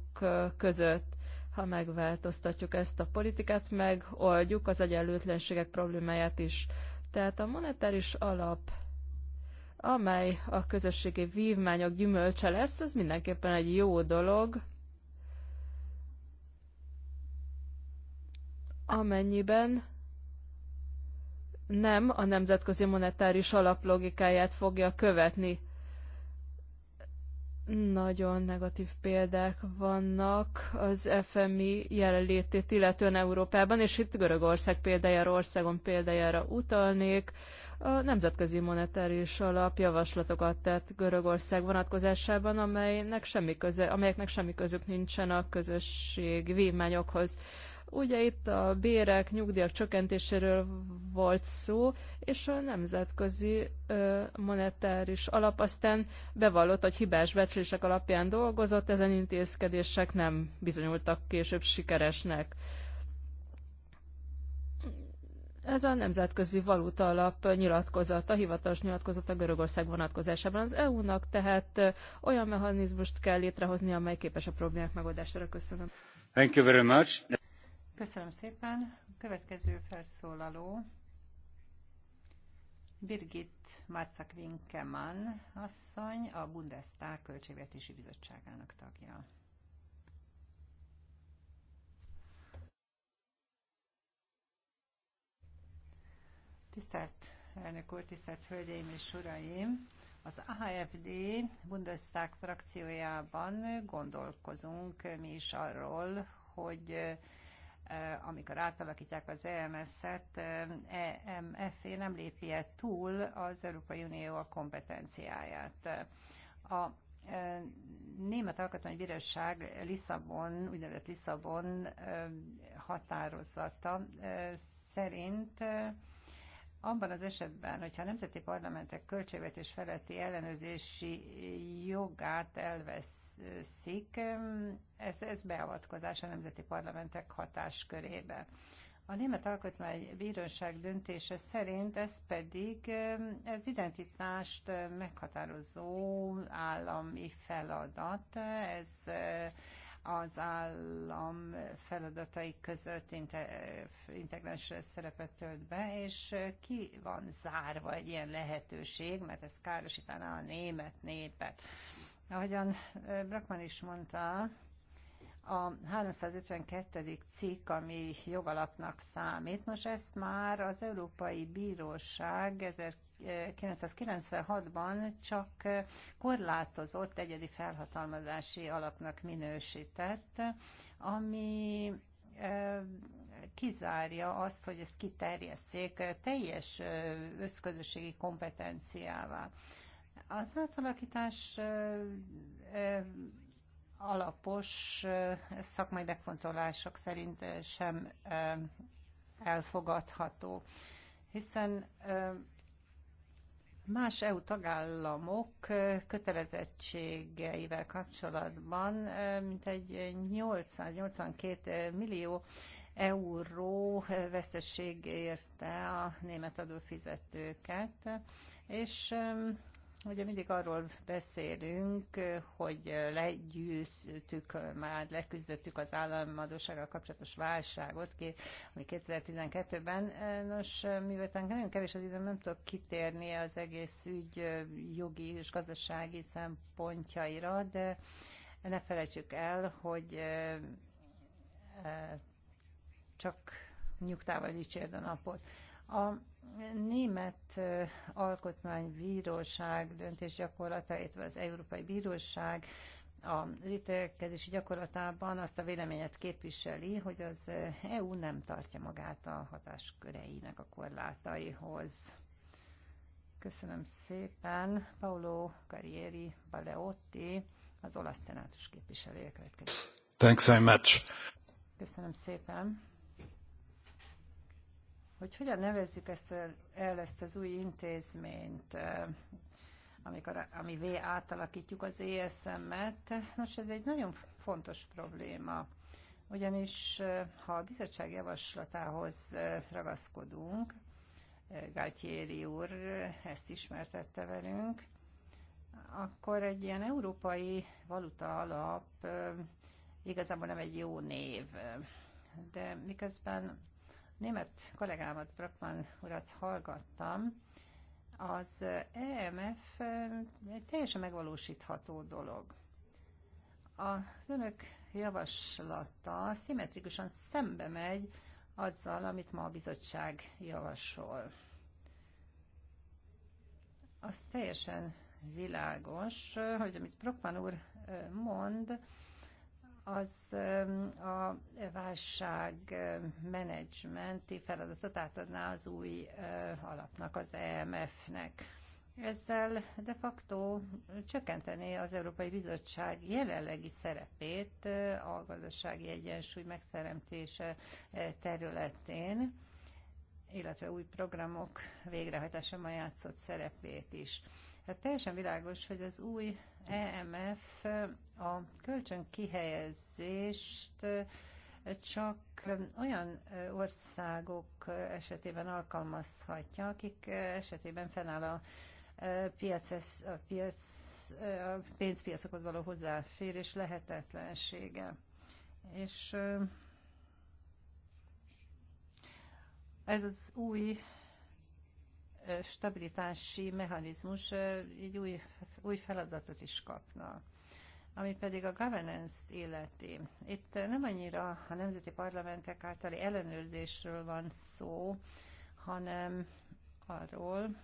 között. Ha megváltoztatjuk ezt a politikát, megoldjuk az egyenlőtlenségek problémáját is. Tehát a monetáris alap amely a közösségi vívmányok gyümölcse lesz, ez mindenképpen egy jó dolog, amennyiben nem a nemzetközi monetáris alap logikáját fogja követni nagyon negatív példák vannak az FMI jelenlétét illetően Európában, és itt Görögország példájára, országon példájára utalnék. A Nemzetközi Monetáris Alap javaslatokat tett Görögország vonatkozásában, amelynek semmi köze, amelyeknek semmi közük nincsen a közösség vívmányokhoz. Ugye itt a bérek, nyugdíjak csökkentéséről volt szó, és a nemzetközi monetáris alap aztán bevallott, hogy hibás becslések alapján dolgozott, ezen intézkedések nem bizonyultak később sikeresnek. Ez a Nemzetközi Valuta Alap nyilatkozata, hivatalos nyilatkozata Görögország vonatkozásában az EU-nak, tehát olyan mechanizmust kell létrehozni, amely képes a problémák megoldására. Köszönöm. Thank you very much. Köszönöm szépen. Következő felszólaló Birgit Mácak Winkemann asszony, a Bundestag Költségvetési Bizottságának tagja. Tisztelt elnök úr, tisztelt hölgyeim és uraim! Az AFD Bundestag frakciójában gondolkozunk mi is arról, hogy Eh, amikor átalakítják az EMS-et, EMF-é eh, e nem lépi -e túl az Európai Unió a kompetenciáját. A eh, Német Alkotmánybíróság Lisszabon, úgynevezett Lisszabon határozata szerint abban az esetben, hogyha a nemzeti parlamentek költségvetés feletti ellenőrzési jogát elvesz veszik, ez, ez beavatkozás a nemzeti parlamentek hatáskörébe. A Német alkotmány Bíróság döntése szerint ez pedig az identitást meghatározó állami feladat, ez eh, az állam feladatai között integráns szerepet tölt be, és eh, ki van zárva egy ilyen lehetőség, mert ez károsítaná a német népet. Ahogyan Brakman is mondta, a 352. cikk, ami jogalapnak számít. Nos, ezt már az Európai Bíróság 1996-ban csak korlátozott egyedi felhatalmazási alapnak minősített, ami kizárja azt, hogy ezt kiterjesszék teljes összközösségi kompetenciává. Az átalakítás alapos szakmai megfontolások szerint sem elfogadható, hiszen más EU tagállamok kötelezettségeivel kapcsolatban mint egy 882 millió euró veszteség érte a német adófizetőket, és Ugye mindig arról beszélünk, hogy legyűztük, már leküzdöttük az államadósággal kapcsolatos válságot, ami 2012-ben. Nos, mivel nagyon kevés az időm, nem tudok kitérni az egész ügy jogi és gazdasági szempontjaira, de ne felejtsük el, hogy e, e, csak nyugtával dicsérd a napot. A német alkotmánybíróság döntés gyakorlata, illetve az Európai Bíróság a ítélkezési gyakorlatában azt a véleményet képviseli, hogy az EU nem tartja magát a hatásköreinek a korlátaihoz. Köszönöm szépen. Paolo Carrieri Baleotti, az olasz szenátus képviselője következik. Thanks very much. Köszönöm szépen hogy hogyan nevezzük ezt el ezt az új intézményt, amikor, ami v átalakítjuk az ESM-et. Nos, ez egy nagyon fontos probléma, ugyanis ha a bizottság javaslatához ragaszkodunk, Galtieri úr ezt ismertette velünk, akkor egy ilyen európai valuta alap igazából nem egy jó név. De miközben német kollégámat, Brockman urat hallgattam, az EMF eh, egy teljesen megvalósítható dolog. Az önök javaslata szimmetrikusan szembe megy azzal, amit ma a bizottság javasol. Az teljesen világos, hogy amit Brockman úr eh, mond, az a válság menedzsmenti feladatot átadná az új alapnak, az EMF-nek. Ezzel de facto csökkentené az Európai Bizottság jelenlegi szerepét a gazdasági egyensúly megteremtése területén, illetve új programok végrehajtása ma játszott szerepét is. Hát teljesen világos, hogy az új EMF a kölcsön kihelyezést csak olyan országok esetében alkalmazhatja, akik esetében fennáll a piac, a piac a pénzpiacokhoz való hozzáférés lehetetlensége. És ez az új stabilitási mechanizmus egy új, új feladatot is kapna ami pedig a governance-t illeti. Itt nem annyira a nemzeti parlamentek általi ellenőrzésről van szó, hanem arról,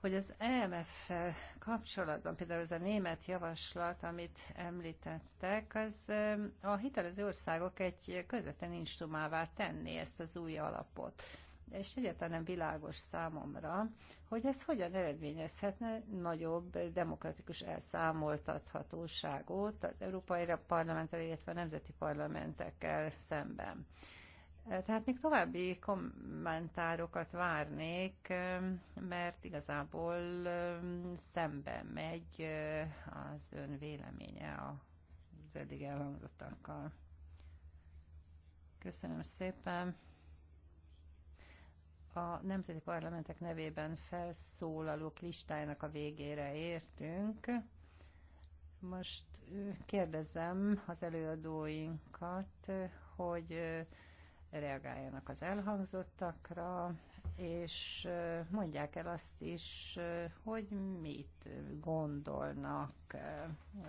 hogy az EMF-fel kapcsolatban, például ez a német javaslat, amit említettek, az a hitelező országok egy közvetlen instrumává tenni ezt az új alapot és egyáltalán nem világos számomra, hogy ez hogyan eredményezhetne nagyobb demokratikus elszámoltathatóságot az Európai Parlamenttel, illetve a nemzeti parlamentekkel szemben. Tehát még további kommentárokat várnék, mert igazából um, szembe megy uh, az ön véleménye az eddig elhangzottakkal. Köszönöm szépen! a nemzeti parlamentek nevében felszólalók listájának a végére értünk. Most kérdezem az előadóinkat, hogy reagáljanak az elhangzottakra, és mondják el azt is, hogy mit gondolnak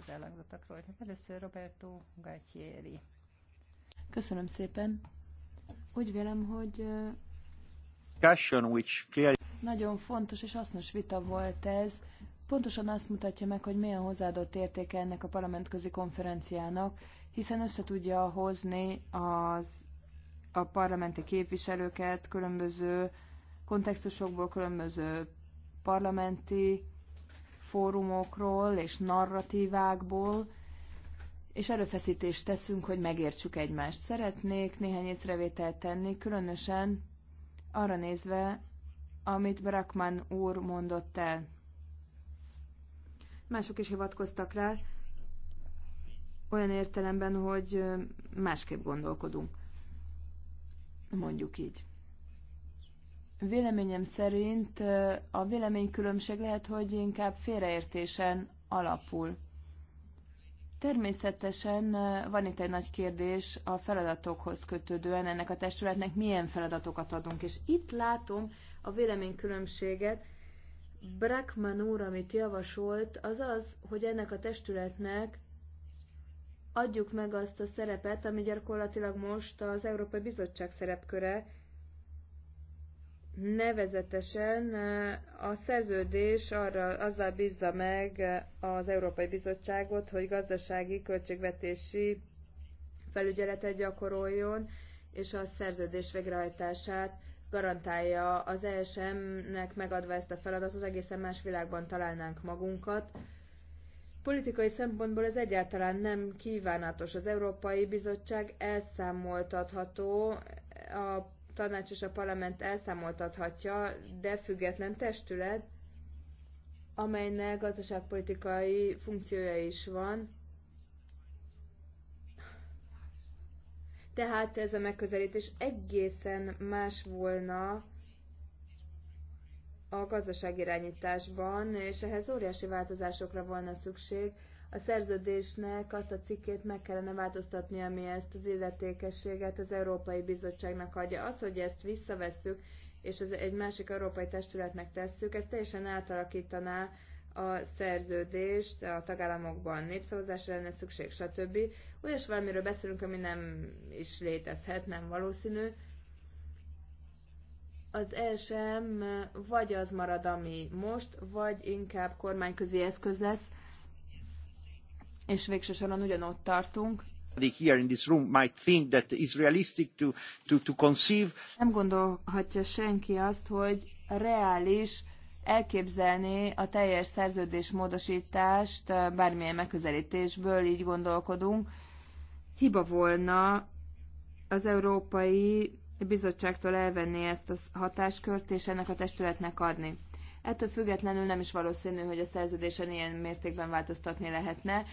az elhangzottakról. Először Roberto Gatieri. Köszönöm szépen. Úgy vélem, hogy nagyon fontos és hasznos vita volt ez. Pontosan azt mutatja meg, hogy milyen hozzáadott értéke ennek a parlamentközi konferenciának, hiszen össze tudja hozni az, a parlamenti képviselőket különböző kontextusokból, különböző parlamenti fórumokról és narratívákból, és erőfeszítést teszünk, hogy megértsük egymást. Szeretnék néhány észrevételt tenni, különösen arra nézve, amit Brakman úr mondott el. Mások is hivatkoztak rá, olyan értelemben, hogy másképp gondolkodunk. Mondjuk így. Véleményem szerint a véleménykülönbség lehet, hogy inkább félreértésen alapul. Természetesen van itt egy nagy kérdés a feladatokhoz kötődően, ennek a testületnek milyen feladatokat adunk. És itt látom a véleménykülönbséget. Brackman úr, amit javasolt, az az, hogy ennek a testületnek adjuk meg azt a szerepet, ami gyakorlatilag most az Európai Bizottság szerepköre, Nevezetesen a szerződés arra azzal bízza meg az Európai Bizottságot, hogy gazdasági költségvetési felügyeletet gyakoroljon, és a szerződés végrehajtását garantálja az ESM-nek megadva ezt a feladatot, egészen más világban találnánk magunkat. Politikai szempontból ez egyáltalán nem kívánatos. Az Európai Bizottság elszámoltatható a tanács és a parlament elszámoltathatja, de független testület, amelynek gazdaságpolitikai funkciója is van. Tehát ez a megközelítés egészen más volna a gazdaságirányításban, és ehhez óriási változásokra volna szükség, a szerződésnek azt a cikkét meg kellene változtatni, ami ezt az illetékességet az Európai Bizottságnak adja. Az, hogy ezt visszavesszük, és ez egy másik európai testületnek tesszük, ez teljesen átalakítaná a szerződést a tagállamokban népszavazásra lenne szükség, stb. Olyas valamiről beszélünk, ami nem is létezhet, nem valószínű. Az ESM vagy az marad, ami most, vagy inkább kormányközi eszköz lesz, és végső soron ugyanott tartunk. Here in this room might think that is realistic to, to, to conceive. Nem gondolhatja senki azt, hogy reális elképzelni a teljes szerződés módosítást bármilyen megközelítésből, így gondolkodunk. Hiba volna az Európai Bizottságtól elvenni ezt a hatáskört és ennek a testületnek adni. Ettől függetlenül nem is valószínű, hogy a szerződésen ilyen mértékben változtatni lehetne.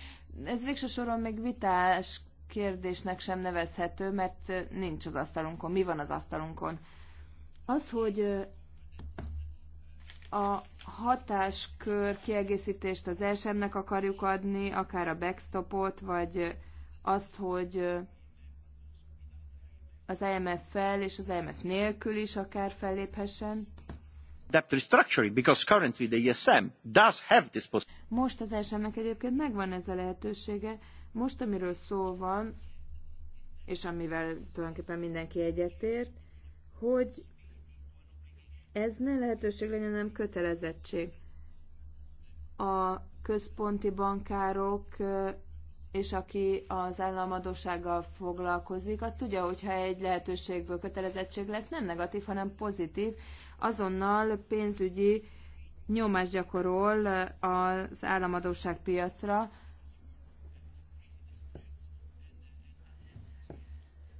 Ez végső soron még vitás kérdésnek sem nevezhető, mert nincs az asztalunkon. Mi van az asztalunkon? Az, hogy a hatáskör kiegészítést az ESM-nek akarjuk adni, akár a backstopot, vagy azt, hogy az IMF-fel és az IMF nélkül is akár felléphessen debt restructuring, because currently the ESM does have this possibility. Most az ESM-nek egyébként megvan ez a lehetősége. Most, amiről szó van, és amivel tulajdonképpen mindenki egyetért, hogy ez ne lehetőség legyen, hanem kötelezettség. A központi bankárok és aki az államadósággal foglalkozik, az tudja, hogyha egy lehetőségből kötelezettség lesz, nem negatív, hanem pozitív, azonnal pénzügyi nyomás gyakorol az államadóság piacra.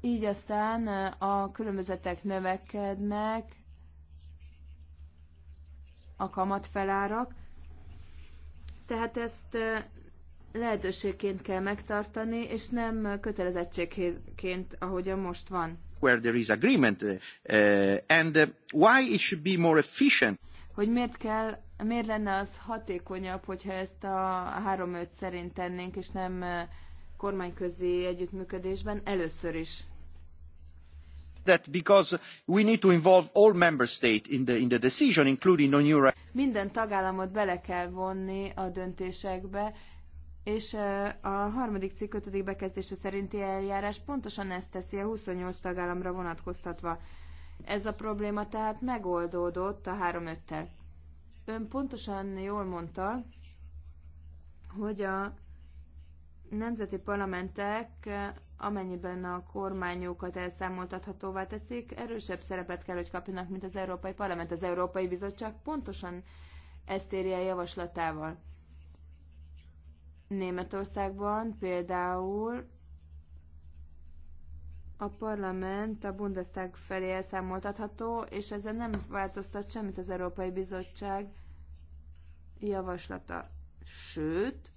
Így aztán a különbözetek növekednek, a kamatfelárak, tehát ezt lehetőségként kell megtartani, és nem kötelezettségként, ahogy most van where there is agreement uh, uh, and uh, why it should be more efficient. Hogy miért kell, miért lenne az hatékonyabb, hogyha ezt a 3-5 szerint tennénk, és nem kormányközi együttműködésben először is that because we need to involve all member states in the, in the decision, including on Europe. Minden tagállamot bele kell vonni a döntésekbe, és a harmadik cikk ötödik bekezdése szerinti eljárás pontosan ezt teszi a 28 tagállamra vonatkoztatva. Ez a probléma tehát megoldódott a 3-5-tel. Ön pontosan jól mondta, hogy a nemzeti parlamentek, amennyiben a kormányukat elszámoltathatóvá teszik, erősebb szerepet kell, hogy kapjanak, mint az Európai Parlament. Az Európai Bizottság pontosan ezt érje a javaslatával. Németországban például a parlament a Bundestag felé elszámoltatható, és ezzel nem változtat semmit az Európai Bizottság javaslata. Sőt,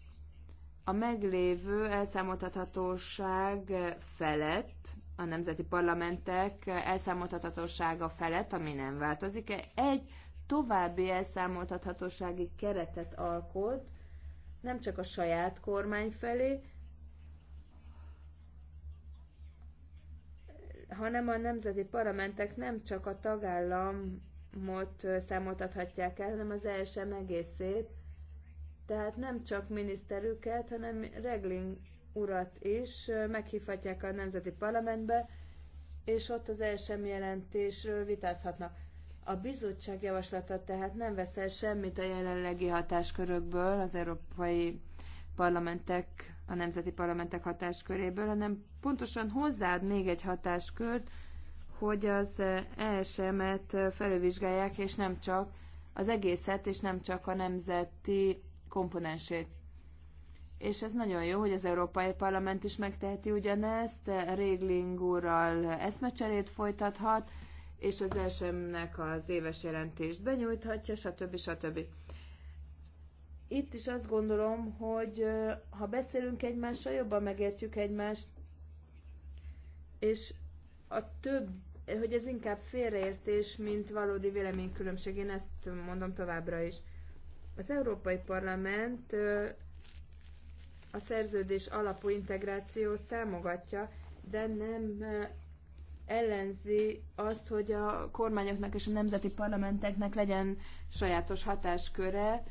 a meglévő elszámoltathatóság felett, a nemzeti parlamentek elszámoltathatósága felett, ami nem változik, egy további elszámoltathatósági keretet alkot, nem csak a saját kormány felé, hanem a nemzeti parlamentek nem csak a tagállamot számoltathatják el, hanem az első egészét, tehát nem csak miniszterüket, hanem Regling urat is meghívhatják a nemzeti parlamentbe, és ott az első jelentésről vitázhatnak. A bizottság javaslata tehát nem vesz el semmit a jelenlegi hatáskörökből, az európai parlamentek, a nemzeti parlamentek hatásköréből, hanem pontosan hozzáad még egy hatáskört, hogy az ESM-et felülvizsgálják, és nem csak az egészet, és nem csak a nemzeti komponensét. És ez nagyon jó, hogy az Európai Parlament is megteheti ugyanezt, Régling úrral eszmecserét folytathat, és az SM-nek az éves jelentést benyújthatja, stb. stb. Itt is azt gondolom, hogy ha beszélünk egymással, jobban megértjük egymást, és a több, hogy ez inkább félreértés, mint valódi véleménykülönbség, én ezt mondom továbbra is. Az Európai Parlament a szerződés alapú integrációt támogatja, de nem ellenzi azt, hogy a kormányoknak és a nemzeti parlamenteknek legyen sajátos hatásköre,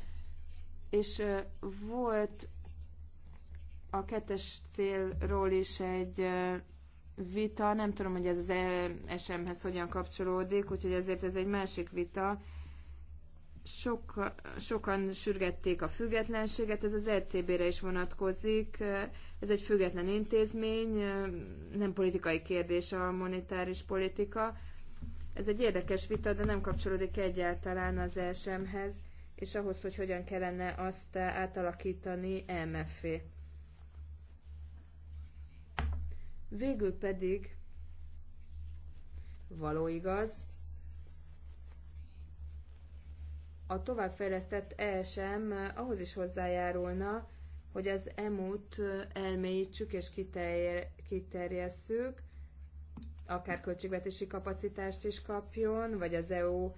és volt a kettes célról is egy vita, nem tudom, hogy ez az SM-hez hogyan kapcsolódik, úgyhogy ezért ez egy másik vita. Sok, sokan sürgették a függetlenséget, ez az ECB-re is vonatkozik. Ez egy független intézmény, nem politikai kérdés a monetáris politika. Ez egy érdekes vita, de nem kapcsolódik egyáltalán az ESM-hez, és ahhoz, hogy hogyan kellene azt átalakítani EMF-é. Végül pedig való igaz, a továbbfejlesztett ESM ahhoz is hozzájárulna, hogy az emu elmélyítsük és kiterj- kiterjesszük, akár költségvetési kapacitást is kapjon, vagy az EU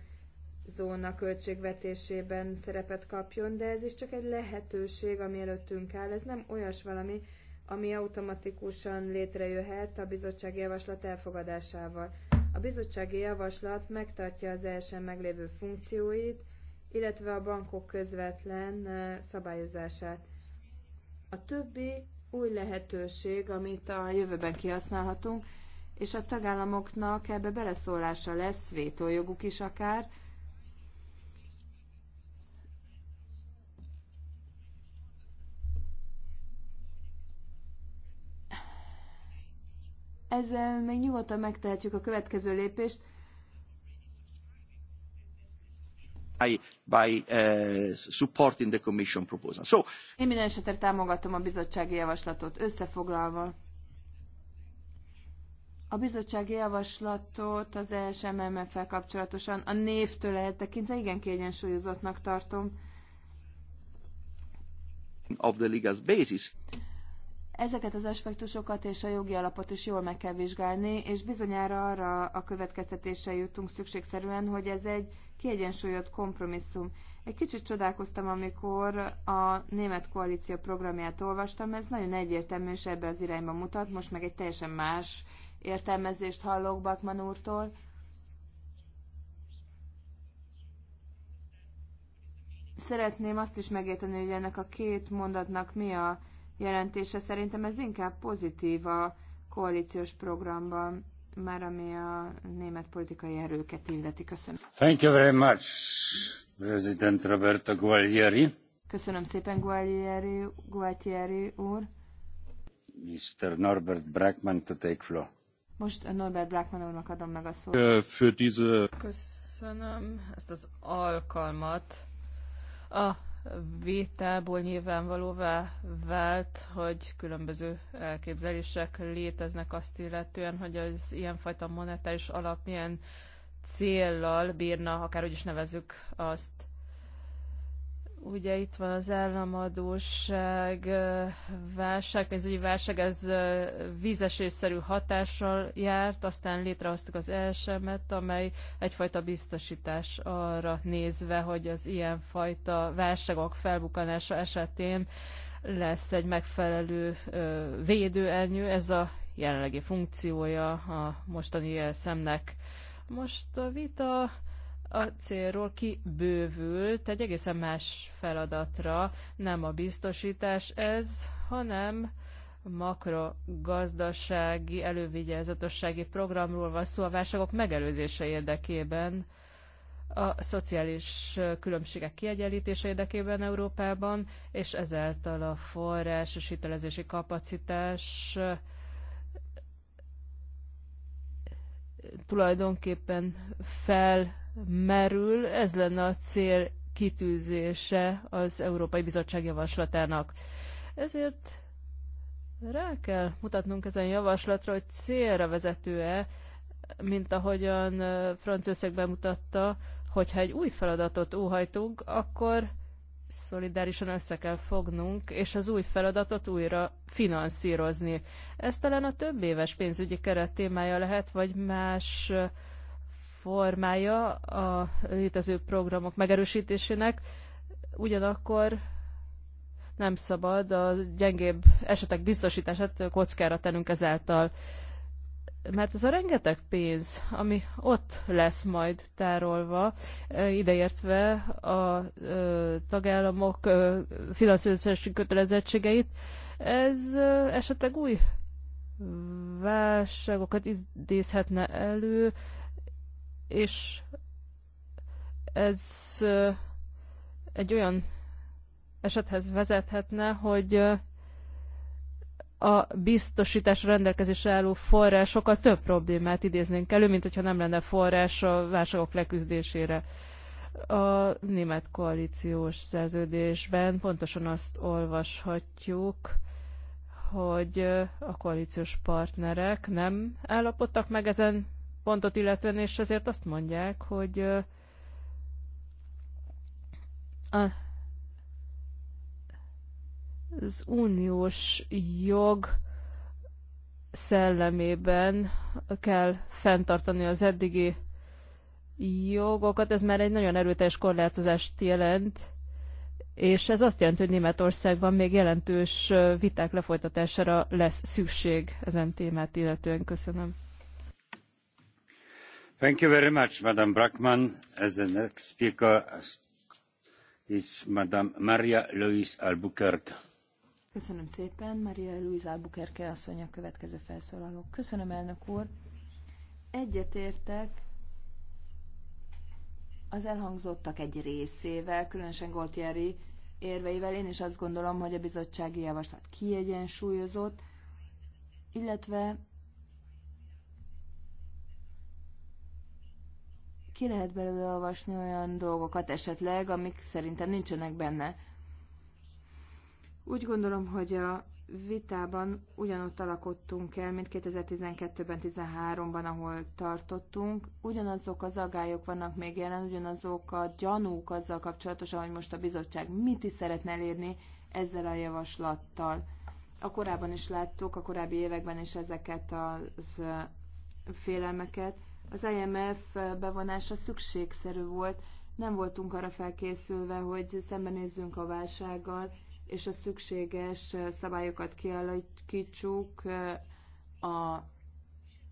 zóna költségvetésében szerepet kapjon, de ez is csak egy lehetőség, ami előttünk áll. Ez nem olyas valami, ami automatikusan létrejöhet a bizottsági javaslat elfogadásával. A bizottsági javaslat megtartja az elsőn meglévő funkcióit, illetve a bankok közvetlen szabályozását. A többi új lehetőség, amit a jövőben kihasználhatunk, és a tagállamoknak ebbe beleszólása lesz, vétójoguk is akár. Ezzel még nyugodtan megtehetjük a következő lépést, by, uh, supporting the Commission proposal. So, Én minden esetre támogatom a bizottsági javaslatot összefoglalva. A bizottsági javaslatot az ESMMF-fel kapcsolatosan a névtől eltekintve igen kiegyensúlyozottnak tartom. Of the legal basis. Ezeket az aspektusokat és a jogi alapot is jól meg kell vizsgálni, és bizonyára arra a következtetése jutunk szükségszerűen, hogy ez egy kiegyensúlyozott kompromisszum. Egy kicsit csodálkoztam, amikor a német koalíció programját olvastam, ez nagyon egyértelmű és ebbe az irányba mutat, most meg egy teljesen más értelmezést hallok Bakman úrtól. Szeretném azt is megérteni, hogy ennek a két mondatnak mi a jelentése. Szerintem ez inkább pozitív a koalíciós programban már ami a német politikai erőket illeti. Köszönöm. Thank you very much, President Roberto Gualtieri. Köszönöm szépen, Gualtieri, Gualtieri úr. Mr. Norbert Brackman to take floor. Most Norbert Brackman úrnak adom meg a szót. Für diese... Köszönöm ezt az alkalmat. A vételből nyilvánvalóvá vált, hogy különböző elképzelések léteznek azt illetően, hogy az ilyenfajta monetáris alap milyen céllal bírna, akárhogy is nevezzük azt. Ugye itt van az államadóság válság, pénzügyi válság, ez vízesésszerű hatással járt, aztán létrehoztuk az ESM-et, amely egyfajta biztosítás arra nézve, hogy az ilyenfajta válságok felbukanása esetén lesz egy megfelelő védőernyő, ez a jelenlegi funkciója a mostani e szemnek. Most a vita a célról kibővült egy egészen más feladatra, nem a biztosítás ez, hanem makrogazdasági elővigyázatossági programról van szó a válságok megelőzése érdekében, a szociális különbségek kiegyenlítése érdekében Európában, és ezáltal a forrás és hitelezési kapacitás tulajdonképpen fel merül, ez lenne a cél kitűzése az Európai Bizottság javaslatának. Ezért rá kell mutatnunk ezen javaslatra, hogy célra vezető-e, mint ahogyan Franciaország bemutatta, hogyha egy új feladatot óhajtunk, akkor szolidárisan össze kell fognunk, és az új feladatot újra finanszírozni. Ez talán a több éves pénzügyi keret témája lehet, vagy más formája a létező programok megerősítésének, ugyanakkor nem szabad a gyengébb esetek biztosítását kockára tennünk ezáltal. Mert ez a rengeteg pénz, ami ott lesz majd tárolva, ideértve a tagállamok finanszírozási kötelezettségeit, ez esetleg új válságokat idézhetne elő, és ez egy olyan esethez vezethetne, hogy a biztosítás rendelkezésre álló forrás sokkal több problémát idéznénk elő, mint hogyha nem lenne forrás a válságok leküzdésére. A német koalíciós szerződésben pontosan azt olvashatjuk, hogy a koalíciós partnerek nem állapodtak meg ezen pontot illetően, és ezért azt mondják, hogy a az uniós jog szellemében kell fenntartani az eddigi jogokat. Ez már egy nagyon erőteljes korlátozást jelent, és ez azt jelenti, hogy Németországban még jelentős viták lefolytatására lesz szükség ezen témát illetően. Köszönöm. Köszönöm szépen, Maria Luisa Albuquerque asszony a következő felszólaló. Köszönöm, elnök úr. Egyetértek az elhangzottak egy részével, különösen Goltieri érveivel. Én is azt gondolom, hogy a bizottsági javaslat kiegyensúlyozott, illetve ki lehet belőle olvasni olyan dolgokat esetleg, amik szerintem nincsenek benne. Úgy gondolom, hogy a vitában ugyanott alakodtunk el, mint 2012-ben, 13-ban, ahol tartottunk. Ugyanazok az agályok vannak még jelen, ugyanazok a gyanúk azzal kapcsolatosan, hogy most a bizottság mit is szeretne elérni ezzel a javaslattal. A korábban is láttuk, a korábbi években is ezeket az félelmeket. Az IMF bevonása szükségszerű volt, nem voltunk arra felkészülve, hogy szembenézzünk a válsággal, és a szükséges szabályokat kialakítsuk a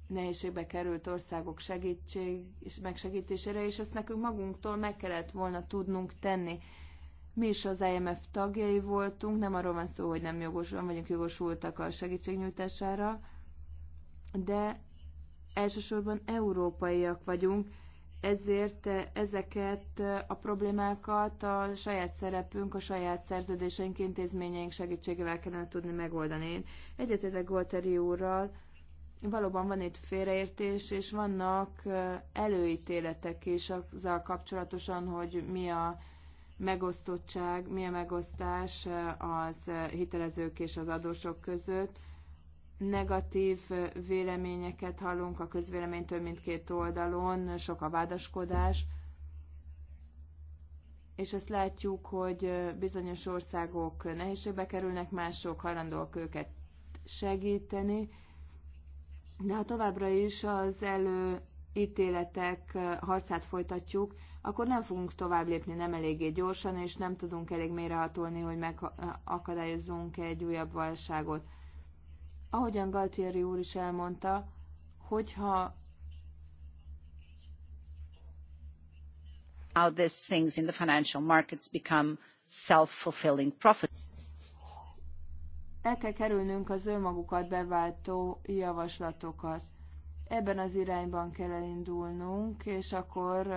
nehézségbe került országok segítség, és megsegítésére, és ezt nekünk magunktól meg kellett volna tudnunk tenni. Mi is az IMF tagjai voltunk, nem arról van szó, hogy nem jogos, nem vagyunk jogosultak a segítségnyújtására, de elsősorban európaiak vagyunk, ezért eh, ezeket eh, a problémákat a saját szerepünk, a saját szerződéseink, intézményeink segítségével kellene tudni megoldani. Egyetetek Golteri úrral, valóban van itt félreértés, és vannak eh, előítéletek is azzal kapcsolatosan, hogy mi a megosztottság, mi a megosztás az hitelezők és az adósok között negatív véleményeket hallunk a közvéleménytől mindkét oldalon, sok a vádaskodás, és azt látjuk, hogy bizonyos országok nehézségbe kerülnek, mások hajlandóak őket segíteni, de ha továbbra is az előítéletek harcát folytatjuk, akkor nem fogunk tovább lépni nem eléggé gyorsan, és nem tudunk elég mélyre hatolni, hogy megakadályozzunk egy újabb válságot. Ahogyan Galtieri úr is elmondta, hogyha how these things in the financial markets become self-fulfilling prophecy. El kell kerülnünk az önmagukat beváltó javaslatokat. Ebben az irányban kell elindulnunk, és akkor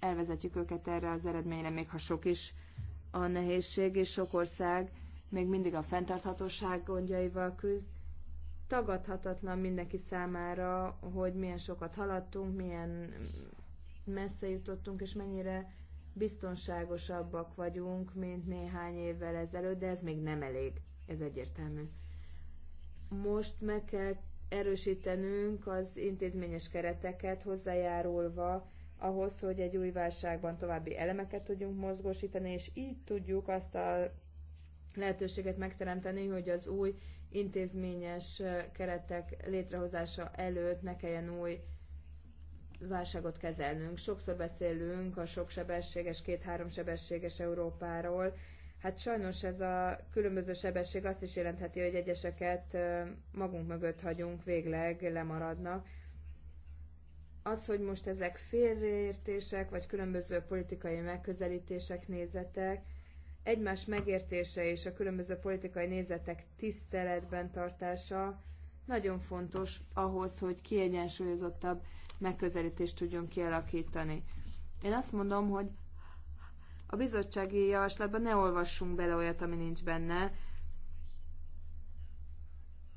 elvezetjük őket erre az eredményre, még ha sok is a nehézség, és sok ország még mindig a fenntarthatóság gondjaival küzd tagadhatatlan mindenki számára, hogy milyen sokat haladtunk, milyen messze jutottunk, és mennyire biztonságosabbak vagyunk, mint néhány évvel ezelőtt, de ez még nem elég, ez egyértelmű. Most meg kell erősítenünk az intézményes kereteket, hozzájárulva ahhoz, hogy egy új válságban további elemeket tudjunk mozgósítani, és így tudjuk azt a lehetőséget megteremteni, hogy az új intézményes keretek létrehozása előtt ne kelljen új válságot kezelnünk. Sokszor beszélünk a soksebességes, két-három sebességes Európáról. Hát sajnos ez a különböző sebesség azt is jelentheti, hogy egyeseket magunk mögött hagyunk, végleg lemaradnak. Az, hogy most ezek félreértések, vagy különböző politikai megközelítések, nézetek, egymás megértése és a különböző politikai nézetek tiszteletben tartása nagyon fontos ahhoz, hogy kiegyensúlyozottabb megközelítést tudjon kialakítani. Én azt mondom, hogy a bizottsági javaslatban ne olvassunk bele olyat, ami nincs benne,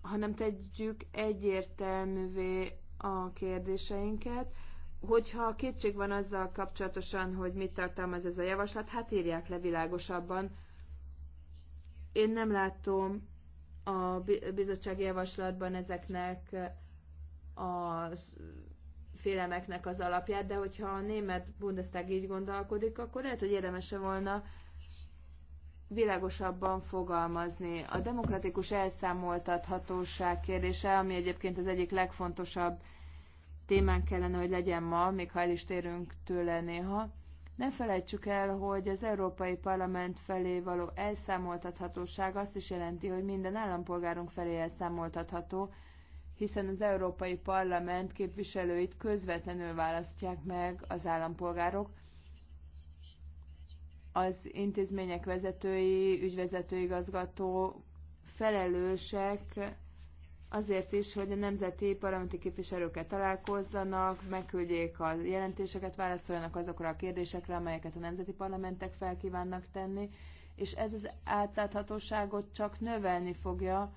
hanem tegyük egyértelművé a kérdéseinket, Hogyha kétség van azzal kapcsolatosan, hogy mit tartalmaz ez a javaslat, hát írják le világosabban. Én nem látom a bizottsági javaslatban ezeknek eh, a félemeknek az alapját, de hogyha a német Bundestag így gondolkodik, akkor lehet, hogy érdemese volna világosabban fogalmazni. A demokratikus elszámoltathatóság kérdése, ami egyébként az egyik legfontosabb témán kellene, hogy legyen ma, még ha el is térünk tőle néha. Ne felejtsük el, hogy az Európai Parlament felé való elszámoltathatóság azt is jelenti, hogy minden állampolgárunk felé elszámoltatható, hiszen az Európai Parlament képviselőit közvetlenül választják meg az állampolgárok, az intézmények vezetői, igazgató felelősek azért is, hogy a nemzeti parlamenti képviselőkkel találkozzanak, megküldjék a jelentéseket, válaszoljanak azokra a kérdésekre, amelyeket a nemzeti parlamentek kívánnak tenni, és ez az átláthatóságot csak növelni fogja,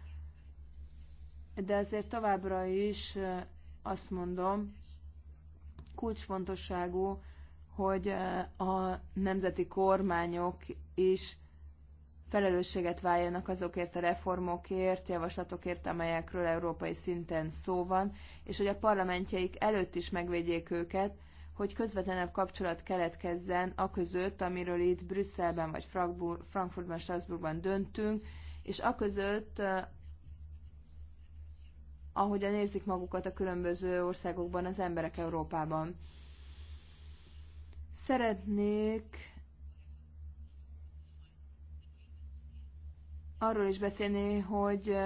de azért továbbra is azt mondom, kulcsfontosságú, hogy a nemzeti kormányok is felelősséget váljanak azokért a reformokért, javaslatokért, amelyekről európai szinten szó van, és hogy a parlamentjeik előtt is megvédjék őket, hogy közvetlenebb kapcsolat keletkezzen a között, amiről itt Brüsszelben vagy Frankfurtban, Strasbourgban döntünk, és a között, eh, ahogyan érzik magukat a különböző országokban az emberek Európában. Szeretnék arról is beszélni, hogy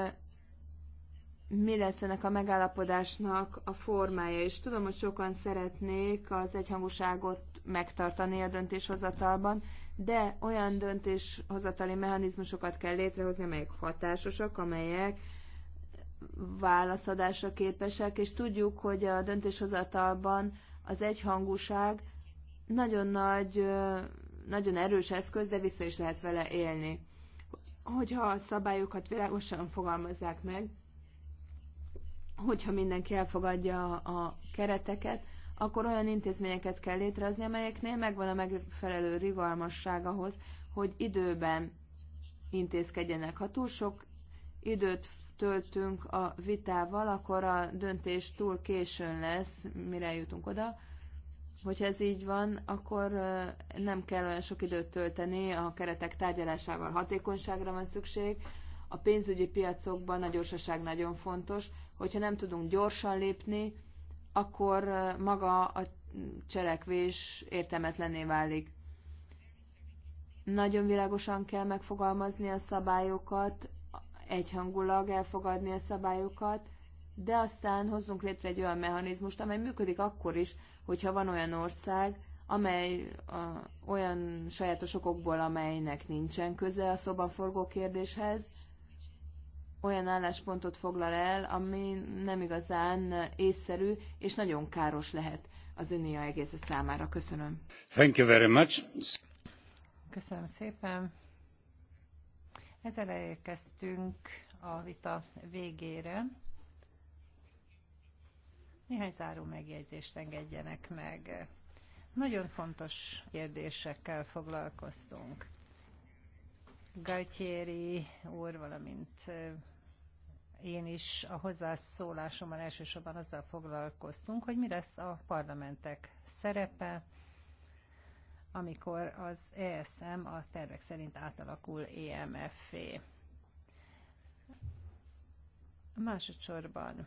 mi lesz ennek a megállapodásnak a formája, és tudom, hogy sokan szeretnék az egyhangúságot megtartani a döntéshozatalban, de olyan döntéshozatali mechanizmusokat kell létrehozni, amelyek hatásosak, amelyek válaszadásra képesek, és tudjuk, hogy a döntéshozatalban az egyhangúság nagyon nagy, nagyon erős eszköz, de vissza is lehet vele élni hogyha a szabályokat világosan fogalmazzák meg, hogyha mindenki elfogadja a kereteket, akkor olyan intézményeket kell létrehozni, amelyeknél megvan a megfelelő rigalmasság ahhoz, hogy időben intézkedjenek. Ha túl sok időt töltünk a vitával, akkor a döntés túl későn lesz, mire jutunk oda. Hogyha ez így van, akkor nem kell olyan sok időt tölteni a keretek tárgyalásával. Hatékonyságra van szükség, a pénzügyi piacokban a gyorsaság nagyon fontos. Hogyha nem tudunk gyorsan lépni, akkor maga a cselekvés értelmetlenné válik. Nagyon világosan kell megfogalmazni a szabályokat, egyhangulag elfogadni a szabályokat, de aztán hozzunk létre egy olyan mechanizmust, amely működik akkor is, hogyha van olyan ország, amely a, olyan sajátos okokból, amelynek nincsen köze a szobaforgó kérdéshez, olyan álláspontot foglal el, ami nem igazán észszerű, és nagyon káros lehet az Unió egész számára. Köszönöm. Thank you very much. Köszönöm szépen. Ezzel elérkeztünk a vita végére. Néhány záró megjegyzést engedjenek meg. Nagyon fontos kérdésekkel foglalkoztunk. Gajtjéri úr, valamint én is a hozzászólásomban elsősorban azzal foglalkoztunk, hogy mi lesz a parlamentek szerepe, amikor az ESM a tervek szerint átalakul EMF-é. Másodszorban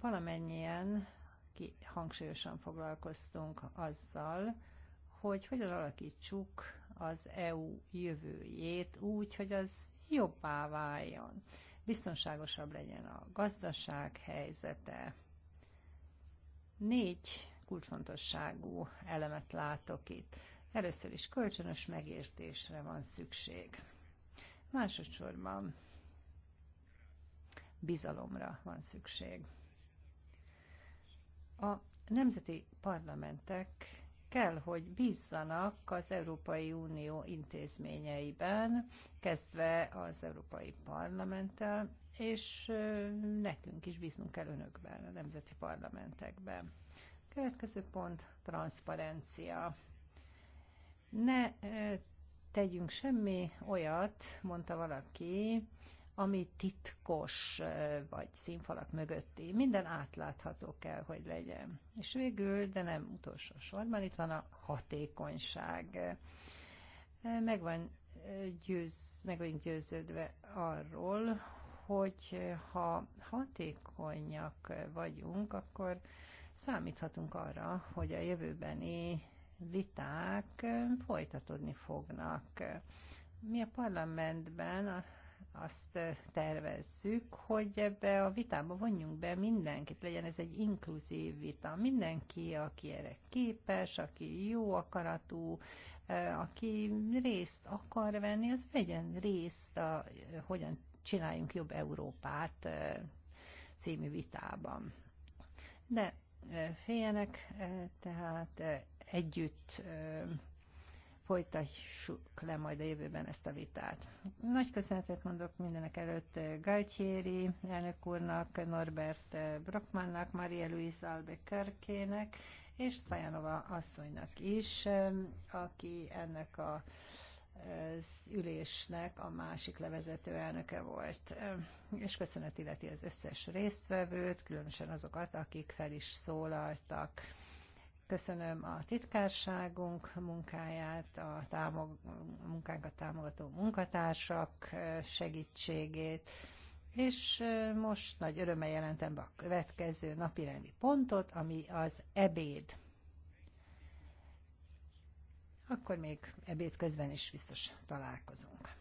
valamennyien ki, hangsúlyosan foglalkoztunk azzal, hogy hogyan alakítsuk az EU jövőjét úgy, hogy az jobbá váljon, biztonságosabb legyen a gazdaság helyzete. Négy kulcsfontosságú elemet látok itt. Először is kölcsönös megértésre van szükség. Másodszorban bizalomra van szükség. A nemzeti parlamentek kell, hogy bízzanak az Európai Unió intézményeiben, kezdve az Európai Parlamenttel, és nekünk is bíznunk kell önökben, a nemzeti parlamentekben. Következő pont, transzparencia. Ne tegyünk semmi olyat, mondta valaki, ami titkos, vagy színfalak mögötti. Minden átlátható kell, hogy legyen. És végül, de nem utolsó sorban, itt van a hatékonyság. Megvan győz, meg vagyunk győződve arról, hogy ha hatékonyak vagyunk, akkor számíthatunk arra, hogy a jövőbeni viták folytatódni fognak. Mi a parlamentben azt tervezzük, hogy ebbe a vitába vonjunk be mindenkit, legyen ez egy inkluzív vita. Mindenki, aki erre képes, aki jó akaratú, aki részt akar venni, az vegyen részt a hogyan csináljunk jobb Európát című vitában. De féljenek, tehát együtt folytassuk le majd a jövőben ezt a vitát. Nagy köszönetet mondok mindenek előtt Galtieri elnök úrnak, Norbert Brockmannnak, Maria Luisa Albekerkének és Szajanova asszonynak is, aki ennek a az ülésnek a másik levezető elnöke volt. És köszönet illeti az összes résztvevőt, különösen azokat, akik fel is szólaltak. Köszönöm a titkárságunk munkáját, a támog, munkánkat támogató munkatársak segítségét, és most nagy örömmel jelentem be a következő napirendi pontot, ami az ebéd. Akkor még ebéd közben is biztos találkozunk.